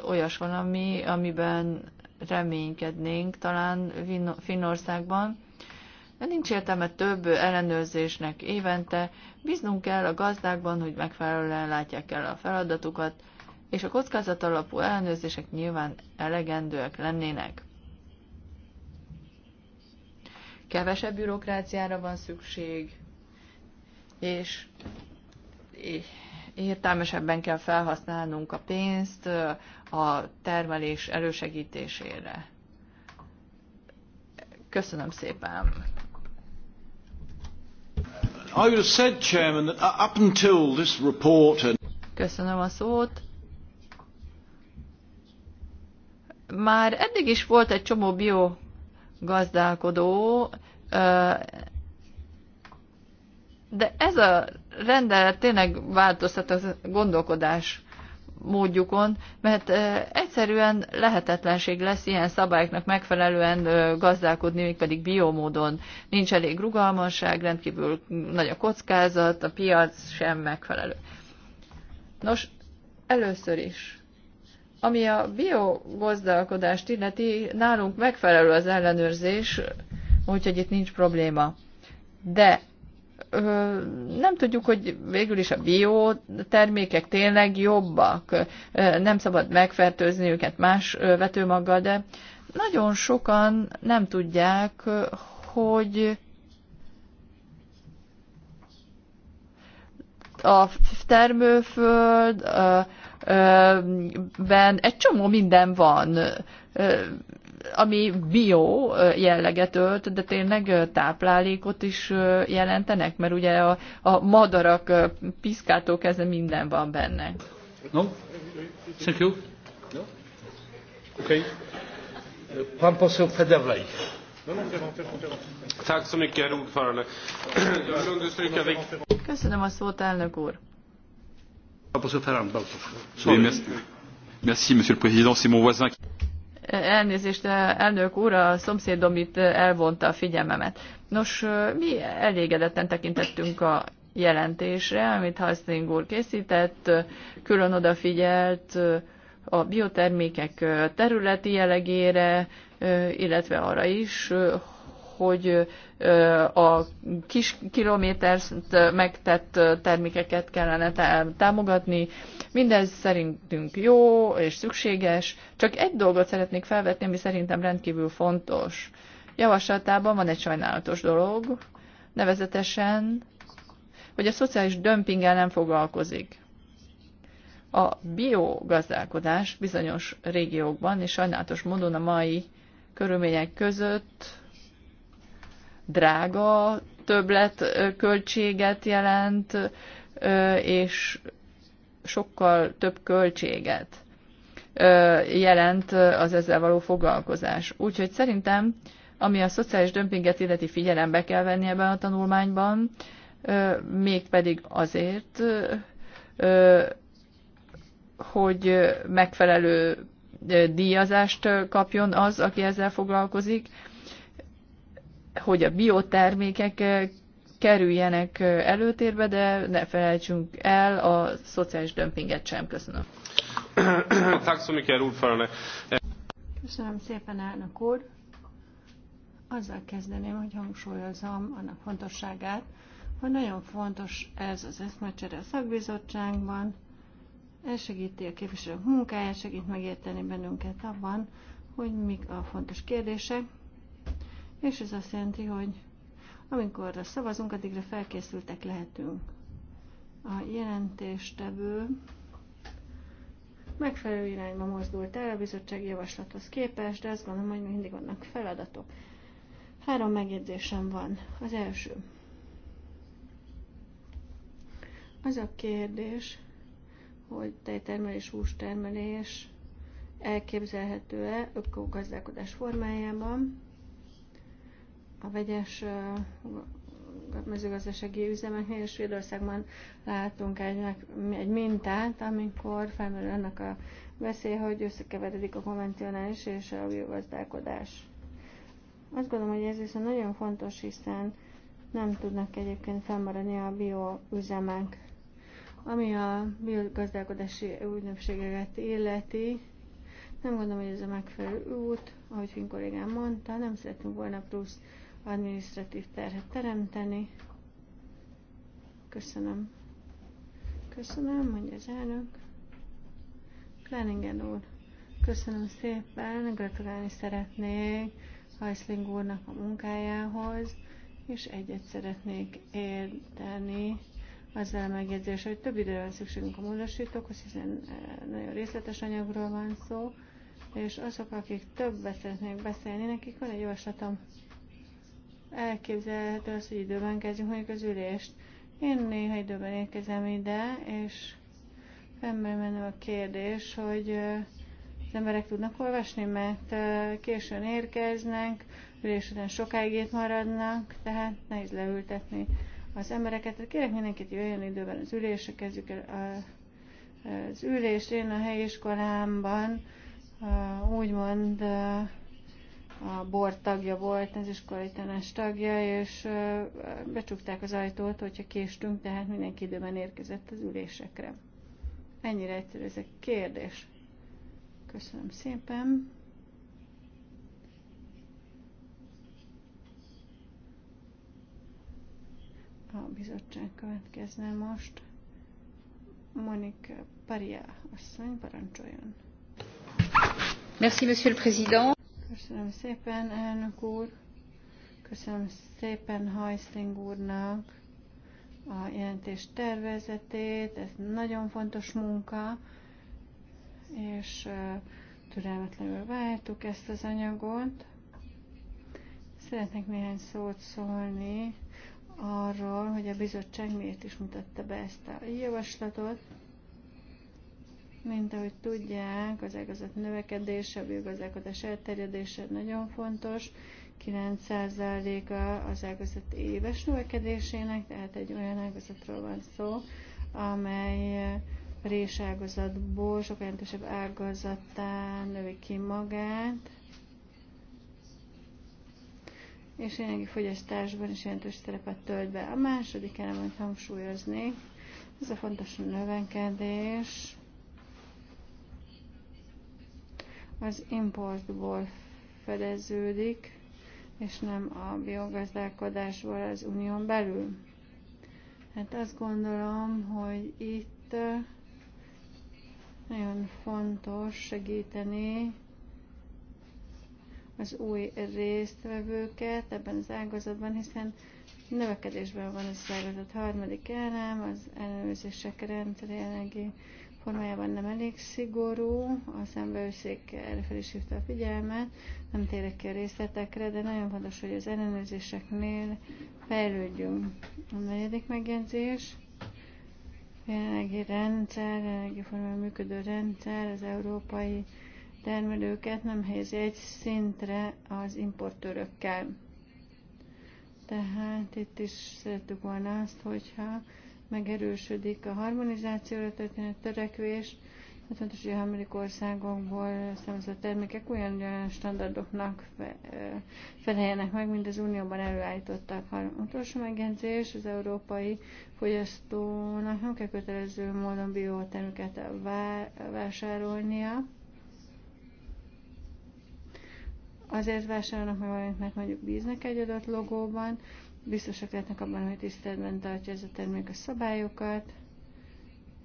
olyas van, ami, amiben reménykednénk talán Finnországban, de nincs értelme több ellenőrzésnek évente, bíznunk kell a gazdákban, hogy megfelelően látják el a feladatukat, és a kockázat alapú ellenőrzések nyilván elegendőek lennének. Kevesebb bürokráciára van szükség, és értelmesebben kell felhasználnunk a pénzt a termelés elősegítésére. Köszönöm szépen. I would have said, Chairman, that up until this report and Köszönöm a szót. Már eddig is volt egy csomó biogazdálkodó, de ez a rendelet tényleg változtat a gondolkodás módjukon, mert egyszerűen lehetetlenség lesz ilyen szabályoknak megfelelően gazdálkodni, még pedig biomódon. Nincs elég rugalmasság, rendkívül nagy a kockázat, a piac sem megfelelő. Nos, először is. Ami a biogazdálkodást illeti, nálunk megfelelő az ellenőrzés, úgyhogy itt nincs probléma. De nem tudjuk, hogy végül is a bio termékek tényleg jobbak, nem szabad megfertőzni őket más vetőmaggal, de nagyon sokan nem tudják, hogy a termőföld, ben egy csomó minden van ami bio jelleget ölt, de tényleg táplálékot is jelentenek, mert ugye a, a madarak piszkától kezdve minden van benne. No? Thank you. No? Okay. Pan poseł Federley. Köszönöm a szót, elnök úr. Merci, monsieur le président, c'est mon voisin qui... Elnézést, elnök úr, a szomszédom itt elvonta a figyelmemet. Nos, mi elégedetten tekintettünk a jelentésre, amit Haszling úr készített, külön odafigyelt a biotermékek területi jellegére, illetve arra is, hogy a kis kilométert megtett termékeket kellene támogatni, Mindez szerintünk jó és szükséges, csak egy dolgot szeretnék felvetni, ami szerintem rendkívül fontos. Javaslatában van egy sajnálatos dolog, nevezetesen, hogy a szociális dömpinggel nem foglalkozik. A biogazdálkodás bizonyos régiókban és sajnálatos módon a mai körülmények között drága többlet költséget jelent, és sokkal több költséget jelent az ezzel való foglalkozás. Úgyhogy szerintem, ami a szociális dömpinget illeti figyelembe kell venni ebben a tanulmányban, mégpedig azért, hogy megfelelő díjazást kapjon az, aki ezzel foglalkozik, hogy a biotermékek kerüljenek előtérbe, de ne felejtsünk el a szociális dömpinget sem. Köszönöm. Köszönöm szépen, elnök úr. Azzal kezdeném, hogy hangsúlyozom annak fontosságát, hogy nagyon fontos ez az eszmecsere a szakbizottságban, segíti a képviselők munkáját, segít megérteni bennünket abban, hogy mik a fontos kérdések, és ez azt jelenti, hogy amikor szavazunk, addigra felkészültek lehetünk. A jelentéstevő megfelelő irányba mozdult el a bizottság javaslathoz képest, de azt gondolom, hogy mindig vannak feladatok. Három megjegyzésem van. Az első. Az a kérdés, hogy tejtermelés, hústermelés elképzelhető-e ökogazdálkodás formájában a vegyes mezőgazdasági üzemeknél, és Svédországban látunk egy, egy mintát, amikor felmerül ennek a veszély, hogy összekeveredik a konvencionális és a biogazdálkodás. Azt gondolom, hogy ez viszont nagyon fontos, hiszen nem tudnak egyébként felmaradni a bioüzemek. Ami a biogazdálkodási ügynökségeket illeti, nem gondolom, hogy ez a megfelelő út, ahogy Finn kollégám mondta, nem szeretünk volna plusz administratív terhet teremteni. Köszönöm. Köszönöm, mondja az elnök. Kleningen úr, köszönöm szépen, gratulálni szeretnék Hajszling úrnak a munkájához, és egyet szeretnék érteni azzal a megjegyzés, hogy több időre van szükségünk a módosítókhoz, hiszen eh, nagyon részletes anyagról van szó, és azok, akik többet szeretnék beszélni, nekik van egy javaslatom elképzelhető az, hogy időben kezdjük mondjuk az ülést. Én néha időben érkezem ide, és fennmerül menő a kérdés, hogy az emberek tudnak olvasni, mert későn érkeznek, ülés után sokáig itt maradnak, tehát nehéz leültetni az embereket. kérek mindenkit, jöjjön időben az ülésre, kezdjük el a, az ülést. Én a helyiskolámban úgymond a bor tagja volt, az iskolai tanács tagja, és becsukták az ajtót, hogyha késtünk, tehát mindenki időben érkezett az ülésekre. Ennyire egyszerű ez a kérdés. Köszönöm szépen. A bizottság következne most. Monika Paria asszony parancsoljon. Merci, Monsieur le Président. Köszönöm szépen, elnök úr. Köszönöm szépen Hajszling úrnak a jelentés tervezetét. Ez nagyon fontos munka, és türelmetlenül vártuk ezt az anyagot. Szeretnék néhány szót szólni arról, hogy a bizottság miért is mutatta be ezt a javaslatot. Mint ahogy tudják, az ágazat növekedése, a biogazdálkodás elterjedése nagyon fontos. 9%-a az ágazat éves növekedésének, tehát egy olyan ágazatról van szó, amely réságazatból sokkal jelentősebb ágazattá növi ki magát, és jelenlegi fogyasztásban is jelentős szerepet tölt be. A második elem, amit hangsúlyoznék, ez a fontos növekedés az importból fedeződik, és nem a biogazdálkodásból az unión belül. Hát azt gondolom, hogy itt nagyon fontos segíteni az új résztvevőket ebben az ágazatban, hiszen növekedésben van az ágazat. Harmadik elem, az ellenőrzések jelenlegi formájában nem elég szigorú, a szembeőszék erre fel is hívta a figyelmet, nem térek ki a részletekre, de nagyon fontos, hogy az ellenőrzéseknél fejlődjünk. A negyedik megjegyzés, jelenlegi rendszer, jelenlegi formában működő rendszer az európai termelőket nem helyezi egy szintre az importőrökkel. Tehát itt is szerettük volna azt, hogyha megerősödik a harmonizációra történő törekvés, hát fontos, hogy a harmadik országokból származó termékek olyan standardoknak feleljenek meg, mint az Unióban előállítottak. Utolsó megjegyzés, az európai fogyasztónak nem kell kötelező módon bioterméket vásárolnia, azért vásárolnak meg valamit, mert mondjuk bíznek egy adott logóban, biztosak lehetnek abban, hogy tiszteletben tartja ez a termék a szabályokat,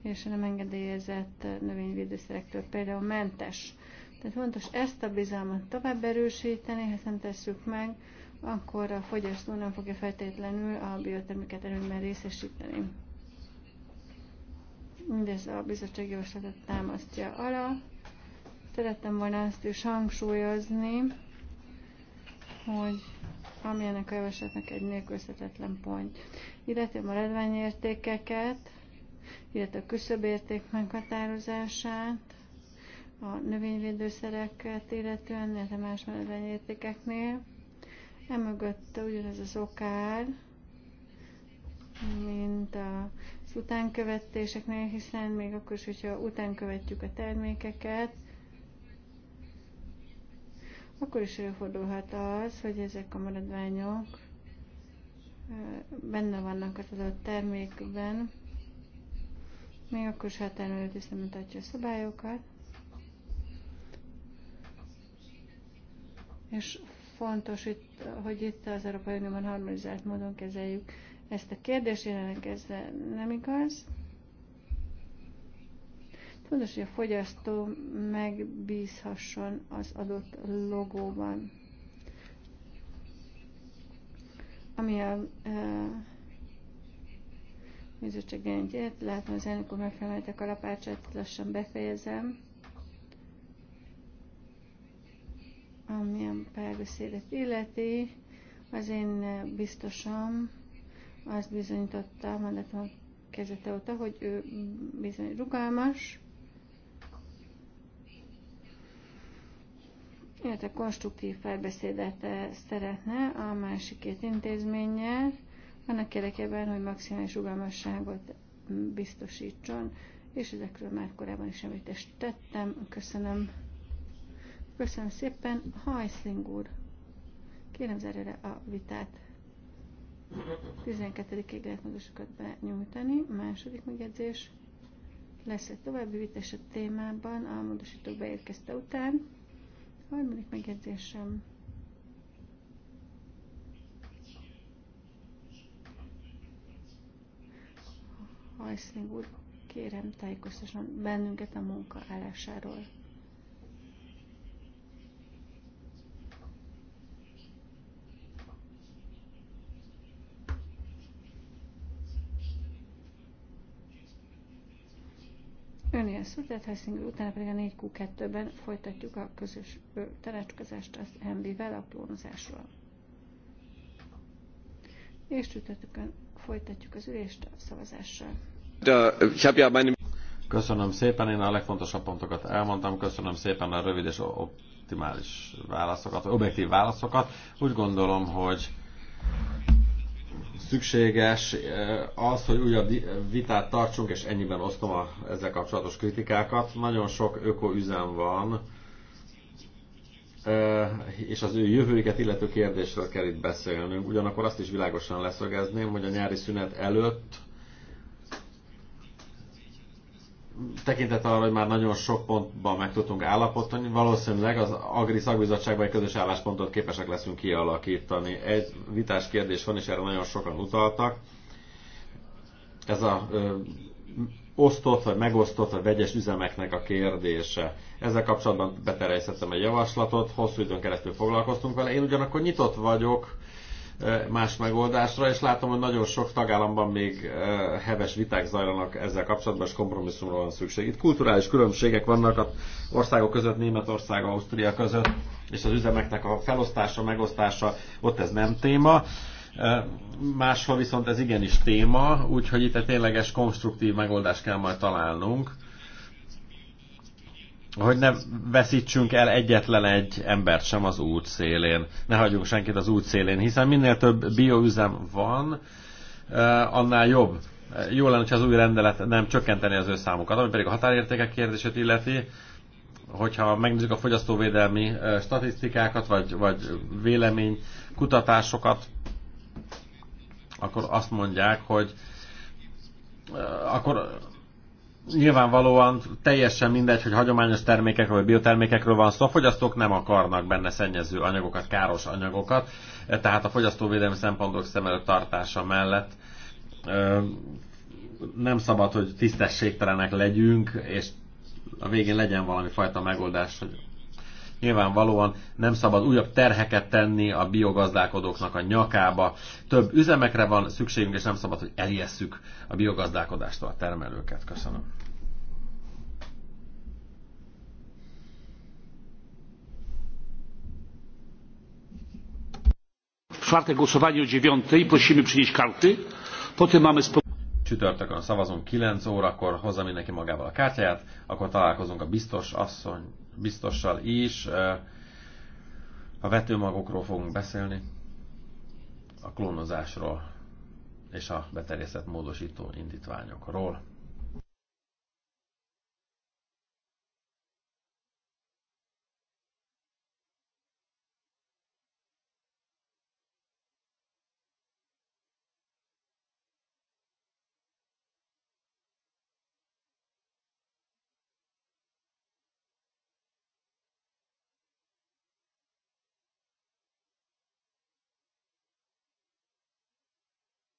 és a nem engedélyezett növényvédőszerektől például mentes. Tehát fontos ezt a bizalmat tovább erősíteni, ha nem tesszük meg, akkor a fogyasztó nem fogja feltétlenül a bioterméket előnyben részesíteni. Mindez a bizottság javaslatot támasztja alá. Szerettem volna azt is hangsúlyozni, hogy ami ennek a javaslatnak egy nélkülözhetetlen pont. Illetve a maradványértékeket, illetve a küszöbérték meghatározását, a növényvédőszereket illetően, illetve más maradványértékeknél. Emögött ugyanez az okár, mint az utánkövetéseknél, hiszen még akkor is, hogyha utánkövetjük a termékeket, akkor is előfordulhat az, hogy ezek a maradványok benne vannak az adott termékben, még akkor is határon előtt is nem tartja a szabályokat. És fontos, itt, hogy itt az Európai Unióban harmonizált módon kezeljük ezt a kérdést, jelenleg ez nem igaz. Fontos, hogy a fogyasztó megbízhasson az adott logóban. Ami a e, bizottság látom az elnök úr megfelelte a kalapácsát, lassan befejezem. Amilyen párbeszédet illeti, az én biztosom, azt bizonyította a kezete óta, hogy ő bizony rugalmas, illetve konstruktív párbeszédet eh, szeretne a másik két intézménnyel, annak érdekében, hogy maximális rugalmasságot biztosítson, és ezekről már korábban is említést tettem. Köszönöm. Köszönöm szépen. Hajszling úr, kérem zárjára a vitát. 12 ég lehet magusokat benyújtani. Második megjegyzés. Lesz egy további vitás a témában a módosítók beérkezte után. Harmadik megjegyzésem. Hajszling úr, kérem tájékoztasson bennünket a munka állásáról. Könnyű szó, tehát Helsinki utána pedig a 4Q2-ben folytatjuk a közös tanácskozást az MB-vel a klónozásról. És csütörtökön folytatjuk az ülést a szavazással. Köszönöm szépen, én a legfontosabb pontokat elmondtam, köszönöm szépen a rövid és optimális válaszokat, objektív válaszokat. Úgy gondolom, hogy szükséges az, hogy újabb vitát tartsunk, és ennyiben osztom a ezzel kapcsolatos kritikákat. Nagyon sok ökoüzem van, és az ő jövőiket illető kérdésről kell itt beszélnünk. Ugyanakkor azt is világosan leszögezném, hogy a nyári szünet előtt tekintet arra, hogy már nagyon sok pontban meg tudtunk állapodni, valószínűleg az Agri szakbizottságban egy közös álláspontot képesek leszünk kialakítani. Egy vitás kérdés van, és erre nagyon sokan utaltak. Ez a ö, osztott, vagy megosztott, vagy vegyes üzemeknek a kérdése. Ezzel kapcsolatban beterjesztettem egy javaslatot, hosszú időn keresztül foglalkoztunk vele. Én ugyanakkor nyitott vagyok más megoldásra, és látom, hogy nagyon sok tagállamban még heves viták zajlanak ezzel kapcsolatban, és kompromisszumra van szükség. Itt kulturális különbségek vannak a országok között, Németország, Ausztria között, és az üzemeknek a felosztása, megosztása, ott ez nem téma. Máshol viszont ez igenis téma, úgyhogy itt egy tényleges konstruktív megoldást kell majd találnunk hogy ne veszítsünk el egyetlen egy embert sem az út szélén. Ne hagyjunk senkit az út szélén, hiszen minél több bioüzem van, eh, annál jobb. Eh, jó lenne, hogy az új rendelet nem csökkenteni az ő számukat, ami pedig a határértékek kérdését illeti, hogyha megnézzük a fogyasztóvédelmi eh, statisztikákat, vagy, vagy vélemény kutatásokat, akkor azt mondják, hogy akkor nyilvánvalóan teljesen mindegy, hogy hagyományos termékekről vagy biotermékekről van szó, a fogyasztók nem akarnak benne szennyező anyagokat, káros anyagokat, e, tehát a fogyasztóvédelmi szempontok szem előtt tartása mellett e, nem szabad, hogy tisztességtelenek legyünk, és a végén legyen valami fajta megoldás, hogy Nyilvánvalóan nem szabad újabb terheket tenni a biogazdálkodóknak a nyakába. Több üzemekre van szükségünk, és nem szabad, hogy eljesszük a biogazdálkodástól a termelőket. Köszönöm. Csütörtökön szavazunk 9 órakor, hozza mindenki magával a kártyáját, akkor találkozunk a biztos asszony biztossal is. A vetőmagokról fogunk beszélni, a klónozásról és a beterjesztett módosító indítványokról.